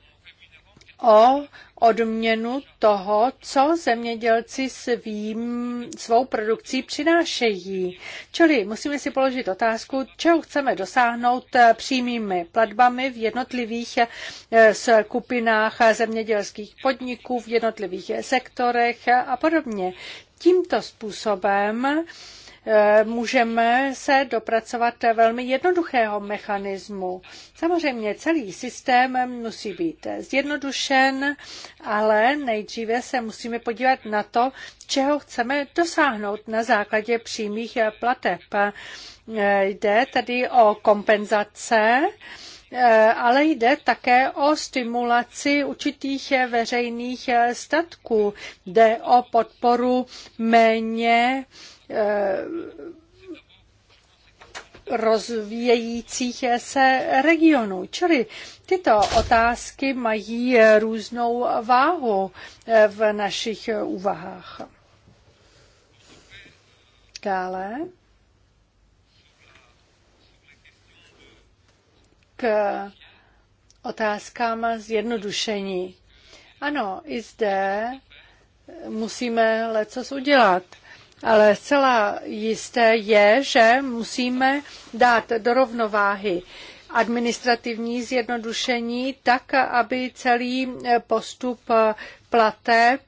o odměnu toho, co zemědělci svým, svou produkcí přinášejí. Čili musíme si položit otázku, čeho chceme dosáhnout eh, přímými platbami v jednotlivých eh, skupinách zemědělských podniků, v jednotlivých sektorech a podobně. Tímto způsobem Eh, můžeme se dopracovat velmi jednoduchého mechanismu. Samozřejmě celý systém musí být zjednodušen, ale nejdříve se musíme podívat na to, čeho chceme dosáhnout na základě přímých plateb. Eh, jde tedy o kompenzace, eh, ale jde také o stimulaci určitých veřejných statků. Jde o podporu méně Eh, rozvíjejících se regionů. Čili tyto otázky mají různou váhu eh, v našich úvahách. Dále. K otázkám zjednodušení. Ano, i zde musíme lecos udělat. Ale zcela jisté je, že musíme dát do rovnováhy administrativní zjednodušení tak, aby celý postup plateb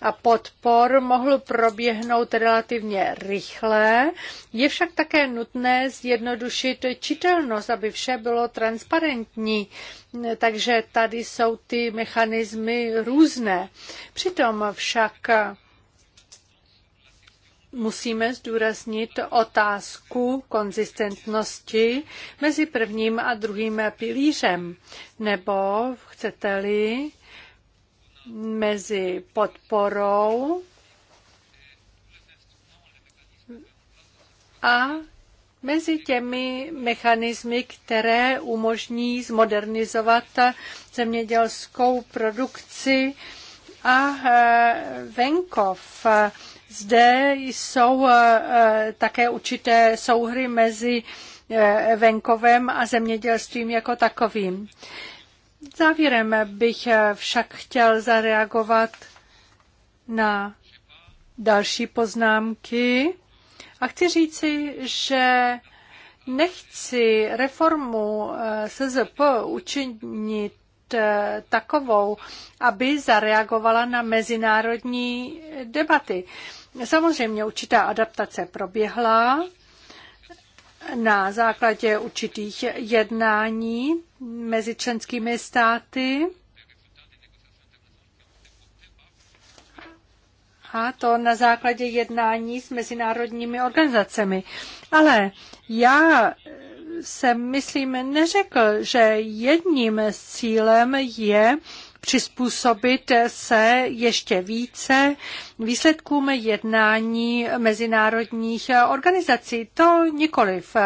a podpor mohl proběhnout relativně rychle. Je však také nutné zjednodušit čitelnost, aby vše bylo transparentní, takže tady jsou ty mechanismy různé. Přitom však musíme zdůraznit otázku konzistentnosti mezi prvním a druhým pilířem, nebo chcete-li mezi podporou a mezi těmi mechanismy, které umožní zmodernizovat zemědělskou produkci a e, venkov zde jsou eh, eh, také určité souhry mezi eh, venkovem a zemědělstvím jako takovým. Závěrem bych však chtěl zareagovat na další poznámky a chci říci, že nechci reformu SZP učinit takovou, aby zareagovala na mezinárodní debaty. Samozřejmě určitá adaptace proběhla na základě určitých jednání mezi členskými státy. A to na základě jednání s mezinárodními organizacemi. Ale já jsem, myslím, neřekl, že jedním z cílem je přizpůsobit se ještě více výsledkům jednání mezinárodních organizací. To nikoliv.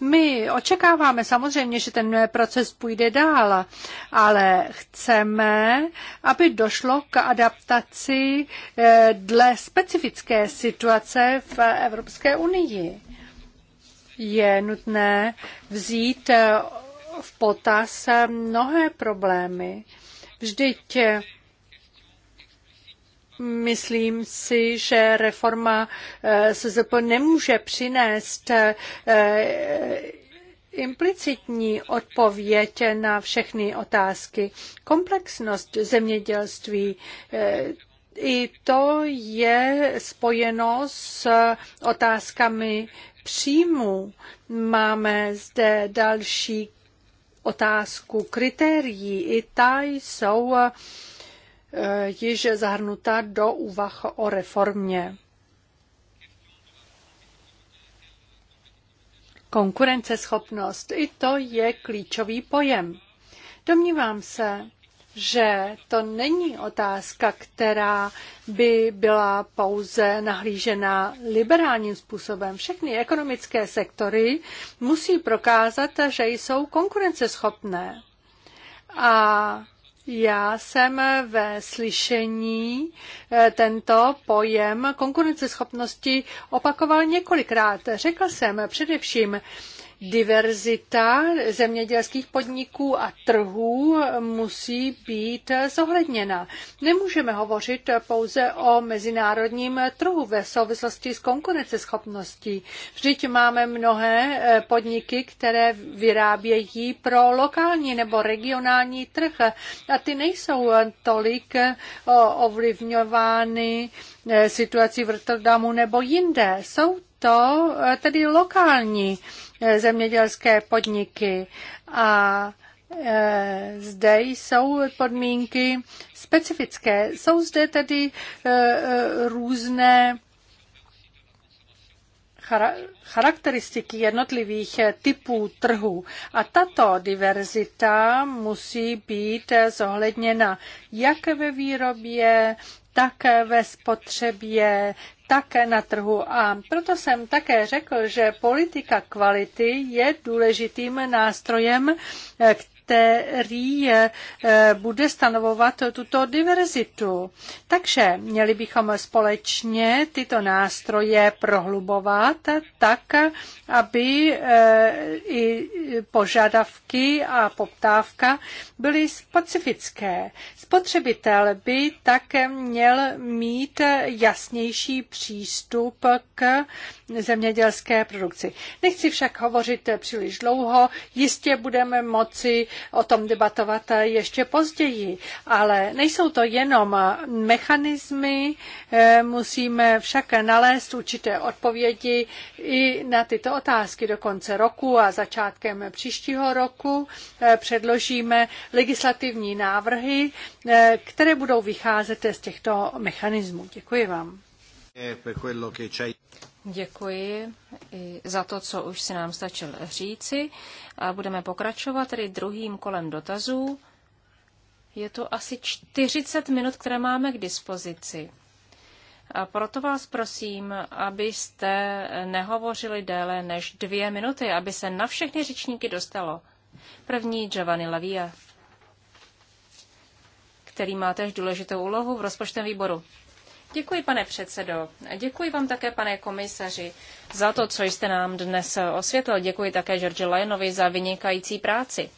My očekáváme samozřejmě, že ten proces půjde dál, ale chceme, aby došlo k adaptaci eh, dle specifické situace v Evropské unii. Je nutné vzít v potaz mnohé problémy, Vždyť eh, Myslím si, že reforma eh, SZP nemůže přinést eh, implicitní odpověď na všechny otázky. Komplexnost zemědělství i to je spojeno s otázkami příjmů. Máme zde další otázku kritérií. I ta jsou eh, již zahrnuta do úvah o reformě. Konkurenceschopnost, i to je klíčový pojem. Domnívám se, že to není otázka, která by byla pouze nahlížena liberálním způsobem. Všechny ekonomické sektory musí prokázat, že jsou konkurenceschopné. A já jsem ve slyšení eh, tento pojem konkurenceschopnosti opakoval několikrát. Řekl jsem především, Diverzita zemědělských podniků a trhů musí být zohledněna. Nemůžeme hovořit pouze o mezinárodním trhu ve souvislosti s konkurenceschopností. Vždyť máme mnohé eh, podniky, které vyrábějí pro lokální nebo regionální trh a ty nejsou tolik eh, ovlivňovány eh, situací v Rotterdamu nebo jinde. Jsou to tedy lokální E, zemědělské podniky a e, zde jsou podmínky specifické. Jsou zde tedy e, různé charakteristiky jednotlivých typů trhu. A tato diverzita musí být zohledněna jak ve výrobě, tak ve spotřebě, také na trhu. A proto jsem také řekl, že politika kvality je důležitým nástrojem, který eh, bude stanovovat tuto diverzitu. Takže měli bychom společně tyto nástroje prohlubovat tak, aby eh, i požadavky a poptávka byly specifické. Spotřebitel by také měl mít jasnější přístup k zemědělské produkci. Nechci však hovořit příliš dlouho, jistě budeme moci o tom debatovat ještě později, ale nejsou to jenom mechanismy, eh, musíme však nalézt určité odpovědi i na tyto otázky do konce roku a začátkem příštího roku eh, předložíme legislativní návrhy, eh, které budou vycházet z těchto mechanismů. Děkuji vám. Děkuji i za to, co už si nám stačil říci. A budeme pokračovat tedy druhým kolem dotazů. Je to asi 40 minut, které máme k dispozici. A proto vás prosím, abyste nehovořili déle než dvě minuty, aby se na všechny řečníky dostalo. První Giovanni Lavia, který má tež důležitou úlohu v rozpočtovém výboru. Děkuji, pane předsedo. Děkuji vám také, pane komisaři, za to, co jste nám dnes osvětlil. Děkuji také George Lyonovi za vynikající práci.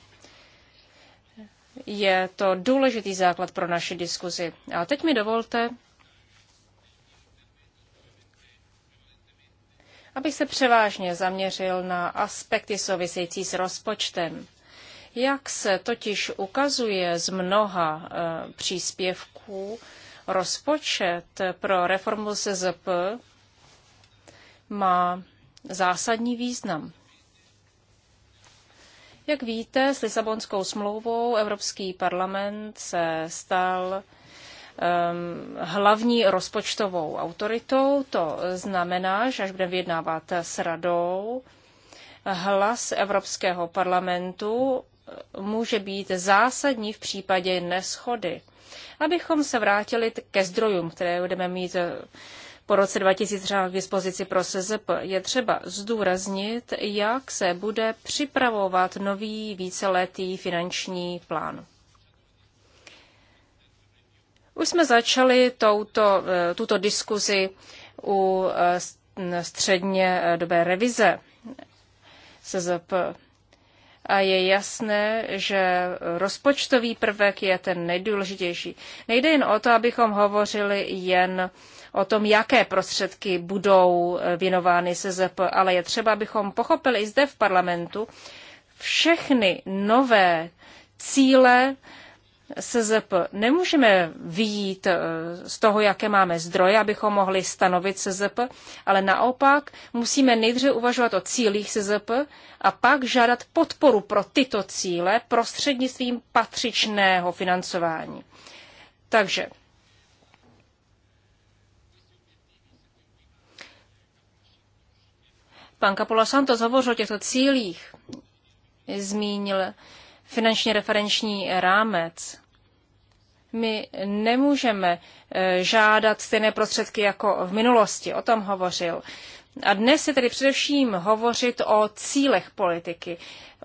Je to důležitý základ pro naši diskuzi. A teď mi dovolte, abych se převážně zaměřil na aspekty související s rozpočtem. Jak se totiž ukazuje z mnoha eh, příspěvků, Rozpočet pro reformu SZP má zásadní význam. Jak víte, s Lisabonskou smlouvou Evropský parlament se stal um, hlavní rozpočtovou autoritou. To znamená, že až budeme vyjednávat s radou, hlas Evropského parlamentu může být zásadní v případě neschody abychom se vrátili ke zdrojům, které budeme mít eh, po roce 2000 k dispozici pro SZP. Je třeba zdůraznit, jak se bude připravovat nový víceletý finanční plán. Už jsme začali touto, eh, tuto diskuzi u eh, středně dobé revize SZP a je jasné, že rozpočtový prvek je ten nejdůležitější. Nejde jen o to, abychom hovořili jen o tom, jaké prostředky budou eh, věnovány SZP, ale je třeba, abychom pochopili i zde v parlamentu všechny nové cíle, SZP nemůžeme výjít eh, z toho, jaké máme zdroje, abychom mohli stanovit SZP, ale naopak musíme nejdříve uvažovat o cílích SZP a pak žádat podporu pro tyto cíle prostřednictvím patřičného financování. Takže pan Kapola Santos hovořil o těchto cílích, zmínil finanční referenční rámec, my nemůžeme e, žádat stejné prostředky jako v minulosti, o tom hovořil. A dnes je tedy především hovořit o cílech politiky.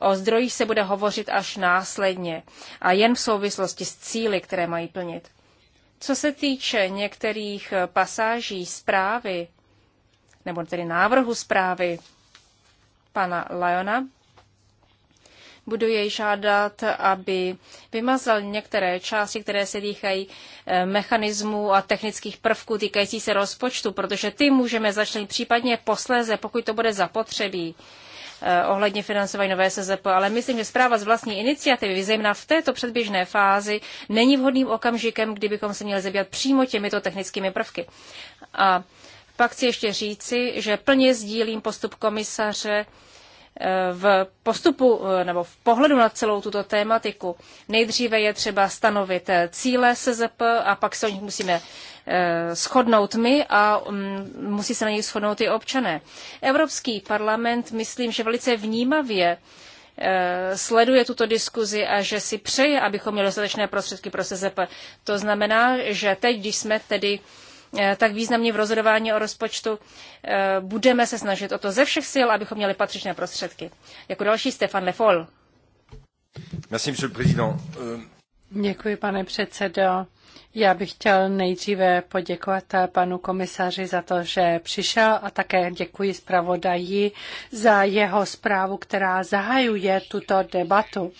O zdrojích se bude hovořit až následně a jen v souvislosti s cíly, které mají plnit. Co se týče některých e, pasáží zprávy, nebo tedy návrhu zprávy pana Lajona, Budu jej žádat, aby vymazal některé části, které se týkají eh, mechanismů a technických prvků týkající se rozpočtu, protože ty můžeme začlenit případně posléze, pokud to bude zapotřebí eh, ohledně financování nové SZP, ale myslím, že zpráva z vlastní iniciativy, zejména v této předběžné fázi, není vhodným okamžikem, kdybychom se měli zabývat přímo těmito technickými prvky. A pak chci ještě říci, že plně sdílím postup komisaře v postupu eh, nebo v pohledu na celou tuto tématiku nejdříve je třeba stanovit eh, cíle SZP a pak se o nich musíme eh, shodnout my a mm, musí se na nich shodnout i občané. Evropský parlament, myslím, že velice vnímavě sleduje tuto diskuzi a že si přeje, abychom měli dostatečné prostředky pro SZP. To znamená, že teď, když jsme tedy Eh, tak významní v rozhodování o rozpočtu. Eh, budeme se snažit o to ze všech sil, abychom měli patřičné prostředky. Jako další Stefan Lefol. Merci, monsieur le président. Eh, děkuji, pane předsedo. Já bych chtěl nejdříve poděkovat panu komisaři za to, že přišel a také děkuji zpravodaji za jeho zprávu, která zahajuje tuto debatu.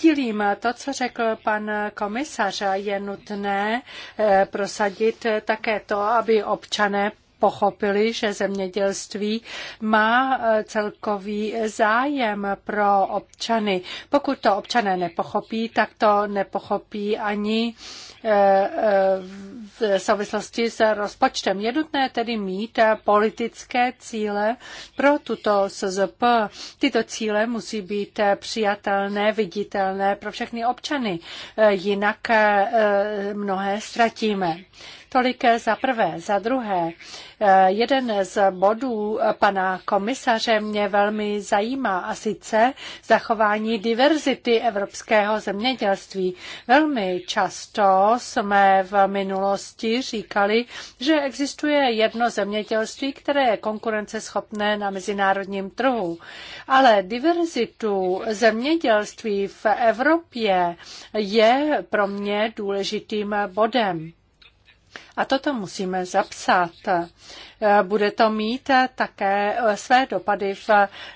Sdílím to, co řekl pan komisař. Je nutné eh, prosadit také to, aby občané pochopili, že zemědělství má eh, celkový zájem pro občany. Pokud to občané nepochopí, tak to nepochopí ani eh, eh, v souvislosti s rozpočtem. Je nutné tedy mít politické cíle pro tuto SZP. Tyto cíle musí být přijatelné, viditelné pro všechny občany, jinak mnohé ztratíme. Tolik za prvé. Za druhé, eh, jeden z bodů pana komisaře mě velmi zajímá a sice zachování diverzity evropského zemědělství. Velmi často jsme v minulosti říkali, že existuje jedno zemědělství, které je konkurenceschopné na mezinárodním trhu. Ale diverzitu zemědělství v Evropě je pro mě důležitým bodem. A toto musíme zapsat. Bude to mít také své dopady v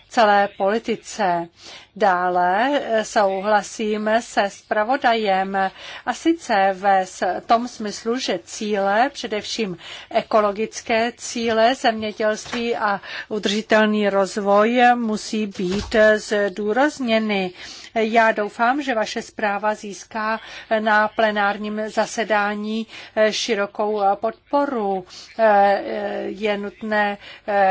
celé politice. Dále souhlasíme se spravodajem a sice v tom smyslu, že cíle, především ekologické cíle, zemědělství a udržitelný rozvoj musí být zdůrazněny. Já doufám, že vaše zpráva získá na plenárním zasedání eh, širokou eh, podporu. Eh, je nutné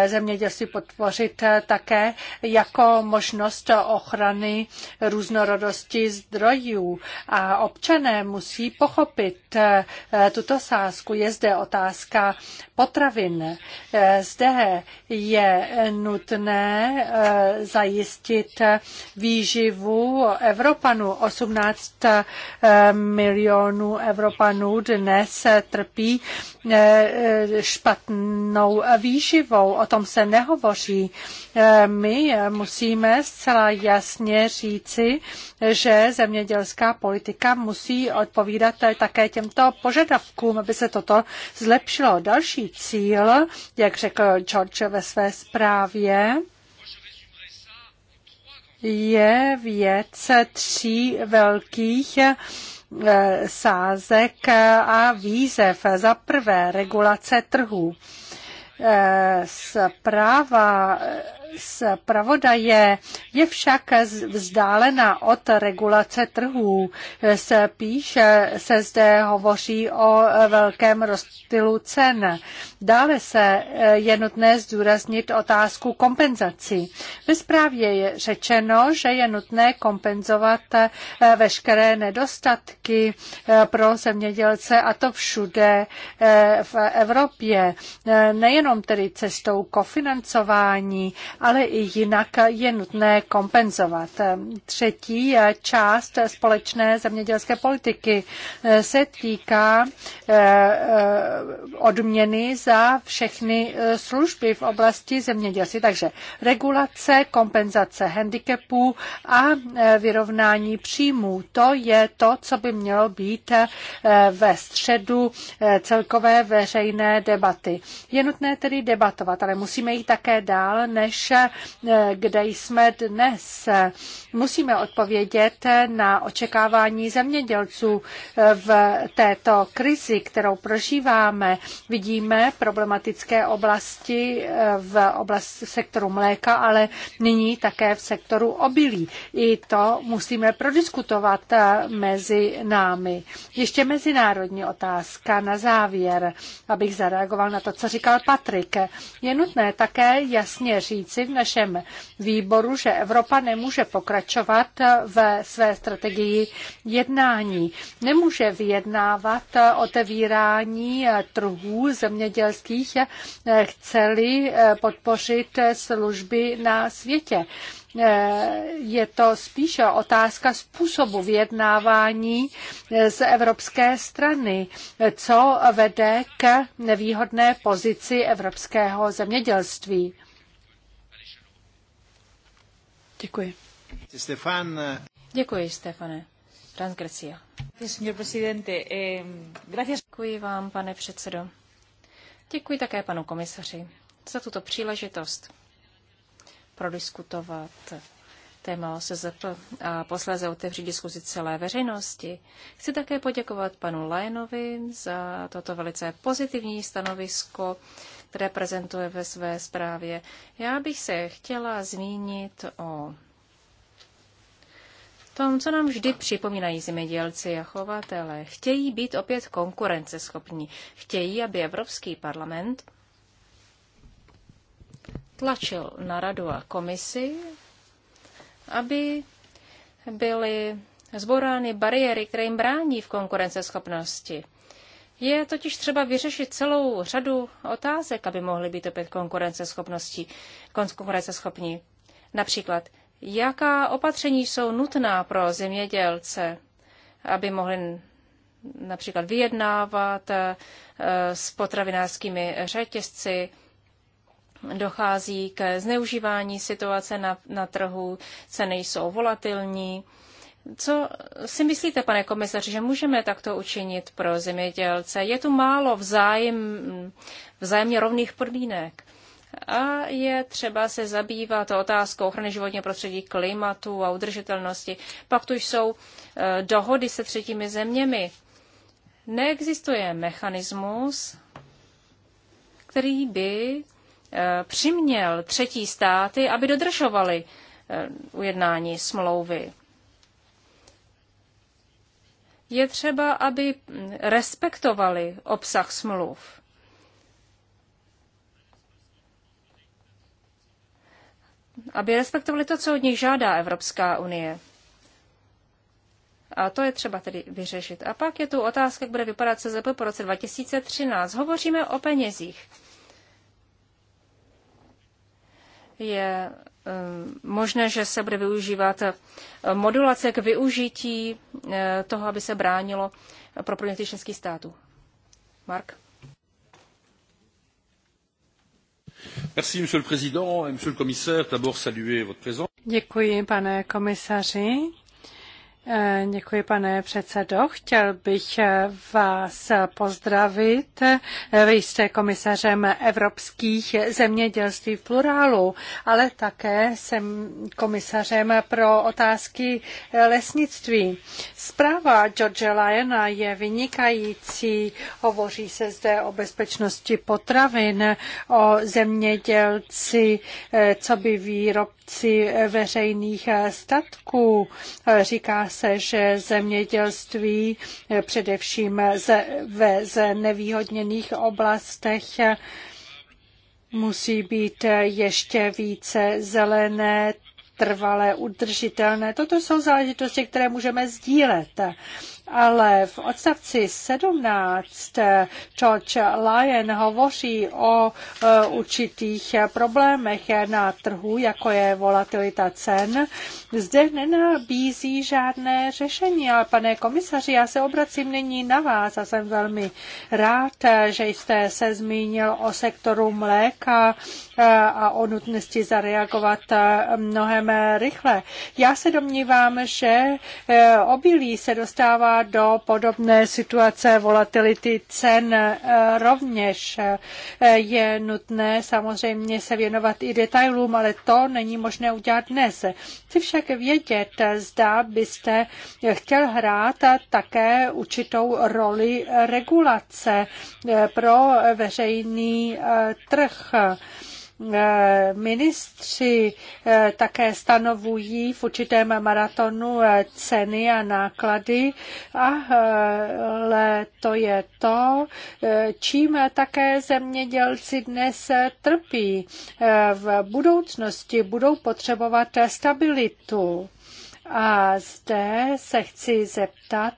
zemědělství podpořit také jako možnost ochrany různorodosti zdrojů a občané musí pochopit, Eh, tuto sázku. Je zde otázka potravin. Eh, zde je nutné eh, zajistit výživu Evropanů. 18 milionů Evropanů dnes trpí špatnou výživou. O tom se nehovoří. My musíme zcela jasně říci, že zemědělská politika musí odpovídat také těm těmto požadavkům, aby se toto zlepšilo. Další cíl, jak řekl George ve své zprávě, je věc tří velkých eh, sázek a výzev. Za prvé regulace trhu. Eh, zpráva zpravodaje je však vzdálená od regulace trhů. Spíš se zde hovoří o velkém rozptylu cen. Dále se eh, je nutné zdůraznit otázku kompenzací. Ve zprávě je řečeno, že je nutné kompenzovat eh, veškeré nedostatky eh, pro zemědělce a to všude v Evropě. Nejenom tedy cestou kofinancování, ale i jinak je nutné kompenzovat. Třetí část společné zemědělské politiky se týká eh, eh, odměny za všechny eh, služby v oblasti zemědělství. Takže regulace, kompenzace handicapů a vyrovnání příjmů. To je to, co by mělo být ve středu celkové veřejné debaty. Je nutné tedy debatovat, ale musíme jít také dál než vše, eh, kde jsme dnes. Musíme odpovědět na očekávání zemědělců eh, v této krizi, kterou prožíváme. Vidíme problematické oblasti eh, v oblasti sektoru mléka, ale nyní také v sektoru obilí. I to musíme prodiskutovat mezi námi. Ještě mezinárodní otázka na závěr, abych zareagoval na to, co říkal Patrik. Je nutné také jasně říct, říci v našem výboru, že Evropa nemůže pokračovat ve své strategii jednání. Nemůže vyjednávat otevírání trhů zemědělských, chceli podpořit služby na světě je to spíše otázka způsobu vyjednávání z evropské strany, co vede k nevýhodné pozici evropského zemědělství. Děkuji. Stefan. Eh, Děkuji, Stefane. Franz eh, Děkuji vám, pane předsedo. Děkuji také panu komisaři za tuto příležitost prodiskutovat téma OSZP a posléze otevřít diskuzi celé veřejnosti. Chci také poděkovat panu Lajenovi za toto velice pozitivní stanovisko které prezentuje ve své zprávě. Já bych se chtěla zmínit o tom, co nám vždy připomínají zemědělci a chovatele. Chtějí být opět konkurenceschopní. Chtějí, aby Evropský parlament tlačil na radu a komisi, aby byly zborány bariéry, které jim brání v konkurenceschopnosti. Je totiž třeba vyřešit celou řadu otázek, aby mohly být opět konkurenceschopnosti, konkurenceschopní. Například, jaká opatření jsou nutná pro zemědělce, aby mohli například vyjednávat eh, s potravinářskými řetězci, dochází k zneužívání situace na, na trhu, ceny jsou volatilní, co si myslíte, pane komisaři, že můžeme takto učinit pro zemědělce? Je tu málo vzájem, vzájemně rovných podmínek. A je třeba se zabývat otázkou ochrany životního prostředí, klimatu a udržitelnosti. Pak tu jsou e, dohody se třetími zeměmi. Neexistuje mechanismus, který by e, přiměl třetí státy, aby dodržovali e, ujednání smlouvy je třeba, aby respektovali obsah smluv. Aby respektovali to, co od nich žádá Evropská unie. A to je třeba tedy vyřešit. A pak je tu otázka, jak bude vypadat CZP po roce 2013. Hovoříme o penězích. Je Eh, možné, že se bude využívat eh, modulace k využití eh, toho, aby se bránilo pro plnění členských států. Mark? Merci, monsieur le président monsieur le commissaire. D'abord, saluer votre présence. Děkuji, pane komisaři. Eh, děkuji, pane předsedo. Chtěl bych eh, vás pozdravit. Eh, vy jste komisařem evropských zemědělství v plurálu, ale také jsem komisařem pro otázky lesnictví. Zpráva George Lyona je vynikající. Hovoří se zde o bezpečnosti potravin, o zemědělci, co by výrobci veřejných statků. Říká se, že zemědělství eh, především ve znevýhodněných oblastech musí být eh, ještě více zelené, trvalé, udržitelné. Toto jsou záležitosti, které můžeme sdílet ale v odstavci 17 eh, George Lyon hovoří o eh, určitých problémech na trhu, jako je volatilita cen. Zde nenabízí žádné řešení, ale pane komisaři, já se obracím nyní na vás a jsem velmi rád, že jste se zmínil o sektoru mléka eh, a o nutnosti zareagovat mnohem rychle. Já se domnívám, že obilí se dostává do podobné situace volatility cen e, rovněž. E, je nutné samozřejmě se věnovat i detailům, ale to není možné udělat dnes. Chci však vědět, zda byste chtěl hrát také určitou roli regulace e, pro veřejný trh Eh, ministři eh, také stanovují v určitém maratonu eh, ceny a náklady, ale to je to, čím také zemědělci dnes trpí. V budoucnosti budou potřebovat stabilitu. A zde se chci zeptat,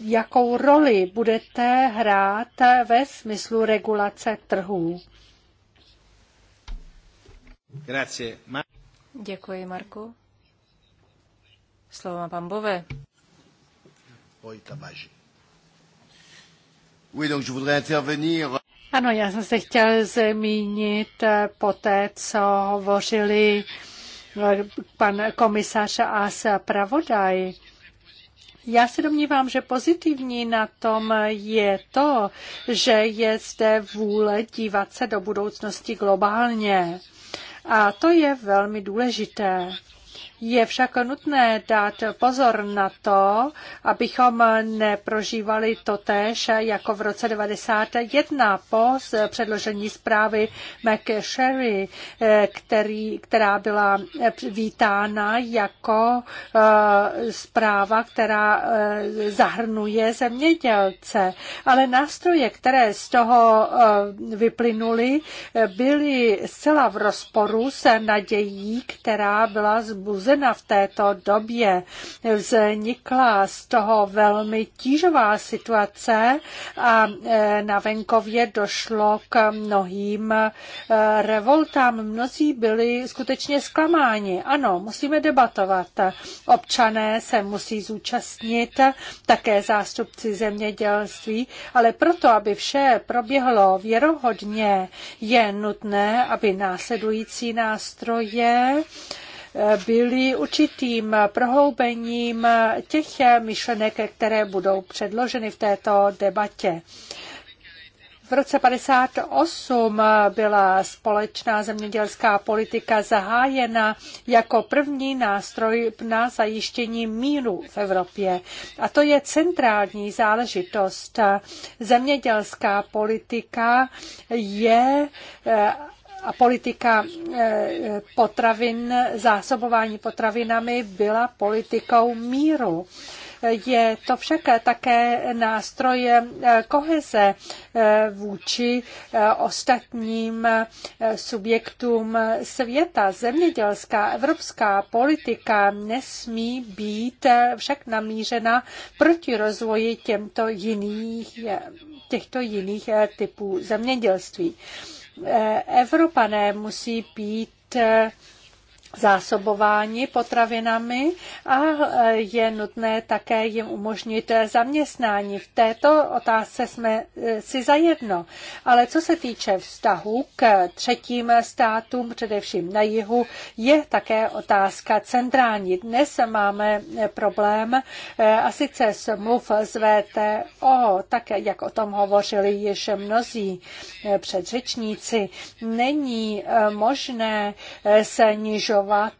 jakou roli budete hrát ve smyslu regulace trhů. Děkuji, Marku. Slovo má pan Bové. Ano, já jsem se chtěl zmínit eh, po té, co hovořili eh, pan komisař a Pravodaj. Já se domnívám, že pozitivní na tom je to, že je zde vůle dívat se do budoucnosti globálně. A to je velmi důležité. Je však nutné dát pozor na to, abychom neprožívali to též jako v roce 1991 po předložení zprávy McSherry, eh, který, která byla eh, vítána jako eh, zpráva, která zahrnuje zemědělce. Ale nástroje, které z toho vyplynuly, byly zcela v rozporu s nadějí, která byla zbuzena zrozena v této době. Vznikla z toho velmi tížová situace a e, na venkově došlo k mnohým e, revoltám. Mnozí byli skutečně zklamáni. Ano, musíme debatovat. Občané se musí zúčastnit, také zástupci zemědělství, ale proto, aby vše proběhlo věrohodně, je nutné, aby následující nástroje byly určitým prohoubením těch myšlenek, které budou předloženy v této debatě. V roce 1958 byla společná zemědělská politika zahájena jako první nástroj na zajištění míru v Evropě. A to je centrální záležitost. Zemědělská politika je eh, a politika eh, eh, potravin, zásobování potravinami byla politikou míru. Je to však také nástroj eh, koheze vůči ostatním subjektům světa. Zemědělská evropská politika nesmí být však namířena proti rozvoji těmto jiných, těchto jiných typů zemědělství. Eh, Evropané musí být Zásobování potravinami a e, je nutné také jim umožnit zaměstnání. V této otázce jsme e, si zajedno. Ale co se týče vztahu k třetím státům, především na jihu, je také otázka centrální. Dnes máme e, problém a sice smluv z VTO, tak jak o tom hovořili již mnozí předřečníci. Není možné se snižovat zvažovat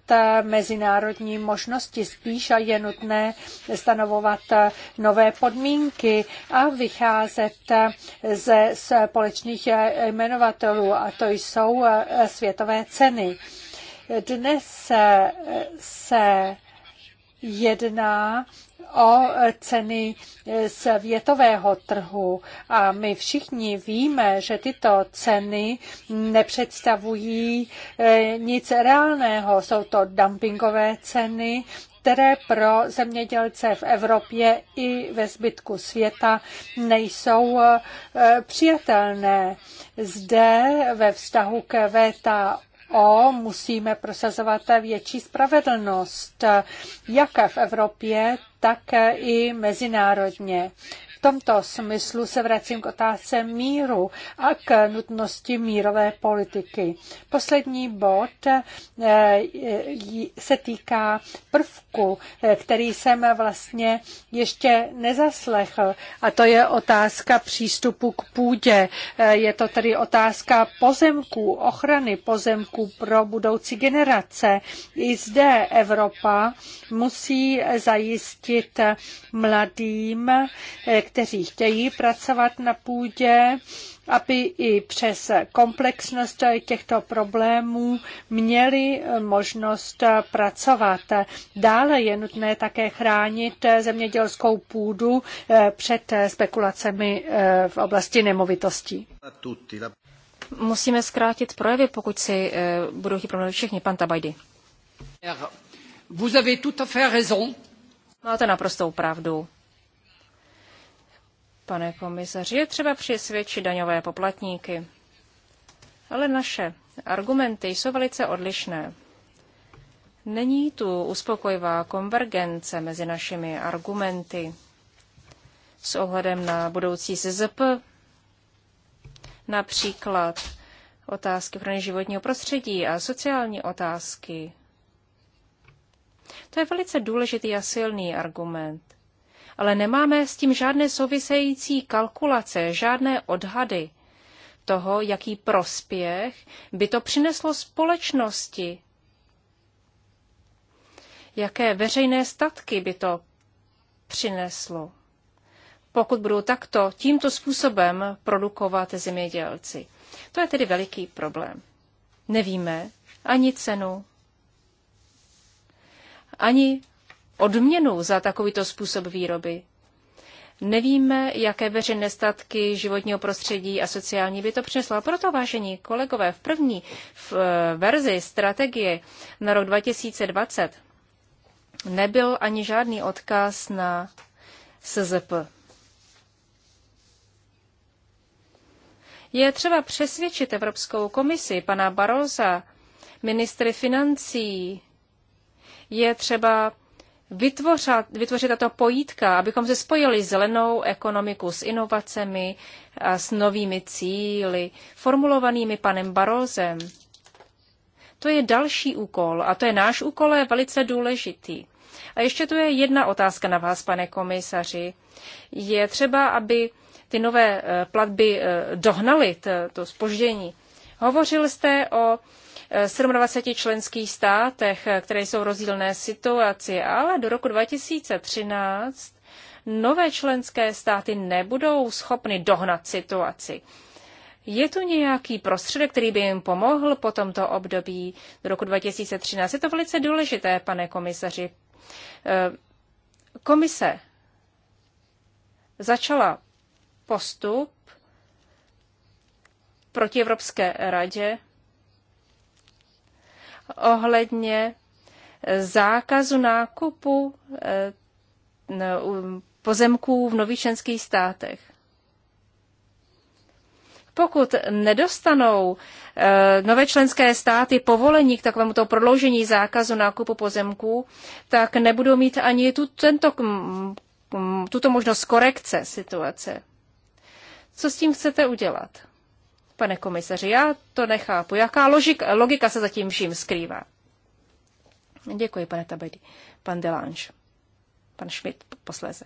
mezinárodní možnosti, spíš je nutné stanovovat nové podmínky a vycházet ze společných jmenovatelů, a to jsou světové ceny. Dnes se jedná o ceny světového trhu a my všichni víme, že tyto ceny nepředstavují eh, nic reálného. Jsou to dumpingové ceny, které pro zemědělce v Evropě i ve zbytku světa nejsou eh, přijatelné. Zde ve vztahu k VTA O, musíme prosazovat větší spravedlnost, jak v Evropě, tak i mezinárodně. V tomto smyslu se vracím k otázce míru a k nutnosti mírové politiky. Poslední bod eh, se týká prvku, eh, který jsem vlastně ještě nezaslechl, a to je otázka přístupu k půdě. Eh, je to tedy otázka pozemků, ochrany pozemků pro budoucí generace. I zde Evropa musí zajistit mladým, kteří chtějí pracovat na půdě, aby i přes komplexnost těchto problémů měli možnost pracovat. Dále je nutné také chránit zemědělskou půdu eh, před spekulacemi eh, v oblasti nemovitostí. Musíme zkrátit projevy, pokud si eh, budou chtít všichni. Pan Tabajdy. Máte naprostou pravdu pane komisaři, je třeba přesvědčit daňové poplatníky. Ale naše argumenty jsou velice odlišné. Není tu uspokojivá konvergence mezi našimi argumenty s ohledem na budoucí SZP, například otázky pro životního prostředí a sociální otázky. To je velice důležitý a silný argument ale nemáme s tím žádné související kalkulace, žádné odhady toho, jaký prospěch by to přineslo společnosti, jaké veřejné statky by to přineslo, pokud budou takto tímto způsobem produkovat zemědělci. To je tedy veliký problém. Nevíme ani cenu, ani odměnu za takovýto způsob výroby. Nevíme, jaké veřejné statky životního prostředí a sociální by to přineslo. Proto, vážení kolegové, v první v, eh, verzi strategie na rok 2020 nebyl ani žádný odkaz na SZP. Je třeba přesvědčit Evropskou komisi, pana Baroza, ministry financí, je třeba vytvořat, vytvořit tato pojítka, abychom se spojili zelenou ekonomiku s inovacemi a s novými cíly, formulovanými panem Barozem. To je další úkol a to je náš úkol, je velice důležitý. A ještě tu je jedna otázka na vás, pane komisaři. Je třeba, aby ty nové eh, platby eh, dohnaly to spoždění. Hovořil jste o 27 eh, členských státech, eh, které jsou v rozdílné situaci, ale do roku 2013 nové členské státy nebudou schopny dohnat situaci. Je tu nějaký prostředek, který by jim pomohl po tomto období do roku 2013? Je to velice důležité, pane komisaři. Eh, komise začala postup proti Evropské radě ohledně eh, zákazu nákupu eh, pozemků v nových členských státech. Pokud nedostanou eh, nové členské státy povolení k takovémuto prodloužení zákazu nákupu pozemků, tak nebudou mít ani tu, tento, mm, mm, tuto možnost korekce situace. Co s tím chcete udělat? Pane komisaři, já to nechápu. Jaká logika, logika se zatím vším skrývá? Děkuji, pane Tabedi. Pan Delange. Pan Schmidt posléze.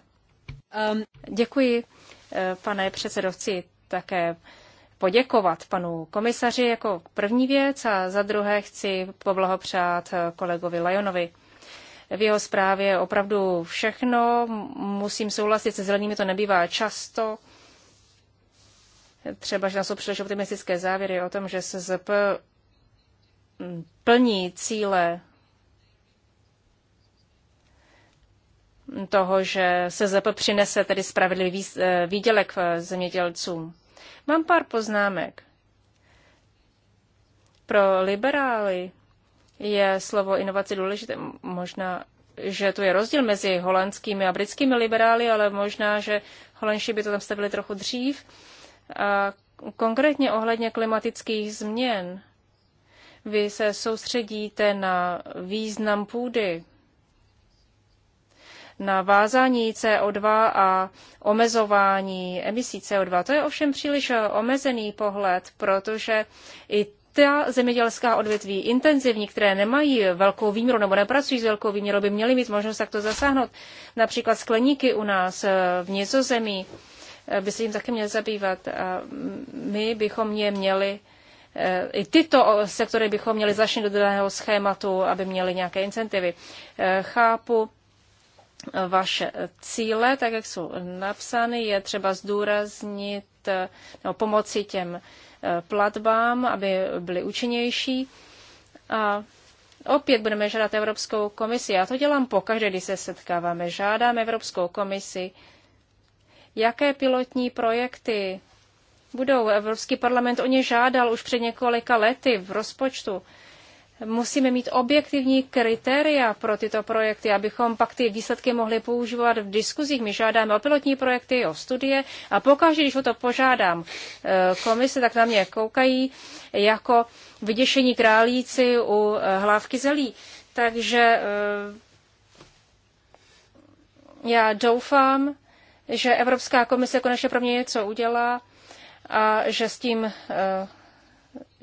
Um, děkuji, eh, pane předsedovci, také poděkovat panu komisaři jako první věc a za druhé chci poblahopřát eh, kolegovi Lajonovi. V jeho zprávě opravdu všechno, musím souhlasit se zelenými, to nebývá často třeba, že jsou příliš optimistické závěry o tom, že ZP plní cíle toho, že SZP přinese tedy spravedlivý eh, výdělek eh, zemědělcům. Mám pár poznámek. Pro liberály je slovo inovace důležité. Možná, že tu je rozdíl mezi holandskými a britskými liberály, ale možná, že holandští by to tam stavili trochu dřív. A konkrétně ohledně klimatických změn, vy se soustředíte na význam půdy, na vázání CO2 a omezování emisí CO2. To je ovšem příliš omezený pohled, protože i ta zemědělská odvětví intenzivní, které nemají velkou výměru nebo nepracují s velkou výměrou, by měly mít možnost takto zasáhnout. Například skleníky u nás v Nizozemí Eh, by se jim taky měl zabývat. A my bychom je měli eh, i tyto sektory bychom měli začít do daného schématu, aby měli nějaké incentivy. Eh, chápu vaše cíle, tak jak jsou napsány, je třeba zdůraznit nebo pomoci těm platbám, aby byly účinnější. A opět budeme žádat Evropskou komisi. Já to dělám pokaždé, když se setkáváme. Žádám Evropskou komisi, jaké pilotní projekty budou. Evropský parlament o ně žádal už před několika lety v rozpočtu. Musíme mít objektivní kritéria pro tyto projekty, abychom pak ty výsledky mohli používat v diskuzích. My žádáme o pilotní projekty, o studie a pokaždé, když o to požádám eh, komise, tak na mě koukají jako vyděšení králíci u eh, hlávky zelí. Takže eh, já doufám, že Evropská komise konečně pro mě něco udělá a že s tím, eh,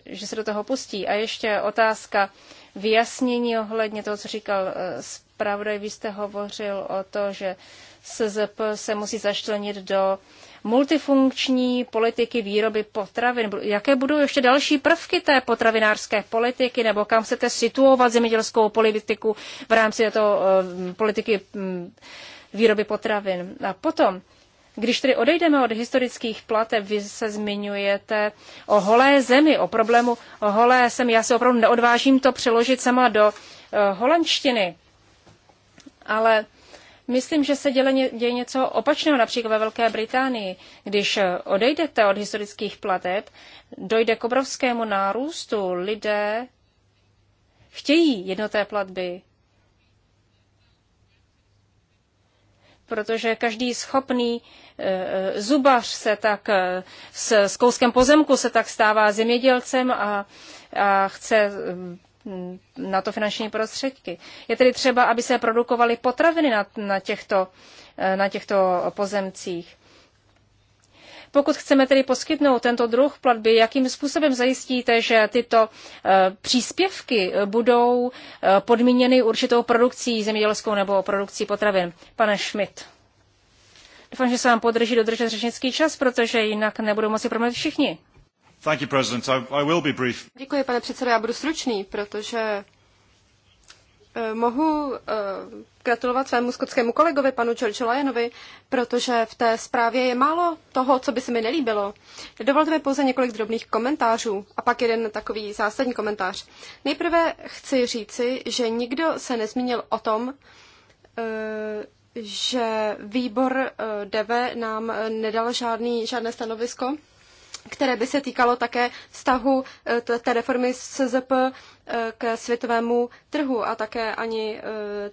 že se do toho pustí. A ještě otázka vyjasnění ohledně toho, co říkal eh, zpravodaj. Vy jste hovořil o to, že SZP se musí zaštlenit do multifunkční politiky výroby potravin. Jaké budou ještě další prvky té potravinářské politiky, nebo kam chcete situovat zemědělskou politiku v rámci této eh, politiky mm, výroby potravin. A potom, když tedy odejdeme od historických plateb, vy se zmiňujete o holé zemi, o problému o holé zemi. Já se opravdu neodvážím to přeložit sama do uh, holandštiny, ale myslím, že se děle, děje něco opačného, například ve Velké Británii. Když eh, odejdete od historických plateb, dojde k obrovskému nárůstu. Lidé chtějí jednoté platby, protože každý schopný eh, eh, zubař se tak eh, s, s kouskem pozemku se tak stává zemědělcem a, a chce mm, na to finanční prostředky. Je tedy třeba, aby se produkovaly potraviny na, na, těchto, na těchto pozemcích. Pokud chceme tedy poskytnout tento druh platby, jakým způsobem zajistíte, že tyto e, příspěvky budou e, podmíněny určitou produkcí zemědělskou nebo produkcí potravin? Pane Schmidt. Doufám, že se vám podrží dodržet řečnický čas, protože jinak nebudou moci promluvit všichni. Děkuji, pane předsedo, já budu stručný, protože Eh, mohu eh, gratulovat svému skotskému kolegovi, panu George Lyonovi, protože v té zprávě je málo toho, co by se mi nelíbilo. Dovolte mi pouze několik drobných komentářů a pak jeden takový zásadní komentář. Nejprve chci říci, že nikdo se nezmínil o tom, eh, že výbor DEVE nám nedal žádný, žádné stanovisko které by se týkalo také vztahu eh, té reformy SZP eh, k světovému trhu a také ani eh,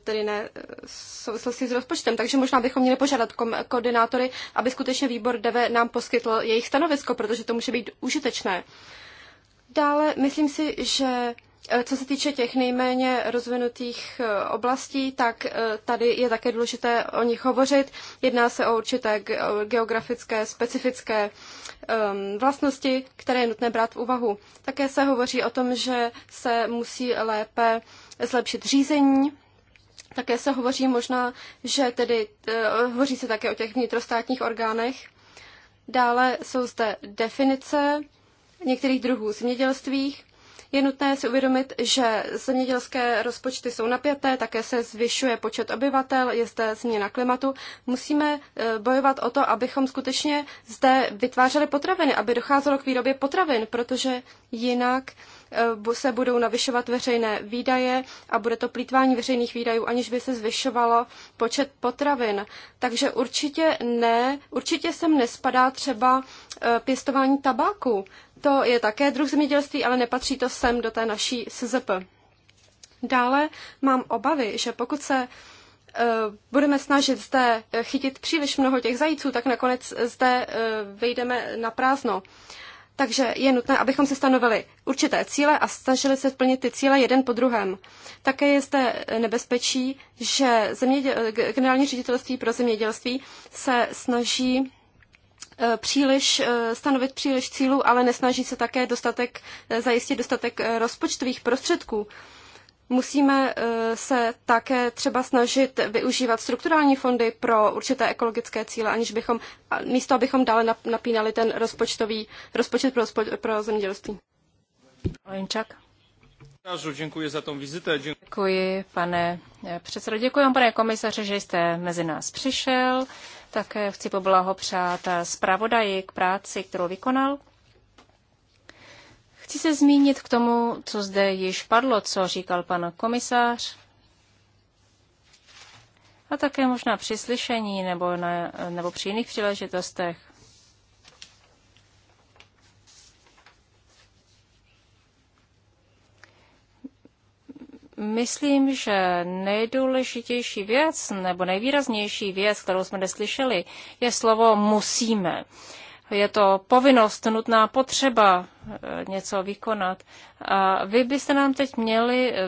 tedy ne v souvislosti s rozpočtem. Takže možná bychom měli požádat koordinátory, aby skutečně výbor DEVE nám poskytl jejich stanovisko, protože to může být užitečné. Dále myslím si, že Eh, co se týče těch nejméně rozvinutých eh, oblastí, tak eh, tady je také důležité o nich hovořit. Jedná se o určité geografické specifické ehm, vlastnosti, které je nutné brát v úvahu. Také se hovoří o tom, že se musí lépe zlepšit řízení také se hovoří možná, že tedy hovoří se také o těch vnitrostátních orgánech. Dále jsou zde definice některých druhů zemědělstvích, je nutné si uvědomit, že zemědělské rozpočty jsou napjaté, také se zvyšuje počet obyvatel, je zde změna klimatu. Musíme e, bojovat o to, abychom skutečně zde vytvářeli potraviny, aby docházelo k výrobě potravin, protože jinak Eh, se budou navyšovat veřejné výdaje a bude to plítvání veřejných výdajů, aniž by se zvyšovalo počet potravin. Takže určitě ne, určitě sem nespadá třeba eh, pěstování tabáku. To je také druh zemědělství, ale nepatří to sem do té naší SZP. Dále mám obavy, že pokud se eh, budeme snažit zde chytit příliš mnoho těch zajíců, tak nakonec zde vyjdeme na prázdno. Takže je nutné, abychom si stanovili určité cíle a snažili se splnit ty cíle jeden po druhém. Také je zde nebezpečí, že zeměděl, generální ředitelství pro zemědělství se snaží eh, příliš, eh, stanovit příliš cílů, ale nesnaží se také dostatek, eh, zajistit dostatek rozpočtových prostředků. Musíme eh, se také třeba snažit využívat strukturální fondy pro určité ekologické cíle, aniž bychom, místo abychom dále napínali ten rozpočtový rozpočet pro, pro zemědělství. Ojenčak. Děkuji za tom vizitě. Děkuji. děkuji, pane eh, předsedo. Děkuji vám, pane komisaře, že jste mezi nás přišel. Také chci poblahopřát eh, zpravodaji k práci, kterou vykonal. Chci se zmínit k tomu, co zde již padlo, co říkal pan komisář. A také možná při slyšení nebo, na, nebo při jiných příležitostech. Myslím, že nejdůležitější věc nebo nejvýraznější věc, kterou jsme neslyšeli, je slovo musíme je to povinnost, nutná potřeba eh, něco vykonat. A vy byste nám teď měli eh,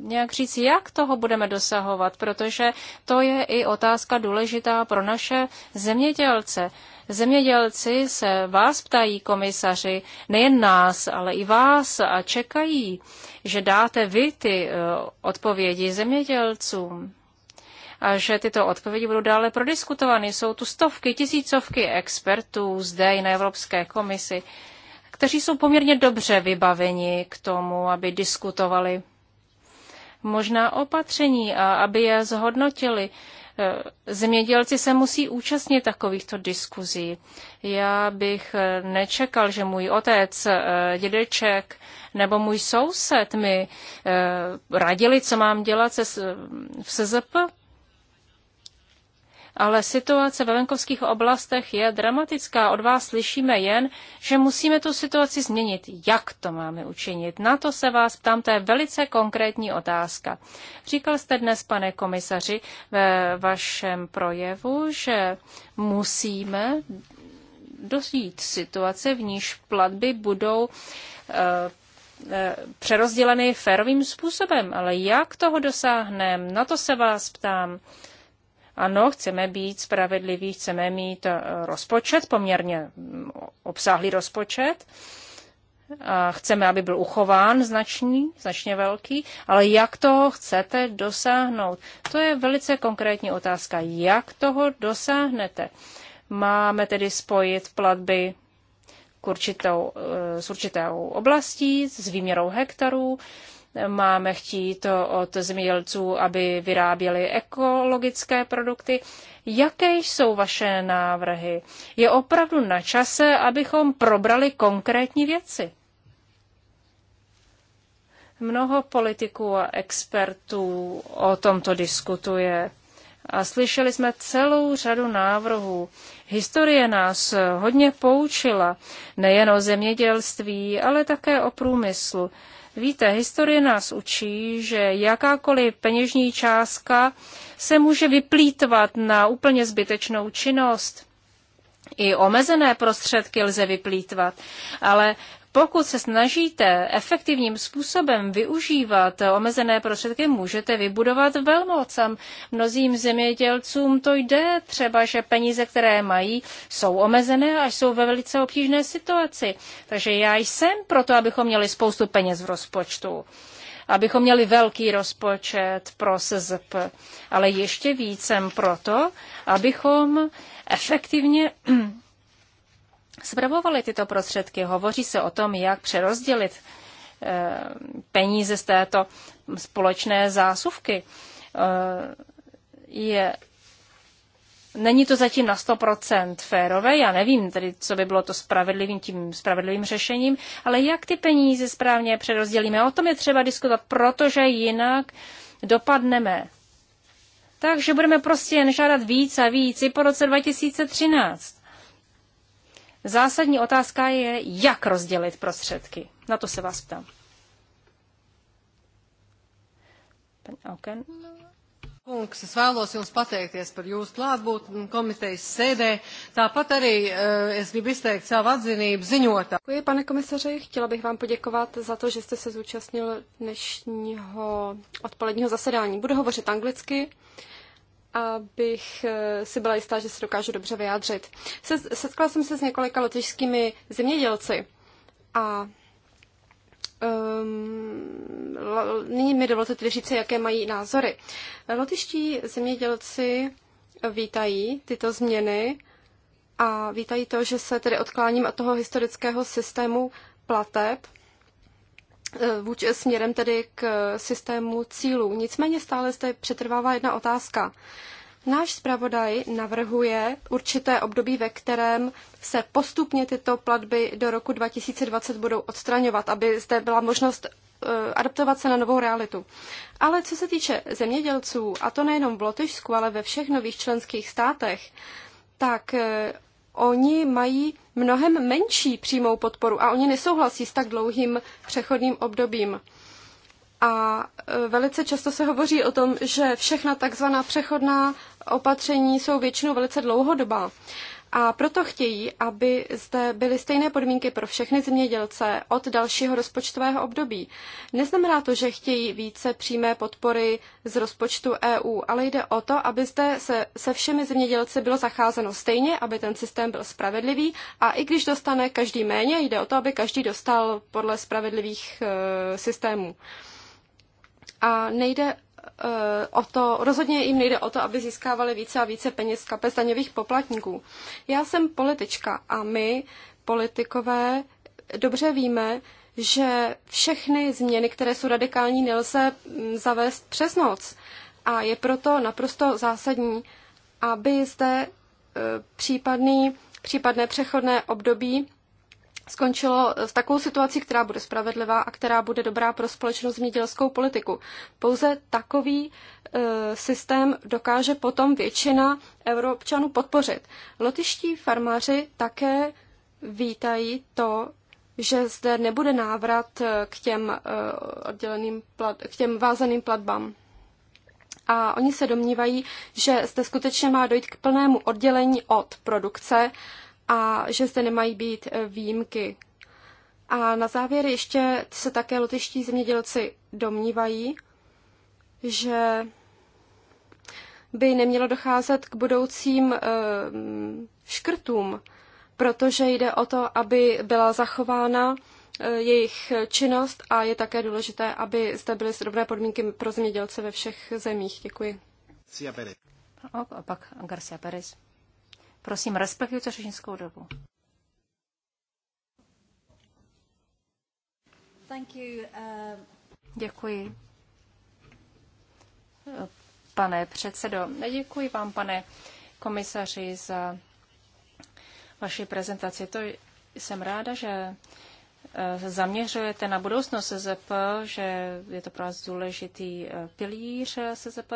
nějak říct, jak toho budeme dosahovat, protože to je i otázka důležitá pro naše zemědělce. Zemědělci se vás ptají, komisaři, nejen nás, ale i vás a čekají, že dáte vy ty eh, odpovědi zemědělcům a že tyto odpovědi budou dále prodiskutovány. Jsou tu stovky, tisícovky expertů zde i na Evropské komisi, kteří jsou poměrně dobře vybaveni k tomu, aby diskutovali možná opatření a aby je zhodnotili. E, zemědělci se musí účastnit takovýchto diskuzí. Já bych e, nečekal, že můj otec, e, dědeček nebo můj soused mi radili, co mám dělat se, v SZP ale situace ve venkovských oblastech je dramatická. Od vás slyšíme jen, že musíme tu situaci změnit. Jak to máme učinit? Na to se vás ptám, to je velice konkrétní otázka. Říkal jste dnes, pane komisaři, ve vašem projevu, že musíme dosít situace, v níž platby budou eh, eh, přerozděleny férovým způsobem. Ale jak toho dosáhneme? Na to se vás ptám. Ano, chceme být spravedliví, chceme mít eh, rozpočet, poměrně mm, obsáhlý rozpočet. A chceme, aby byl uchován značný, značně velký, ale jak toho chcete dosáhnout? To je velice konkrétní otázka. Jak toho dosáhnete? Máme tedy spojit platby k určitou, eh, s určitou oblastí, s výměrou hektarů, máme chtít od zemědělců, aby vyráběli ekologické produkty. Jaké jsou vaše návrhy? Je opravdu na čase, abychom probrali konkrétní věci. Mnoho politiků a expertů o tomto diskutuje. A slyšeli jsme celou řadu návrhů. Historie nás hodně poučila, nejen o zemědělství, ale také o průmyslu. Víte, historie nás učí, že jakákoliv peněžní částka se může vyplýtvat na úplně zbytečnou činnost. I omezené prostředky lze vyplýtvat, ale pokud se snažíte efektivním způsobem využívat omezené prostředky, můžete vybudovat velmoc. A mnozím zemědělcům to jde, třeba, že peníze, které mají, jsou omezené a jsou ve velice obtížné situaci. Takže já jsem proto, abychom měli spoustu peněz v rozpočtu abychom měli velký rozpočet pro SZP, ale ještě vícem proto, abychom efektivně zpravovaly tyto prostředky. Hovoří se o tom, jak přerozdělit eh, peníze z této společné zásuvky. Eh, je Není to zatím na 100% férové, já nevím tedy, co by bylo to spravedlivým, tím spravedlivým řešením, ale jak ty peníze správně přerozdělíme, o tom je třeba diskutovat, protože jinak dopadneme. Takže budeme prostě jen žádat víc a víc i po roce 2013. Zásadní otázka je, jak rozdělit prostředky. Na to se vás ptám. Pan Auken. Kungs, es vēlos jums pateikties par jūsu klātbūtni komitejas sēdē. Tāpat arī eh, es gribu izteikt savu atzinību ziņotā. Děkuji, pane komisaři, chtěla bych vám poděkovat za to, že jste se zúčastnil dnešního odpoledního zasedání. Budu hovořit anglicky. Uh, abych eh, si byla jistá, že se dokážu dobře vyjádřit. Setkala jsem se s několika lotyšskými zemědělci a Um, nyní mi dovolte tedy říct, jaké mají názory. Lotyští zemědělci vítají tyto změny a vítají to, že se tedy odkláním od toho historického systému plateb Eh, vůči, směrem tedy k systému cílů. Nicméně stále zde přetrvává jedna otázka. Náš zpravodaj navrhuje určité období, ve kterém se postupně tyto platby do roku 2020 budou odstraňovat, aby zde byla možnost eh, adaptovat se na novou realitu. Ale co se týče zemědělců, a to nejenom v Lotyšsku, ale ve všech nových členských státech, tak eh, oni mají mnohem menší přímou podporu a oni nesouhlasí s tak dlouhým přechodným obdobím. A e, velice často se hovoří o tom, že všechna takzvaná přechodná opatření jsou většinou velice dlouhodobá. A proto chtějí, aby zde byly stejné podmínky pro všechny zemědělce od dalšího rozpočtového období. Neznamená to, že chtějí více přímé podpory z rozpočtu EU, ale jde o to, aby zde se, se všemi zemědělci bylo zacházeno stejně, aby ten systém byl spravedlivý a i když dostane každý méně, jde o to, aby každý dostal podle spravedlivých e, systémů. A nejde Eh, o to, rozhodně jim nejde o to, aby získávali více a více peněz z kapes daňových poplatníků. Já jsem politička a my, politikové, dobře víme, že všechny změny, které jsou radikální, nelze mm, zavést přes noc. A je proto naprosto zásadní, aby zde eh, případný, případné přechodné období skončilo v takovou situaci, která bude spravedlivá a která bude dobrá pro společnou zemědělskou politiku. Pouze takový e, systém dokáže potom většina evropčanů podpořit. Lotiští farmáři také vítají to, že zde nebude návrat e, k těm, e, odděleným plat, k těm vázaným platbám. A oni se domnívají, že zde skutečně má dojít k plnému oddělení od produkce, a že zde nemají být eh, výjimky. A na závěr ještě se také lotyští zemědělci domnívají, že by nemělo docházet k budoucím eh, škrtům, protože jde o to, aby byla zachována eh, jejich činnost a je také důležité, aby zde byly rovné podmínky pro zemědělce ve všech zemích. Děkuji. A pak Garcia Perez. Prosím, respektujte řečnickou dobu. Thank you, uh... Děkuji. Pane předsedo, děkuji vám, pane komisaři, za vaši prezentaci. To jsem ráda, že eh, zaměřujete na budoucnost SZP, že je to pro vás důležitý eh, pilíř SZP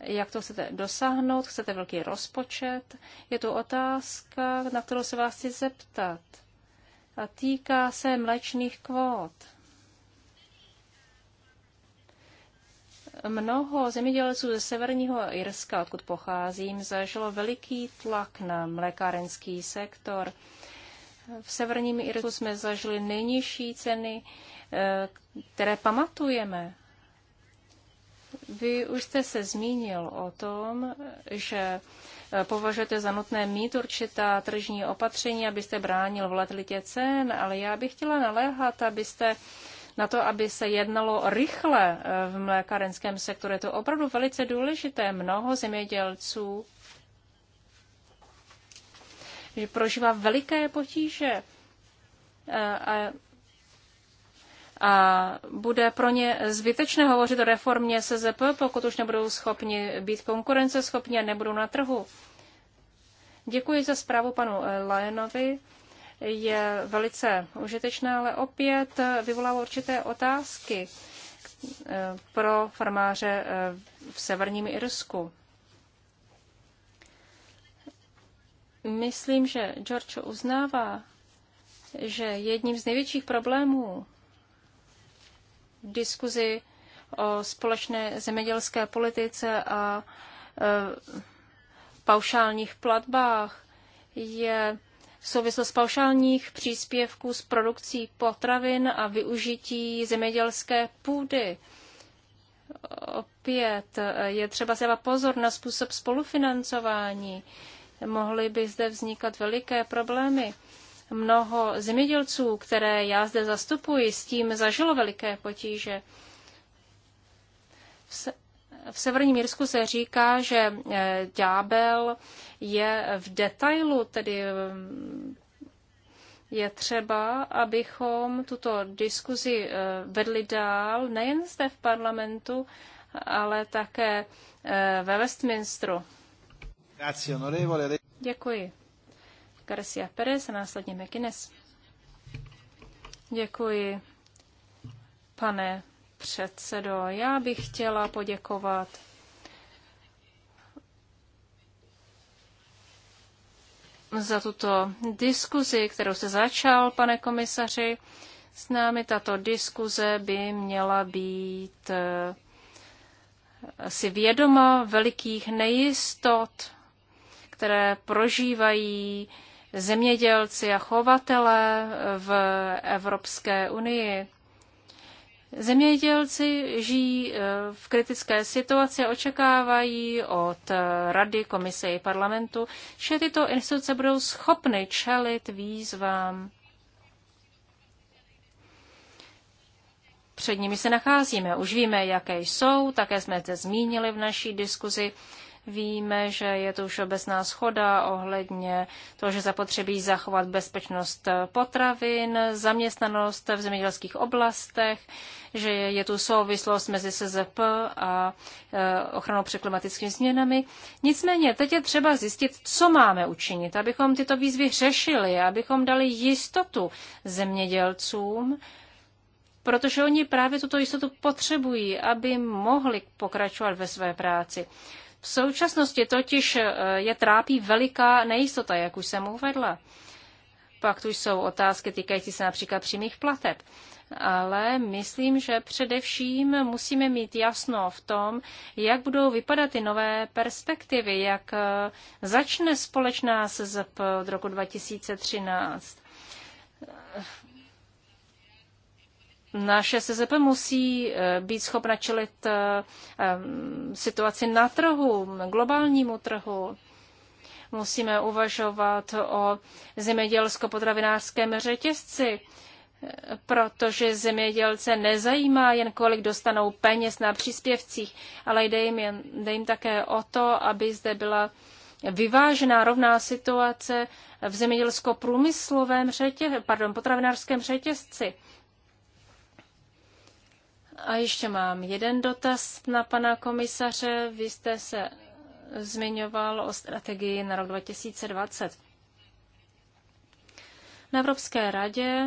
jak to chcete dosáhnout, chcete velký rozpočet. Je to otázka, na kterou se vás chci zeptat. A týká se mléčných kvót. Mnoho zemědělců ze severního Irska, odkud pocházím, zažilo veliký tlak na mlékárenský sektor. V severním Irsku jsme zažili nejnižší ceny, eh, které pamatujeme. Vy už jste se zmínil o tom, že považujete za nutné mít určitá tržní opatření, abyste bránil volatilitě cen, ale já bych chtěla naléhat, abyste na to, aby se jednalo rychle eh, v mlékarenském sektoru. Je to opravdu velice důležité. Mnoho zemědělců prožívá veliké potíže. Eh, a a bude pro ně zbytečné hovořit o reformě SZP, pokud už nebudou schopni být konkurenceschopní a nebudou na trhu. Děkuji za zprávu panu eh, Lajenovi. Je velice užitečná, ale opět eh, vyvolává určité otázky eh, pro farmáře v severním Irsku. Myslím, že George uznává, že jedním z největších problémů diskuzi o společné zemědělské politice a e, paušálních platbách je souvislost paušálních příspěvků s produkcí potravin a využití zemědělské půdy. Opět e, je třeba se pozor na způsob spolufinancování. Mohly by zde vznikat veliké problémy Mnoho zemědělců, které já zde zastupuji, s tím zažilo veliké potíže. V, se, v Severním Jirsku se říká, že eh, ďábel je v detailu, tedy eh, je třeba, abychom tuto diskuzi eh, vedli dál, nejen zde v parlamentu, ale také ve Westminsteru. Děkuji. Garcia Perez a následně McInnes. Děkuji, pane předsedo. Já bych chtěla poděkovat za tuto diskuzi, kterou se začal, pane komisaři. S námi tato diskuze by měla být eh, si vědoma velikých nejistot, které prožívají zemědělci a chovatelé v Evropské unii. Zemědělci žijí eh, v kritické situaci a očekávají od eh, Rady, Komise i parlamentu, že tyto instituce budou schopny čelit výzvám. Před nimi se nacházíme. Už víme, jaké jsou, také jsme zde zmínili v naší diskuzi Víme, že je tu už obecná schoda ohledně toho, že zapotřebí zachovat bezpečnost potravin, zaměstnanost v zemědělských oblastech, že je tu souvislost mezi SZP a e, ochranou před klimatickými změnami. Nicméně teď je třeba zjistit, co máme učinit, abychom tyto výzvy řešili, abychom dali jistotu zemědělcům, protože oni právě tuto jistotu potřebují, aby mohli pokračovat ve své práci. V současnosti totiž eh, je trápí veliká nejistota, jak už jsem uvedla. Pak tu jsou otázky týkající se například přímých plateb. Ale myslím, že především musíme mít jasno v tom, jak budou vypadat ty nové perspektivy, jak eh, začne společná SZP od roku 2013 naše SZP musí eh, být schopna čelit eh, eh, situaci na trhu, globálnímu trhu. Musíme uvažovat o zemědělsko-potravinářském řetězci, protože zemědělce nezajímá jen kolik dostanou peněz na příspěvcích, ale jde jim, jen, jde jim také o to, aby zde byla vyvážená rovná situace v zemědělsko-průmyslovém řetě, pardon, potravinářském řetězci. A ještě mám jeden dotaz na pana komisaře. Vy jste se zmiňoval o strategii na rok 2020. Na Evropské radě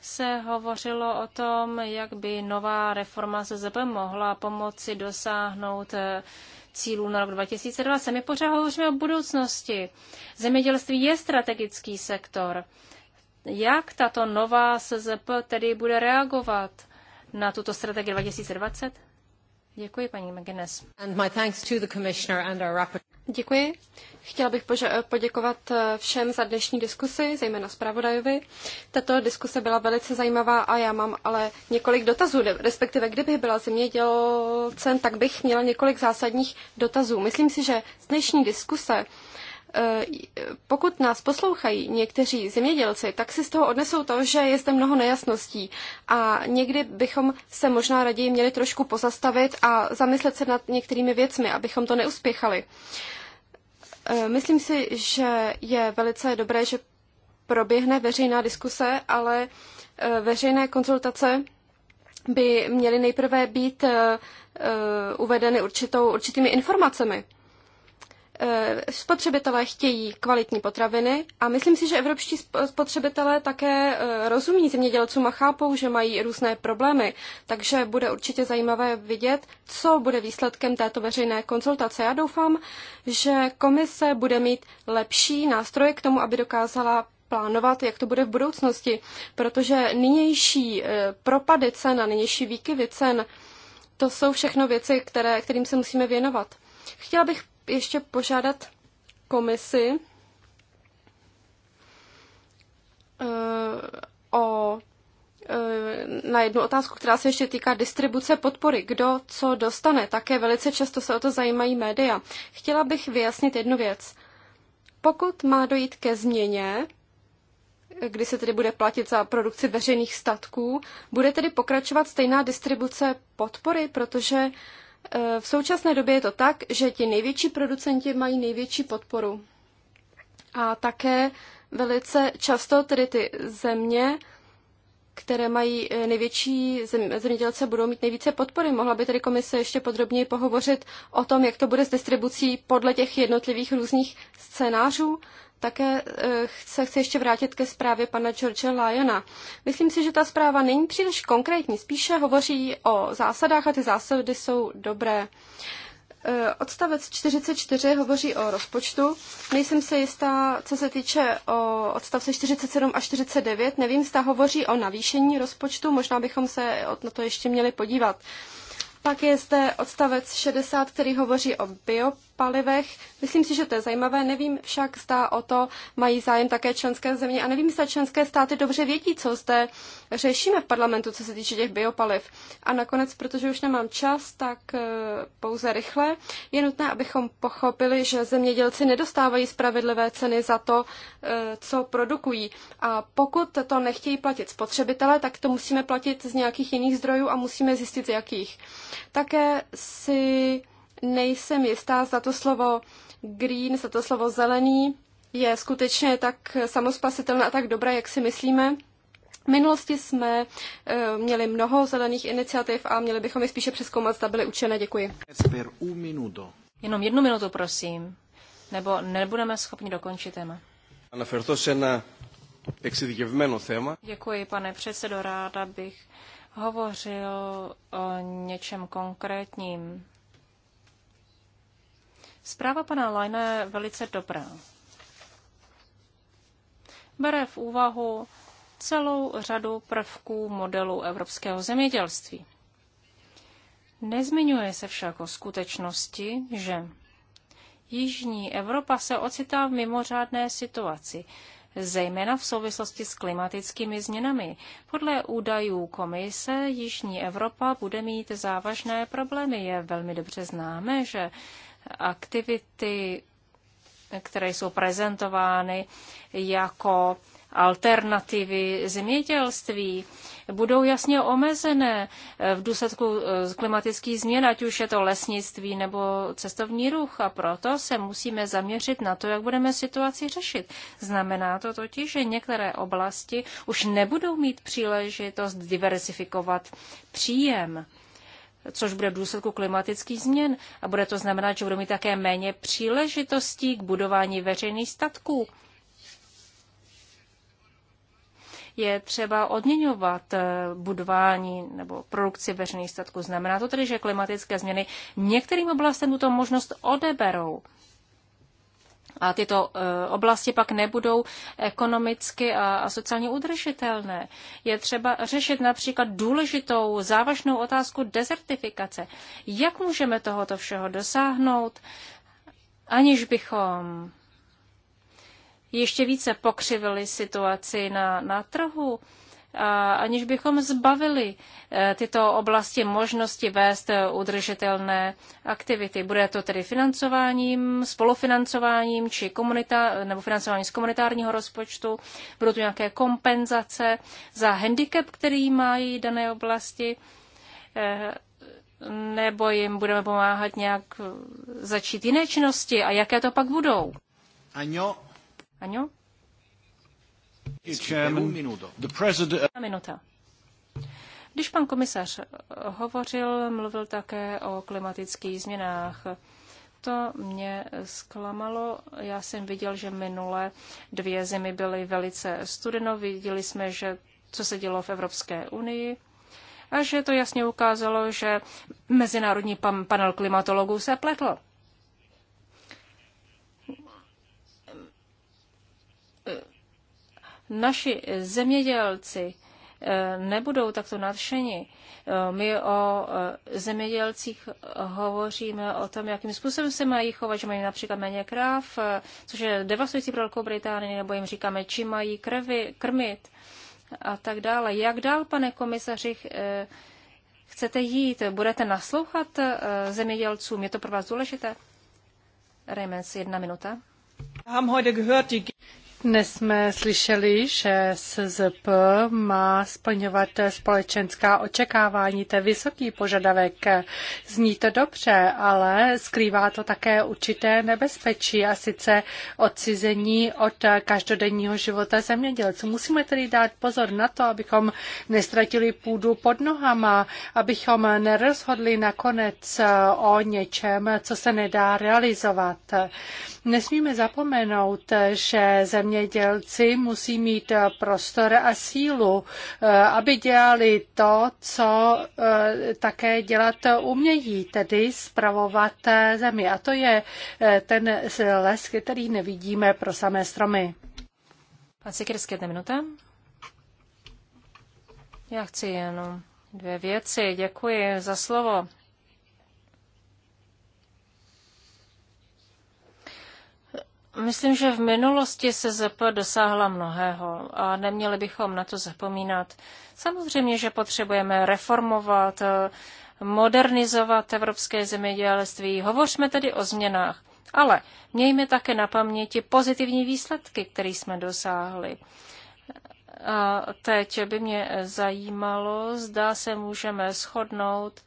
se hovořilo o tom, jak by nová reforma SZP mohla pomoci dosáhnout eh, cílů na rok 2020. My pořád hovoříme o budoucnosti. Zemědělství je strategický sektor. Jak tato nová SZP tedy bude reagovat na tuto strategii 2020? Děkuji, paní McGuinness. Děkuji. Chtěla bych poděkovat eh, všem za dnešní diskusi, zejména zpravodajovi. Tato diskuse byla velice zajímavá a já mám ale několik dotazů, respektive kdybych byla zemědělcem, tak bych měla několik zásadních dotazů. Myslím si, že z dnešní diskuse pokud nás poslouchají někteří zemědělci, tak si z toho odnesou to, že je zde mnoho nejasností a někdy bychom se možná raději měli trošku pozastavit a zamyslet se nad některými věcmi, abychom to neuspěchali. Eh, myslím si, že je velice dobré, že proběhne veřejná diskuse, ale eh, veřejné konzultace by měly nejprve být eh, uvedeny určitou, určitými informacemi. Eh, spotřebitelé chtějí kvalitní potraviny a myslím si, že evropští spotřebitelé také eh, rozumí zemědělcům a chápou, že mají různé problémy, takže bude určitě zajímavé vidět, co bude výsledkem této veřejné konzultace. Já doufám, že komise bude mít lepší nástroje k tomu, aby dokázala plánovat, jak to bude v budoucnosti, protože nynější eh, propady cen a nynější výkyvy cen, to jsou všechno věci, které, kterým se musíme věnovat. Chtěla bych ještě požádat komisi eh, o eh, na jednu otázku, která se ještě týká distribuce podpory. Kdo co dostane? Také velice často se o to zajímají média. Chtěla bych vyjasnit jednu věc. Pokud má dojít ke změně, kdy se tedy bude platit za produkci veřejných statků, bude tedy pokračovat stejná distribuce podpory, protože E, v současné době je to tak, že ti největší producenti mají největší podporu. A také velice často tedy ty země, které mají e, největší zemědělce, budou mít nejvíce podpory. Mohla by tedy komise ještě podrobněji pohovořit o tom, jak to bude s distribucí podle těch jednotlivých různých scénářů také eh, se chci ještě vrátit ke zprávě pana George Lyona. Myslím si, že ta zpráva není příliš konkrétní, spíše hovoří o zásadách a ty zásady jsou dobré. Eh, odstavec 44 hovoří o rozpočtu. Nejsem se jistá, co se týče o odstavce 47 a 49. Nevím, zda hovoří o navýšení rozpočtu. Možná bychom se na to ještě měli podívat. Pak je zde odstavec 60, který hovoří o bio palivech. Myslím si, že to je zajímavé. Nevím však, zda o to mají zájem také členské země a nevím, zda členské státy dobře vědí, co zde řešíme v parlamentu, co se týče těch biopaliv. A nakonec, protože už nemám čas, tak eh, pouze rychle. Je nutné, abychom pochopili, že zemědělci nedostávají spravedlivé ceny za to, eh, co produkují. A pokud to nechtějí platit spotřebitelé, tak to musíme platit z nějakých jiných zdrojů a musíme zjistit, z jakých. Také si nejsem jistá, za to slovo green, za to slovo zelený je skutečně tak samospasitelné a tak dobré, jak si myslíme. V minulosti jsme eh, měli mnoho zelených iniciativ a měli bychom je spíše přeskoumat, zda byly učené. Děkuji. Jenom jednu minutu, prosím, nebo nebudeme schopni dokončit téma. Děkuji, pane předsedo, ráda bych hovořil o něčem konkrétním. Zpráva pana Lajna je velice dobrá. Bere v úvahu celou řadu prvků modelu evropského zemědělství. Nezmiňuje se však o skutečnosti, že Jižní Evropa se ocitá v mimořádné situaci, zejména v souvislosti s klimatickými změnami. Podle údajů komise Jižní Evropa bude mít závažné problémy. Je velmi dobře známe, že aktivity, které jsou prezentovány jako alternativy zemědělství budou jasně omezené v důsledku eh, klimatických změn, ať už je to lesnictví nebo cestovní ruch. A proto se musíme zaměřit na to, jak budeme situaci řešit. Znamená to totiž, že některé oblasti už nebudou mít příležitost diversifikovat příjem což bude v důsledku klimatických změn a bude to znamenat, že budou mít také méně příležitostí k budování veřejných statků. Je třeba odměňovat eh, budování nebo produkci veřejných statků. Znamená to tedy, že klimatické změny některým oblastem tuto možnost odeberou. A tyto e, oblasti pak nebudou ekonomicky a sociálně udržitelné. Je třeba řešit například důležitou závažnou otázku dezertifikace. Jak můžeme tohoto všeho dosáhnout, aniž bychom ještě více pokřivili situaci na, na trhu? a aniž bychom zbavili e, tyto oblasti možnosti vést udržitelné aktivity. Bude to tedy financováním, spolufinancováním či komunita, nebo financováním z komunitárního rozpočtu, budou tu nějaké kompenzace za handicap, který mají dané oblasti, e, nebo jim budeme pomáhat nějak začít jiné činnosti a jaké to pak budou? Aňo. Aňo? Když pan komisař eh, hovořil, mluvil také o klimatických změnách. To mě zklamalo. Já jsem viděl, že minule dvě zimy byly velice studeno. Viděli jsme, že co se dělo v Evropské unii a že to jasně ukázalo, že mezinárodní panel klimatologů se pletl naši zemědělci eh, nebudou takto nadšeni. Eh, my o eh, zemědělcích hovoříme o tom, jakým způsobem se mají chovat, že mají například méně kráv, což je devastující pro Velkou Británii, nebo jim říkáme, čím mají krvi, krmit a tak dále. Jak dál, pane komisaři, chcete jít? Budete naslouchat zemědělcům? Je to pro vás důležité? Reimens, jedna minuta. Dnes jsme slyšeli, že SZP má splňovat společenská očekávání. To je vysoký požadavek. Zní to dobře, ale skrývá to také určité nebezpečí a sice odcizení od každodenního života zemědělců. Musíme tedy dát pozor na to, abychom nestratili půdu pod nohama, abychom nerozhodli nakonec o něčem, co se nedá realizovat. Nesmíme zapomenout, že zemědělci musí mít prostor a sílu, eh, aby dělali to, co eh, také dělat umějí, tedy spravovat eh, zemi. A to je ten les, který nevidíme pro samé stromy. Pan Sikirsk, jedna minuta. Já chci jenom dvě věci. Děkuji za slovo. Myslím, že v minulosti se ZP dosáhla mnohého a neměli bychom na to zapomínat. Samozřejmě, že potřebujeme reformovat, modernizovat evropské zemědělství. Hovořme tedy o změnách, ale mějme také na paměti pozitivní výsledky, které jsme dosáhli. A teď by mě zajímalo, zda se můžeme shodnout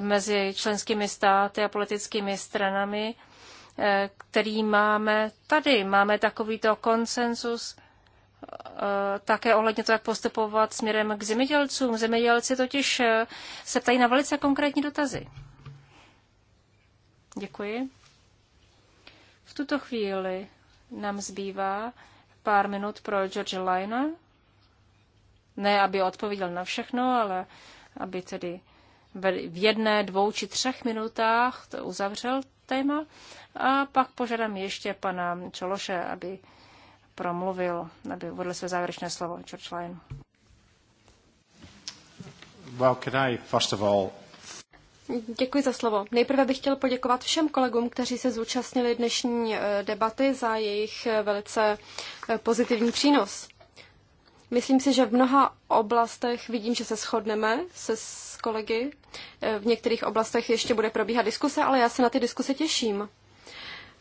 mezi členskými státy a politickými stranami, Eh, který máme tady. Máme takovýto konsenzus eh, také ohledně to, jak postupovat směrem k zemědělcům. Zemědělci totiž eh, se ptají na velice konkrétní dotazy. Děkuji. V tuto chvíli nám zbývá pár minut pro George Lina. Ne, aby odpověděl na všechno, ale aby tedy v jedné, dvou či třech minutách to uzavřel téma. A pak požádám ještě pana Čološe, aby promluvil, aby uvedl své závěrečné slovo. George Lyon. Well, can I first of all Děkuji za slovo. Nejprve bych chtěl poděkovat všem kolegům, kteří se zúčastnili dnešní eh, debaty za jejich eh, velice eh, pozitivní přínos. Myslím si, že v mnoha oblastech vidím, že se shodneme se s kolegy. Eh, v některých oblastech ještě bude probíhat diskuse, ale já se na ty diskuse těším.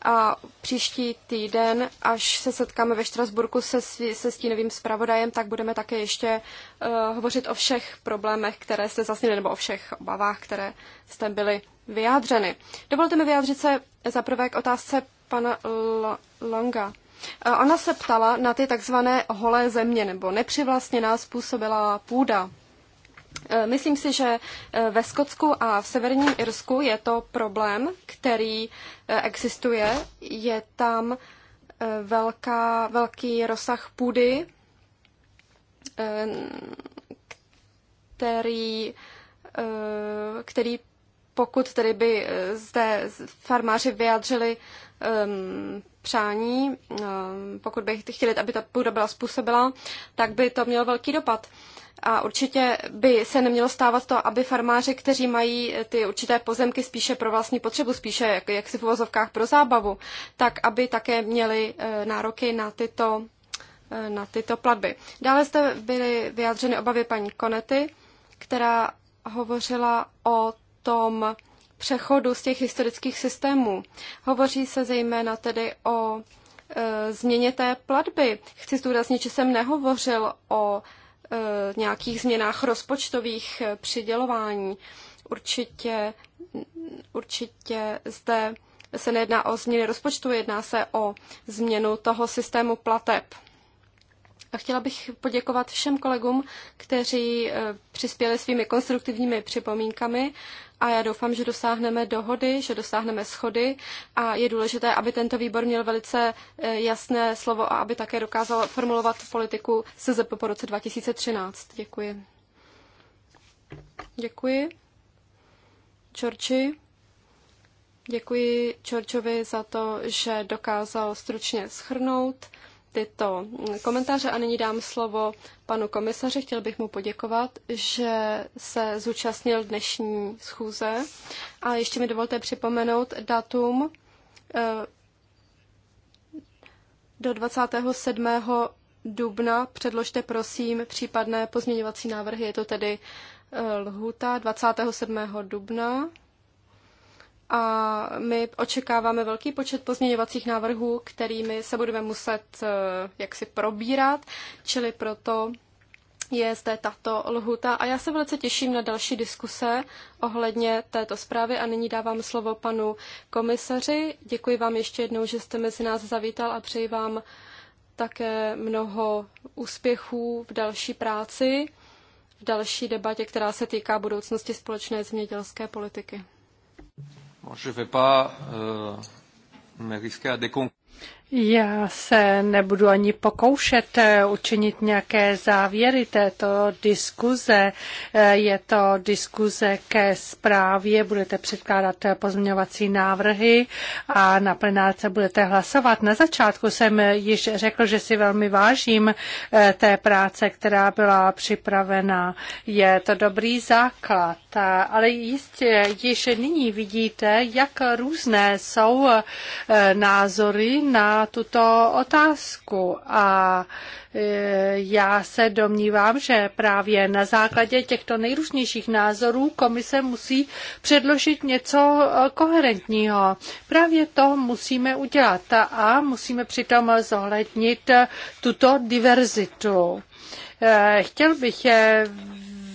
A příští týden, až se setkáme ve Štrasburku se, se stínovým zpravodajem, tak budeme také ještě uh, hovořit o všech problémech, které jste zasněli, nebo o všech obavách, které jste byly vyjádřeny. Dovolte mi vyjádřit se zaprvé k otázce pana L- Longa. Ona se ptala na ty takzvané holé země nebo nepřivlastněná způsobila půda. E, myslím si, že e, ve Skotsku a v severním Irsku je to problém, který e, existuje. Je tam velká, velký rozsah půdy, který, který pokud tedy by zde farmáři vyjádřili přání, eh, pokud bych chtěli, aby ta půda byla způsobila, tak by to mělo velký dopad. A určitě by se nemělo stávat to, aby farmáři, kteří mají ty určité pozemky spíše pro vlastní potřebu, spíše jak, jak si v uvozovkách pro zábavu, tak aby také měli eh, nároky na tyto, eh, na tyto platby. Dále zde byly vyjádřeny obavy paní Konety, která hovořila o tom, přechodu z těch historických systémů. Hovoří se zejména tedy o e, změně té platby. Chci zdůraznit, že jsem nehovořil o e, nějakých změnách rozpočtových e, přidělování. Určitě, určitě zde se nejedná o změny rozpočtu, jedná se o změnu toho systému plateb. A chtěla bych poděkovat všem kolegům, kteří eh, přispěli svými konstruktivními připomínkami a já doufám, že dosáhneme dohody, že dosáhneme schody a je důležité, aby tento výbor měl velice eh, jasné slovo a aby také dokázal formulovat politiku SZP po roce 2013. Děkuji. Děkuji. Čorči. Děkuji Čorčovi za to, že dokázal stručně schrnout tyto komentáře a nyní dám slovo panu komisaři. Chtěl bych mu poděkovat, že se zúčastnil dnešní schůze. A ještě mi dovolte připomenout datum eh, do 27. dubna. Předložte prosím případné pozměňovací návrhy. Je to tedy eh, lhuta 27. dubna a my očekáváme velký počet pozměňovacích návrhů, kterými se budeme muset eh, jaksi probírat, čili proto je zde tato lhuta a já se velice těším na další diskuse ohledně této zprávy a nyní dávám slovo panu komisaři. Děkuji vám ještě jednou, že jste mezi nás zavítal a přeji vám také mnoho úspěchů v další práci, v další debatě, která se týká budoucnosti společné zemědělské politiky. Bon, je vais pas, euh, me risquer à décon... Já se nebudu ani pokoušet eh, učinit nějaké závěry této diskuze. Eh, je to diskuze ke zprávě, budete předkládat eh, pozměňovací návrhy a na plenárce budete hlasovat. Na začátku jsem již řekl, že si velmi vážím té práce, která byla připravena. Je to dobrý základ, ale jistě již nyní vidíte, jak různé jsou názory na tuto otázku a e, já se domnívám, že právě na základě těchto nejrůznějších názorů komise musí předložit něco e, koherentního. Právě to musíme udělat a musíme přitom zohlednit e, tuto diverzitu. Chtěl bych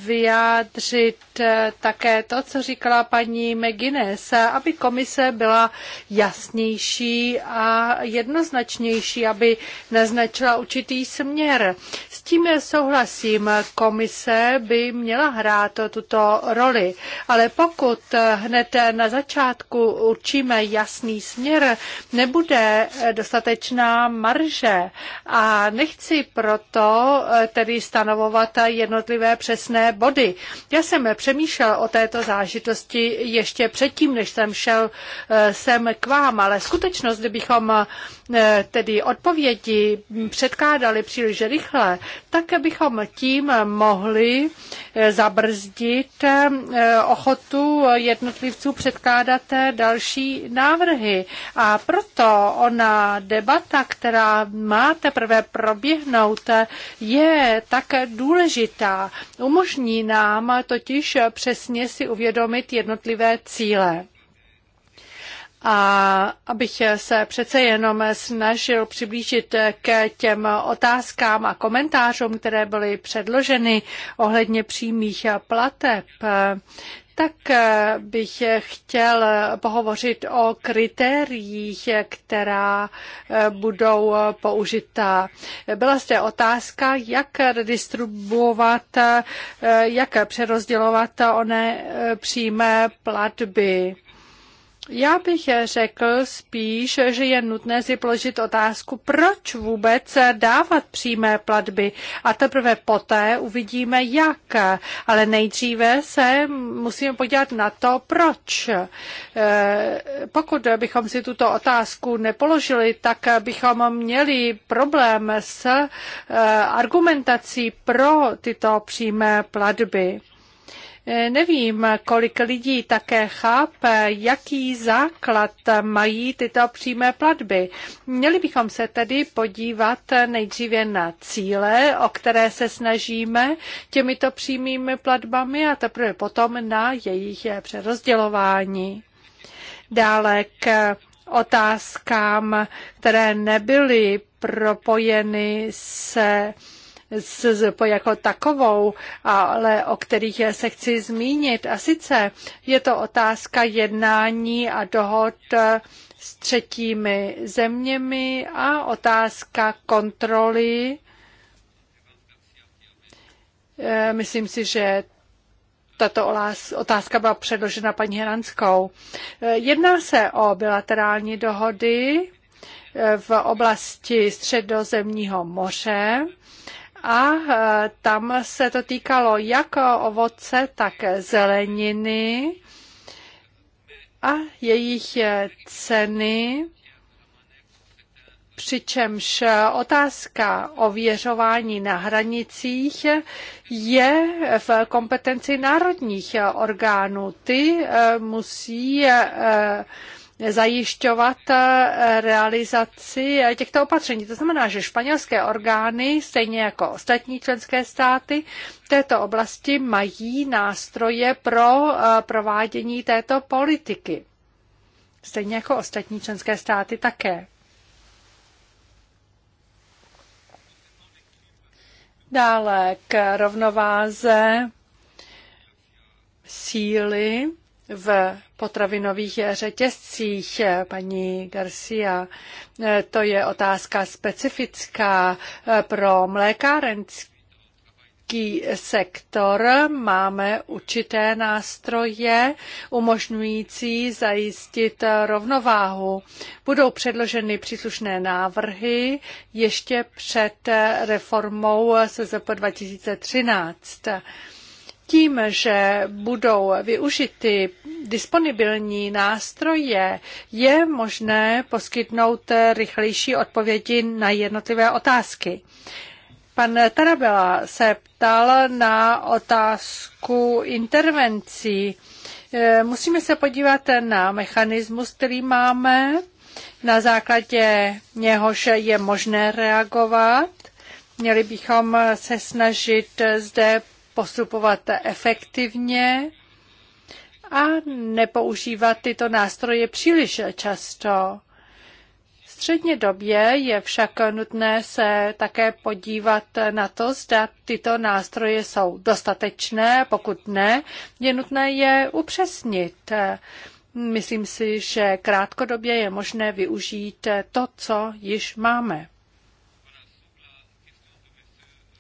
vyjádřit Eh, také to, co říkala paní McGuinness, aby komise byla jasnější a jednoznačnější, aby naznačila určitý směr. S tím souhlasím, komise by měla hrát tuto roli, ale pokud hned na začátku určíme jasný směr, nebude dostatečná marže a nechci proto tedy stanovovat jednotlivé přesné body. Já jsem přemýšlel o této zážitosti ještě předtím, než jsem šel eh, sem k vám, ale skutečnost, kdybychom eh, tedy odpovědi předkládali příliš rychle, tak bychom tím mohli eh, zabrzdit ochotu jednotlivců předkládat další návrhy. A proto ona debata, která má teprve proběhnout, je tak důležitá. Umožní nám totiž Eh, přesně si uvědomit jednotlivé cíle. A abych eh, se přece jenom snažil přiblížit eh, k těm otázkám a komentářům, které byly předloženy ohledně přímých plateb, tak eh, bych chtěl pohovořit o kritériích, která eh, budou použita. Byla zde otázka, jak redistribuovat, eh, jak přerozdělovat one přímé platby. Já bych řekl spíš, že je nutné si položit otázku, proč vůbec dávat přímé platby a teprve poté uvidíme jak. Ale nejdříve se musíme podívat na to, proč. Eh, pokud bychom si tuto otázku nepoložili, tak bychom měli problém s eh, argumentací pro tyto přímé platby. Eh, nevím, kolik lidí také chápe, jaký základ mají tyto přímé platby. Měli bychom se tedy podívat nejdříve na cíle, o které se snažíme těmito přímými platbami a teprve potom na jejich přerozdělování. Dále k otázkám, které nebyly propojeny se SZP jako takovou, ale o kterých se chci zmínit. A sice je to otázka jednání a dohod s třetími zeměmi a otázka kontroly. Eh, myslím si, že tato otázka byla předložena paní Heranskou. Eh, jedná se o bilaterální dohody eh, v oblasti středozemního moře a e, tam se to týkalo jak ovoce, tak zeleniny a jejich e, ceny. Přičemž otázka ověřování na hranicích je v kompetenci národních orgánů. Ty e, musí zajišťovat eh, realizaci eh, těchto opatření. To znamená, že španělské orgány, stejně jako ostatní členské státy, v této oblasti mají nástroje pro eh, provádění této politiky. Stejně jako ostatní členské státy také. Dále k rovnováze síly v potravinových řetězcích, paní Garcia. To je otázka specifická pro mlékárenský sektor máme určité nástroje umožňující zajistit rovnováhu. Budou předloženy příslušné návrhy ještě před reformou SZP 2013. Tím, že budou využity disponibilní nástroje je možné poskytnout rychlejší odpovědi na jednotlivé otázky. Pan Tarabela se ptal na otázku intervencí. E, musíme se podívat na mechanismus, který máme, na základě něhož je možné reagovat. Měli bychom se snažit zde postupovat efektivně a nepoužívat tyto nástroje příliš často. Středně době je však nutné se také podívat na to, zda tyto nástroje jsou dostatečné, pokud ne, je nutné je upřesnit. Myslím si, že krátkodobě je možné využít to, co již máme.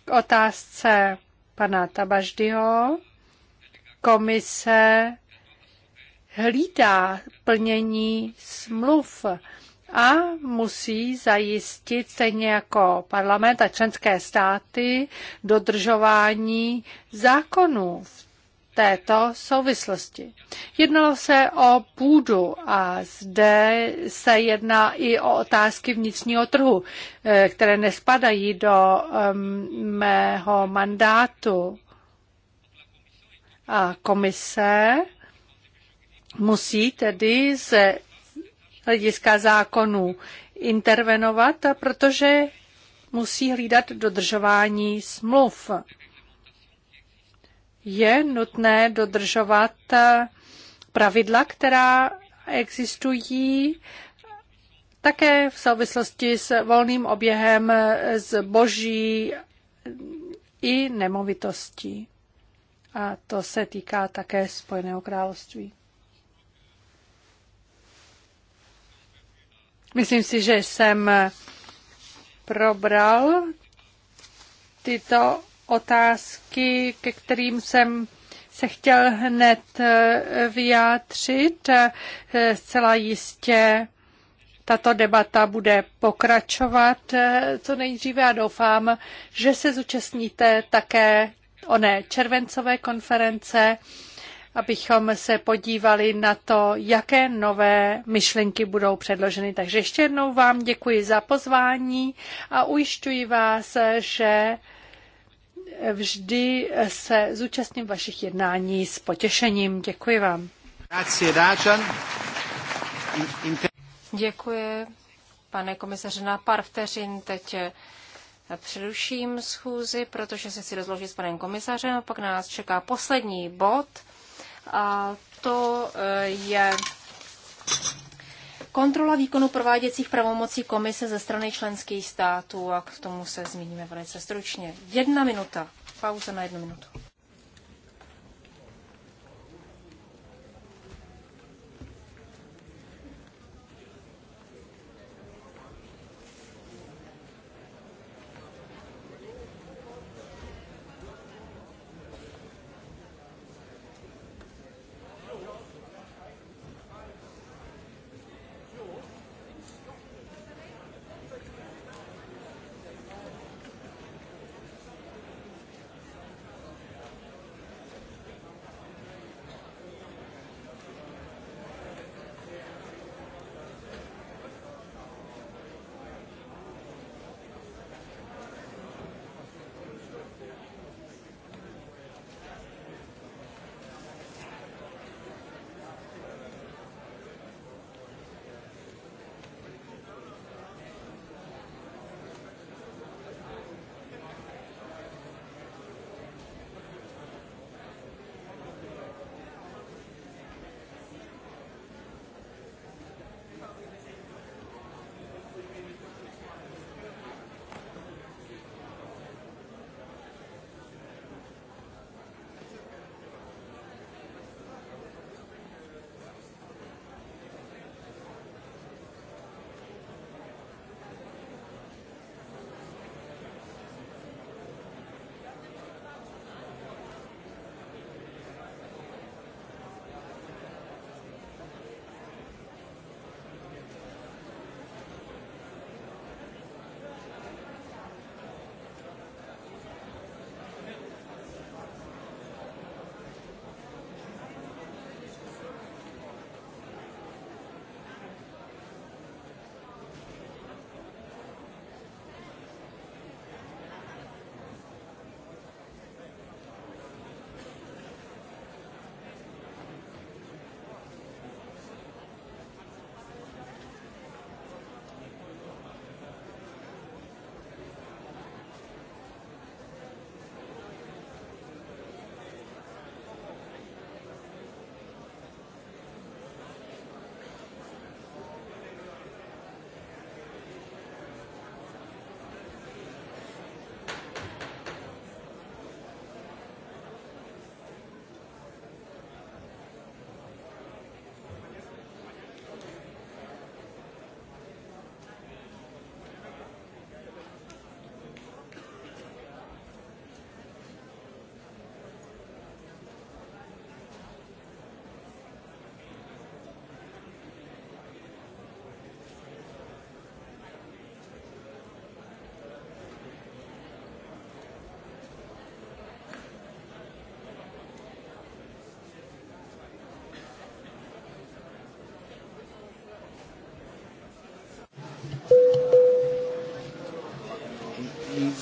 K otázce pana Tabaždyho. Komise hlídá plnění smluv a musí zajistit stejně jako parlament a členské státy dodržování zákonů v této souvislosti. Jednalo se o půdu a zde se jedná i o otázky vnitřního trhu, eh, které nespadají do mého mandátu. A komise musí tedy ze hlediska zákonů intervenovat, protože musí hlídat dodržování smluv. Je nutné dodržovat eh, pravidla, která existují také v souvislosti s volným oběhem eh, zboží i nemovitostí. A to se týká také Spojeného království. Myslím si, že jsem probral tyto otázky, ke kterým jsem se chtěl hned eh, vyjádřit. Eh, zcela jistě tato debata bude pokračovat eh, co nejdříve a doufám, že se zúčastníte také oné červencové konference, abychom se podívali na to, jaké nové myšlenky budou předloženy. Takže ještě jednou vám děkuji za pozvání a ujišťuji vás, že vždy se zúčastním vašich jednání s potěšením. Děkuji vám. Děkuji, pane komisaře, na pár vteřin teď přeruším schůzi, protože se chci rozložit s panem komisařem a pak nás čeká poslední bod a to eh, je kontrola výkonu prováděcích pravomocí komise ze strany členských států a k tomu se zmíníme velice stručně. Jedna minuta. Pauza na jednu minutu.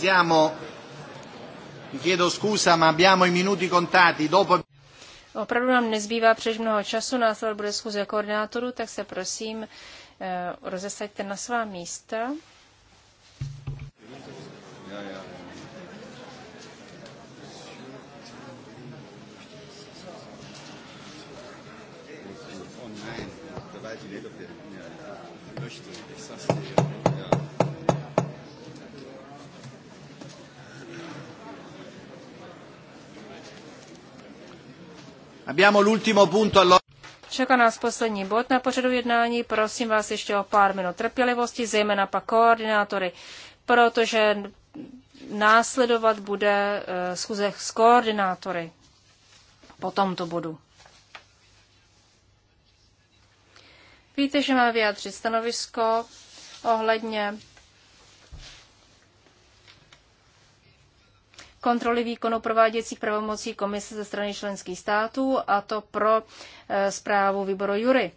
Siamo, mi chiedo scusa, ma abbiamo i minuti contati. Dopo... Opravdu nám nezbývá příliš mnoho času, následovat bude schůze koordinátorů, tak se prosím eh, rozesaďte na svá místa. Online, Abbiamo l'ultimo punto allora. Čeká nás poslední bod na pořadu jednání. Prosím vás ještě o pár minut trpělivosti, zejména pak koordinátory, protože následovat bude eh, schůze s koordinátory po tomto bodu. Víte, že máme vyjádřit stanovisko ohledně kontroly výkonu prováděcích pravomocí komise ze strany členských států, a to pro e, zprávu výboru Jury.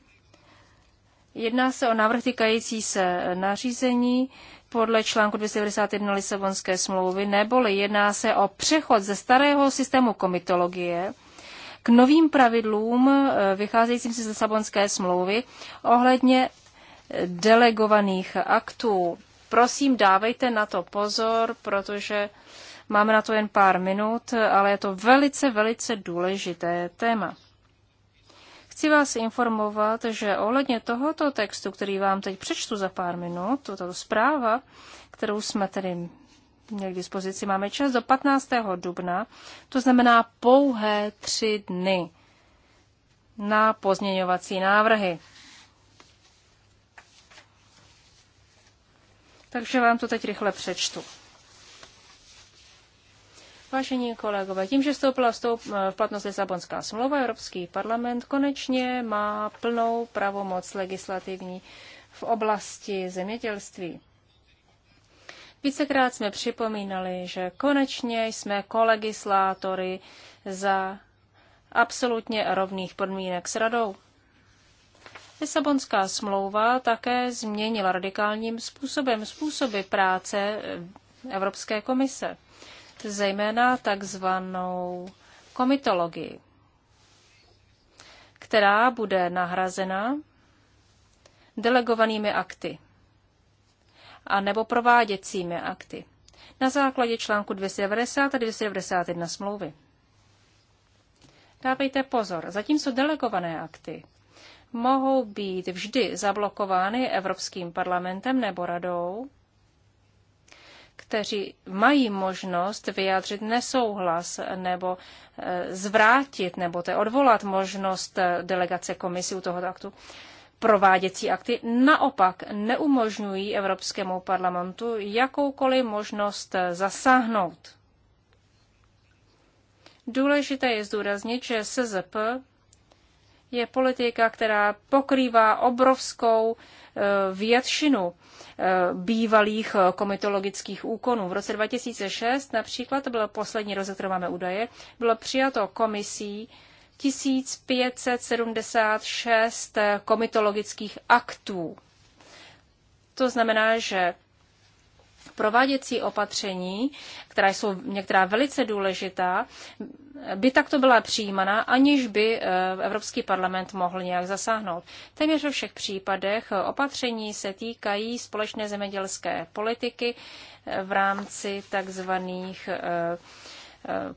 Jedná se o návrh týkající se nařízení podle článku 291 Lisabonské smlouvy, neboli jedná se o přechod ze starého systému komitologie k novým pravidlům e, vycházejícím z Lisabonské smlouvy ohledně delegovaných aktů. Prosím, dávejte na to pozor, protože Máme na to jen pár minut, ale je to velice, velice důležité téma. Chci vás informovat, že ohledně tohoto textu, který vám teď přečtu za pár minut, tato zpráva, kterou jsme tedy měli k dispozici, máme čas do 15. dubna, to znamená pouhé tři dny na pozměňovací návrhy. Takže vám to teď rychle přečtu. Vážení kolegové, tím, že vstoupila vstoup, eh, v platnost Lisabonská smlouva, Evropský parlament konečně má plnou pravomoc legislativní v oblasti zemědělství. Vícekrát jsme připomínali, že konečně jsme kolegislátory za absolutně rovných podmínek s radou. Lisabonská smlouva také změnila radikálním způsobem způsoby práce Evropské komise zejména takzvanou komitologii, která bude nahrazena delegovanými akty a nebo prováděcími akty na základě článku 290 a 291 smlouvy. Dávejte pozor, zatímco delegované akty mohou být vždy zablokovány Evropským parlamentem nebo radou, kteří mají možnost vyjádřit nesouhlas nebo e, zvrátit nebo te odvolat možnost e, delegace komisí u tohoto aktu. Prováděcí akty naopak neumožňují Evropskému parlamentu jakoukoliv možnost e, zasáhnout. Důležité je zdůraznit, že SZP je politika, která pokrývá obrovskou e, většinu e, bývalých e, komitologických úkonů. V roce 2006 například, to bylo poslední rok, máme údaje, bylo přijato komisí 1576 komitologických aktů. To znamená, že prováděcí opatření, která jsou některá velice důležitá, by takto byla přijímaná, aniž by eh, Evropský parlament mohl nějak zasáhnout. Téměř ve všech případech opatření se týkají společné zemědělské politiky eh, v rámci takzvaných eh,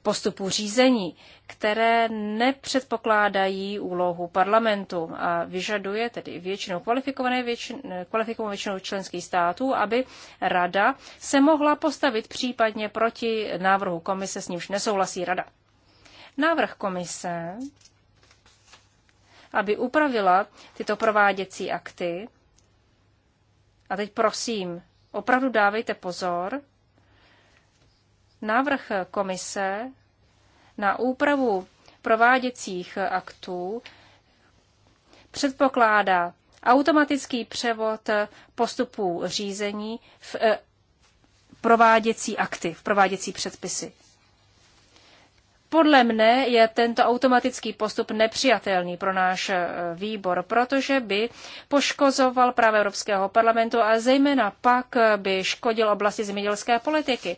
postupů řízení, které nepředpokládají úlohu parlamentu a vyžaduje tedy většinou kvalifikované většinu kvalifikovanou většinou členských států, aby rada se mohla postavit případně proti návrhu komise, s nímž nesouhlasí rada. Návrh komise, aby upravila tyto prováděcí akty, a teď prosím, opravdu dávejte pozor, Návrh komise na úpravu prováděcích aktů předpokládá automatický převod postupů řízení v eh, prováděcí akty, v prováděcí předpisy. Podle mne je tento automatický postup nepřijatelný pro náš eh, výbor, protože by poškozoval práva Evropského parlamentu a zejména pak eh, by škodil oblasti zemědělské politiky.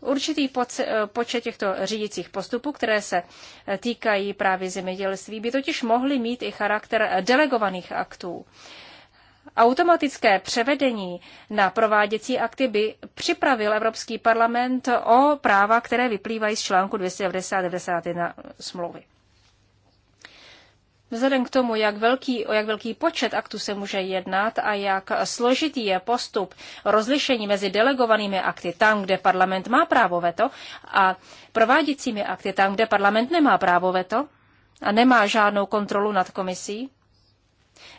Určitý eh, počet těchto řídících postupů, které se eh, týkají právě zemědělství, by totiž mohly mít i charakter eh, delegovaných aktů. Automatické převedení na prováděcí akty by připravil Evropský parlament o práva, které vyplývají z článku 291 smlouvy. Vzhledem k tomu, jak velký, o jak velký počet aktů se může jednat a jak složitý je postup rozlišení mezi delegovanými akty tam, kde parlament má právo veto, a prováděcími akty tam, kde parlament nemá právo veto a nemá žádnou kontrolu nad komisí,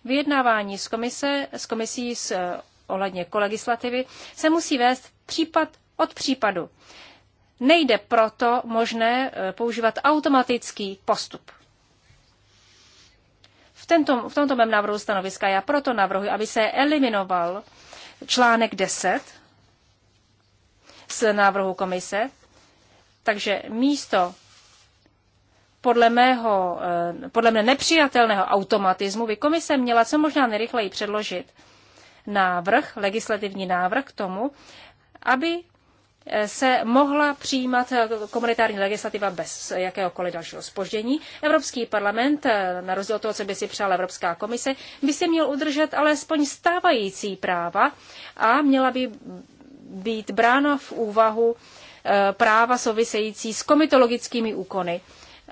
vyjednávání s, komise, s komisí s, eh, ohledně kolegislativy se musí vést případ od případu. Nejde proto možné eh, používat automatický postup tento, v tomto mém návrhu stanoviska já proto navrhuji, aby se eliminoval článek 10 z návrhu komise. Takže místo podle mého, eh, podle mne nepřijatelného automatismu by komise měla co možná nejrychleji předložit návrh, legislativní návrh k tomu, aby se mohla přijímat komunitární legislativa bez jakéhokoliv dalšího spoždění. Evropský parlament, na rozdíl od toho, co by si přála Evropská komise, by si měl udržet alespoň stávající práva a měla by být brána v úvahu eh, práva související s komitologickými úkony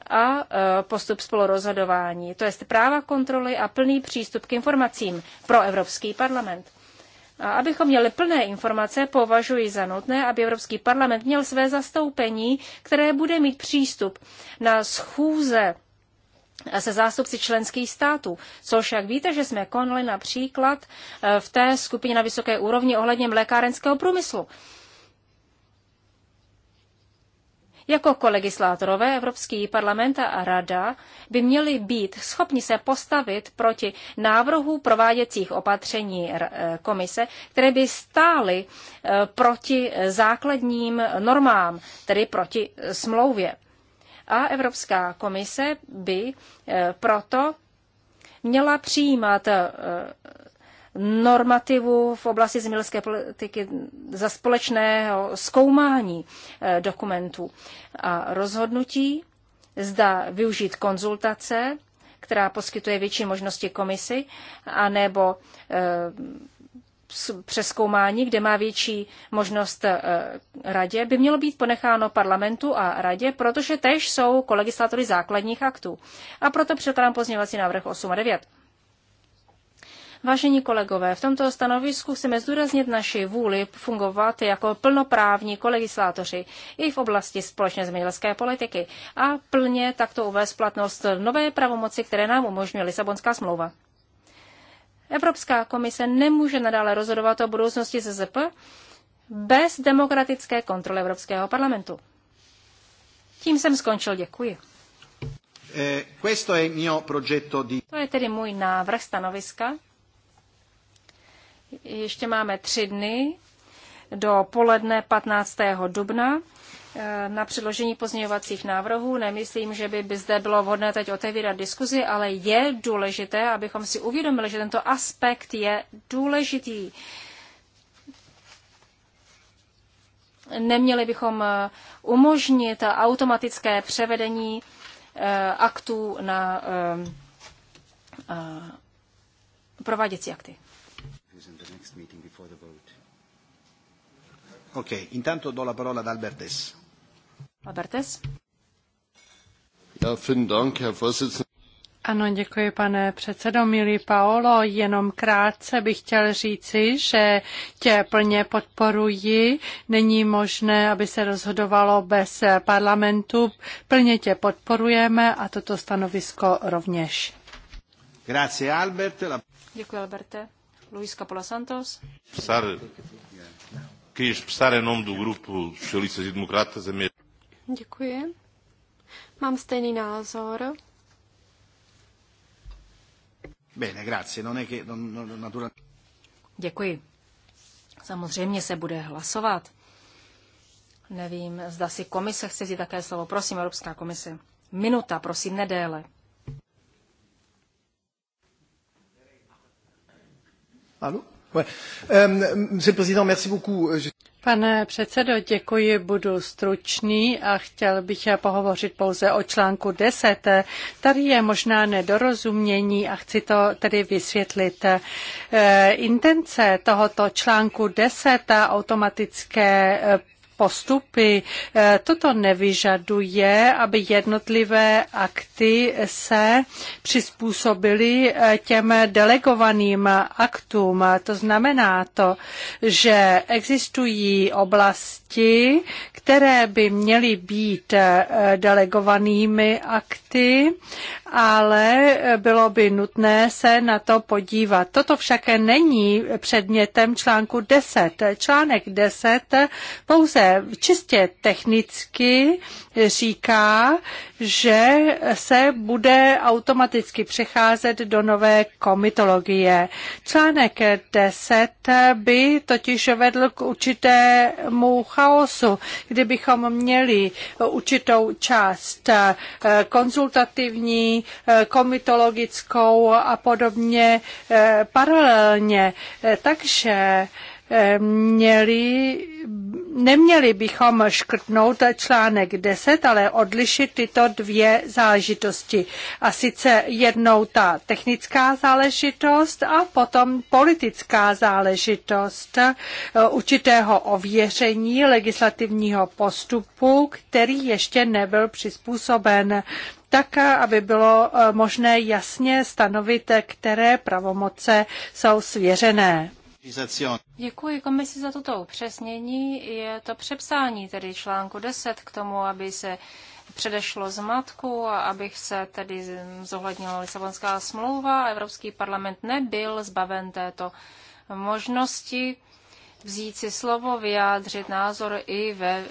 a eh, postup spolurozhodování, to je práva kontroly a plný přístup k informacím pro Evropský parlament. A abychom měli plné informace, považuji za nutné, aby Evropský parlament měl své zastoupení, které bude mít přístup na schůze se zástupci členských států. Což, jak víte, že jsme konali například eh, v té skupině na vysoké úrovni ohledně mlékárenského průmyslu. Jako kolegislátorové Evropský parlament a Rada by měli být schopni se postavit proti návrhu prováděcích opatření eh, komise, které by stály eh, proti základním normám, tedy proti eh, smlouvě. A Evropská komise by proto měla přijímat normativů v oblasti zemědělské politiky za společného zkoumání eh, dokumentů a rozhodnutí, zda využít konzultace, která poskytuje větší možnosti komisi, anebo eh, přeskoumání, kde má větší možnost eh, radě, by mělo být ponecháno parlamentu a radě, protože tež jsou kolegislátory základních aktů. A proto předkládám pozměňovací návrh 8 a 9. Vážení kolegové, v tomto stanovisku chceme zdůraznit naši vůli fungovat jako plnoprávní kolegislátoři i v oblasti společné zemědělské politiky a plně takto uvést platnost nové pravomoci, které nám umožňuje Lisabonská smlouva. Evropská komise nemůže nadále rozhodovat o budoucnosti ZZP bez demokratické kontroly Evropského parlamentu. Tím jsem skončil, děkuji. Eh, to je tedy můj návrh stanoviska ještě máme tři dny do poledne 15. dubna eh, na předložení pozměňovacích návrhů. Nemyslím, že by, by zde bylo vhodné teď otevírat diskuzi, ale je důležité, abychom si uvědomili, že tento aspekt je důležitý. Neměli bychom eh, umožnit automatické převedení eh, aktů na prováděcí akty in the next meeting before the vote. Ok, intanto do la parola ad Ja, vielen Dank, Herr Vorsitzender. Ano, děkuji, pane předsedo. Milý Paolo, jenom krátce bych chtěl říci, že tě plně podporuji. Není možné, aby se rozhodovalo bez parlamentu. Plně tě podporujeme a toto stanovisko rovněž. Grazie, Albert. Děkuji, Alberte. Luís Capola Santos. Expressar, queria expressar em nome do grupo Socialistas e Democratas a mesma. Děkuji. Mám stejný názor. Bene, grazie. Non è che, non, non, natura... Děkuji. Samozřejmě se bude hlasovat. Nevím, zda si komise chce vzít také slovo. Prosím, Evropská komise. Minuta, prosím, nedéle. Euh, Monsieur le Président, merci beaucoup. Euh, Pane předsedo, děkuji, budu stručný a chtěl bych pohovořit pouze o článku 10. Tady je možná nedorozumění a chci to tedy vysvětlit. Eh, intence tohoto článku 10 automatické eh, postupy. E, toto nevyžaduje, aby jednotlivé akty se přizpůsobily e, těm delegovaným aktům. To znamená to, že existují oblasti, části, které by měly být eh, delegovanými akty, ale bylo by nutné se na to podívat. Toto však není předmětem článku 10. Článek 10 pouze čistě technicky říká, že se bude automaticky přecházet do nové komitologie. Článek 10 by totiž vedl k určitému chaosu, kdybychom měli určitou část eh, konzultativní, eh, komitologickou a podobně eh, paralelně. Takže měli, neměli bychom škrtnout článek 10, ale odlišit tyto dvě záležitosti. A sice jednou ta technická záležitost a potom politická záležitost eh, určitého ověření legislativního postupu, který ještě nebyl přizpůsoben tak, eh, aby bylo eh, možné jasně stanovit, které pravomoce jsou svěřené. Děkuji komisi za toto upřesnění. Je to přepsání tedy článku 10 k tomu, aby se předešlo zmatku a abych se tedy zohlednila Lisabonská smlouva. Evropský parlament nebyl zbaven této možnosti vzít si slovo, vyjádřit názor i ve e,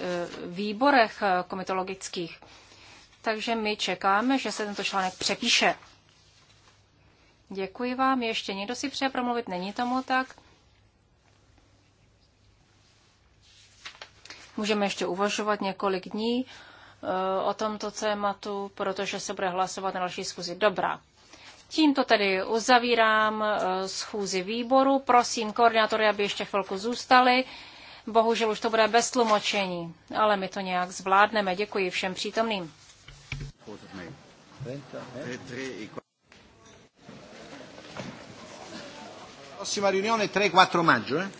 výborech e, komitologických. Takže my čekáme, že se tento článek přepíše. Děkuji vám. Ještě někdo si přeje promluvit? Není tomu tak. Můžeme ještě uvažovat několik dní eh, o tomto tématu, protože se bude hlasovat na další schůzi. Dobrá. Tímto tedy uzavírám eh, schůzi výboru. Prosím koordinátory, aby ještě chvilku zůstali. Bohužel už to bude bez tlumočení, ale my to nějak zvládneme. Děkuji všem přítomným. Prossima riunione 3-4 maggio, eh?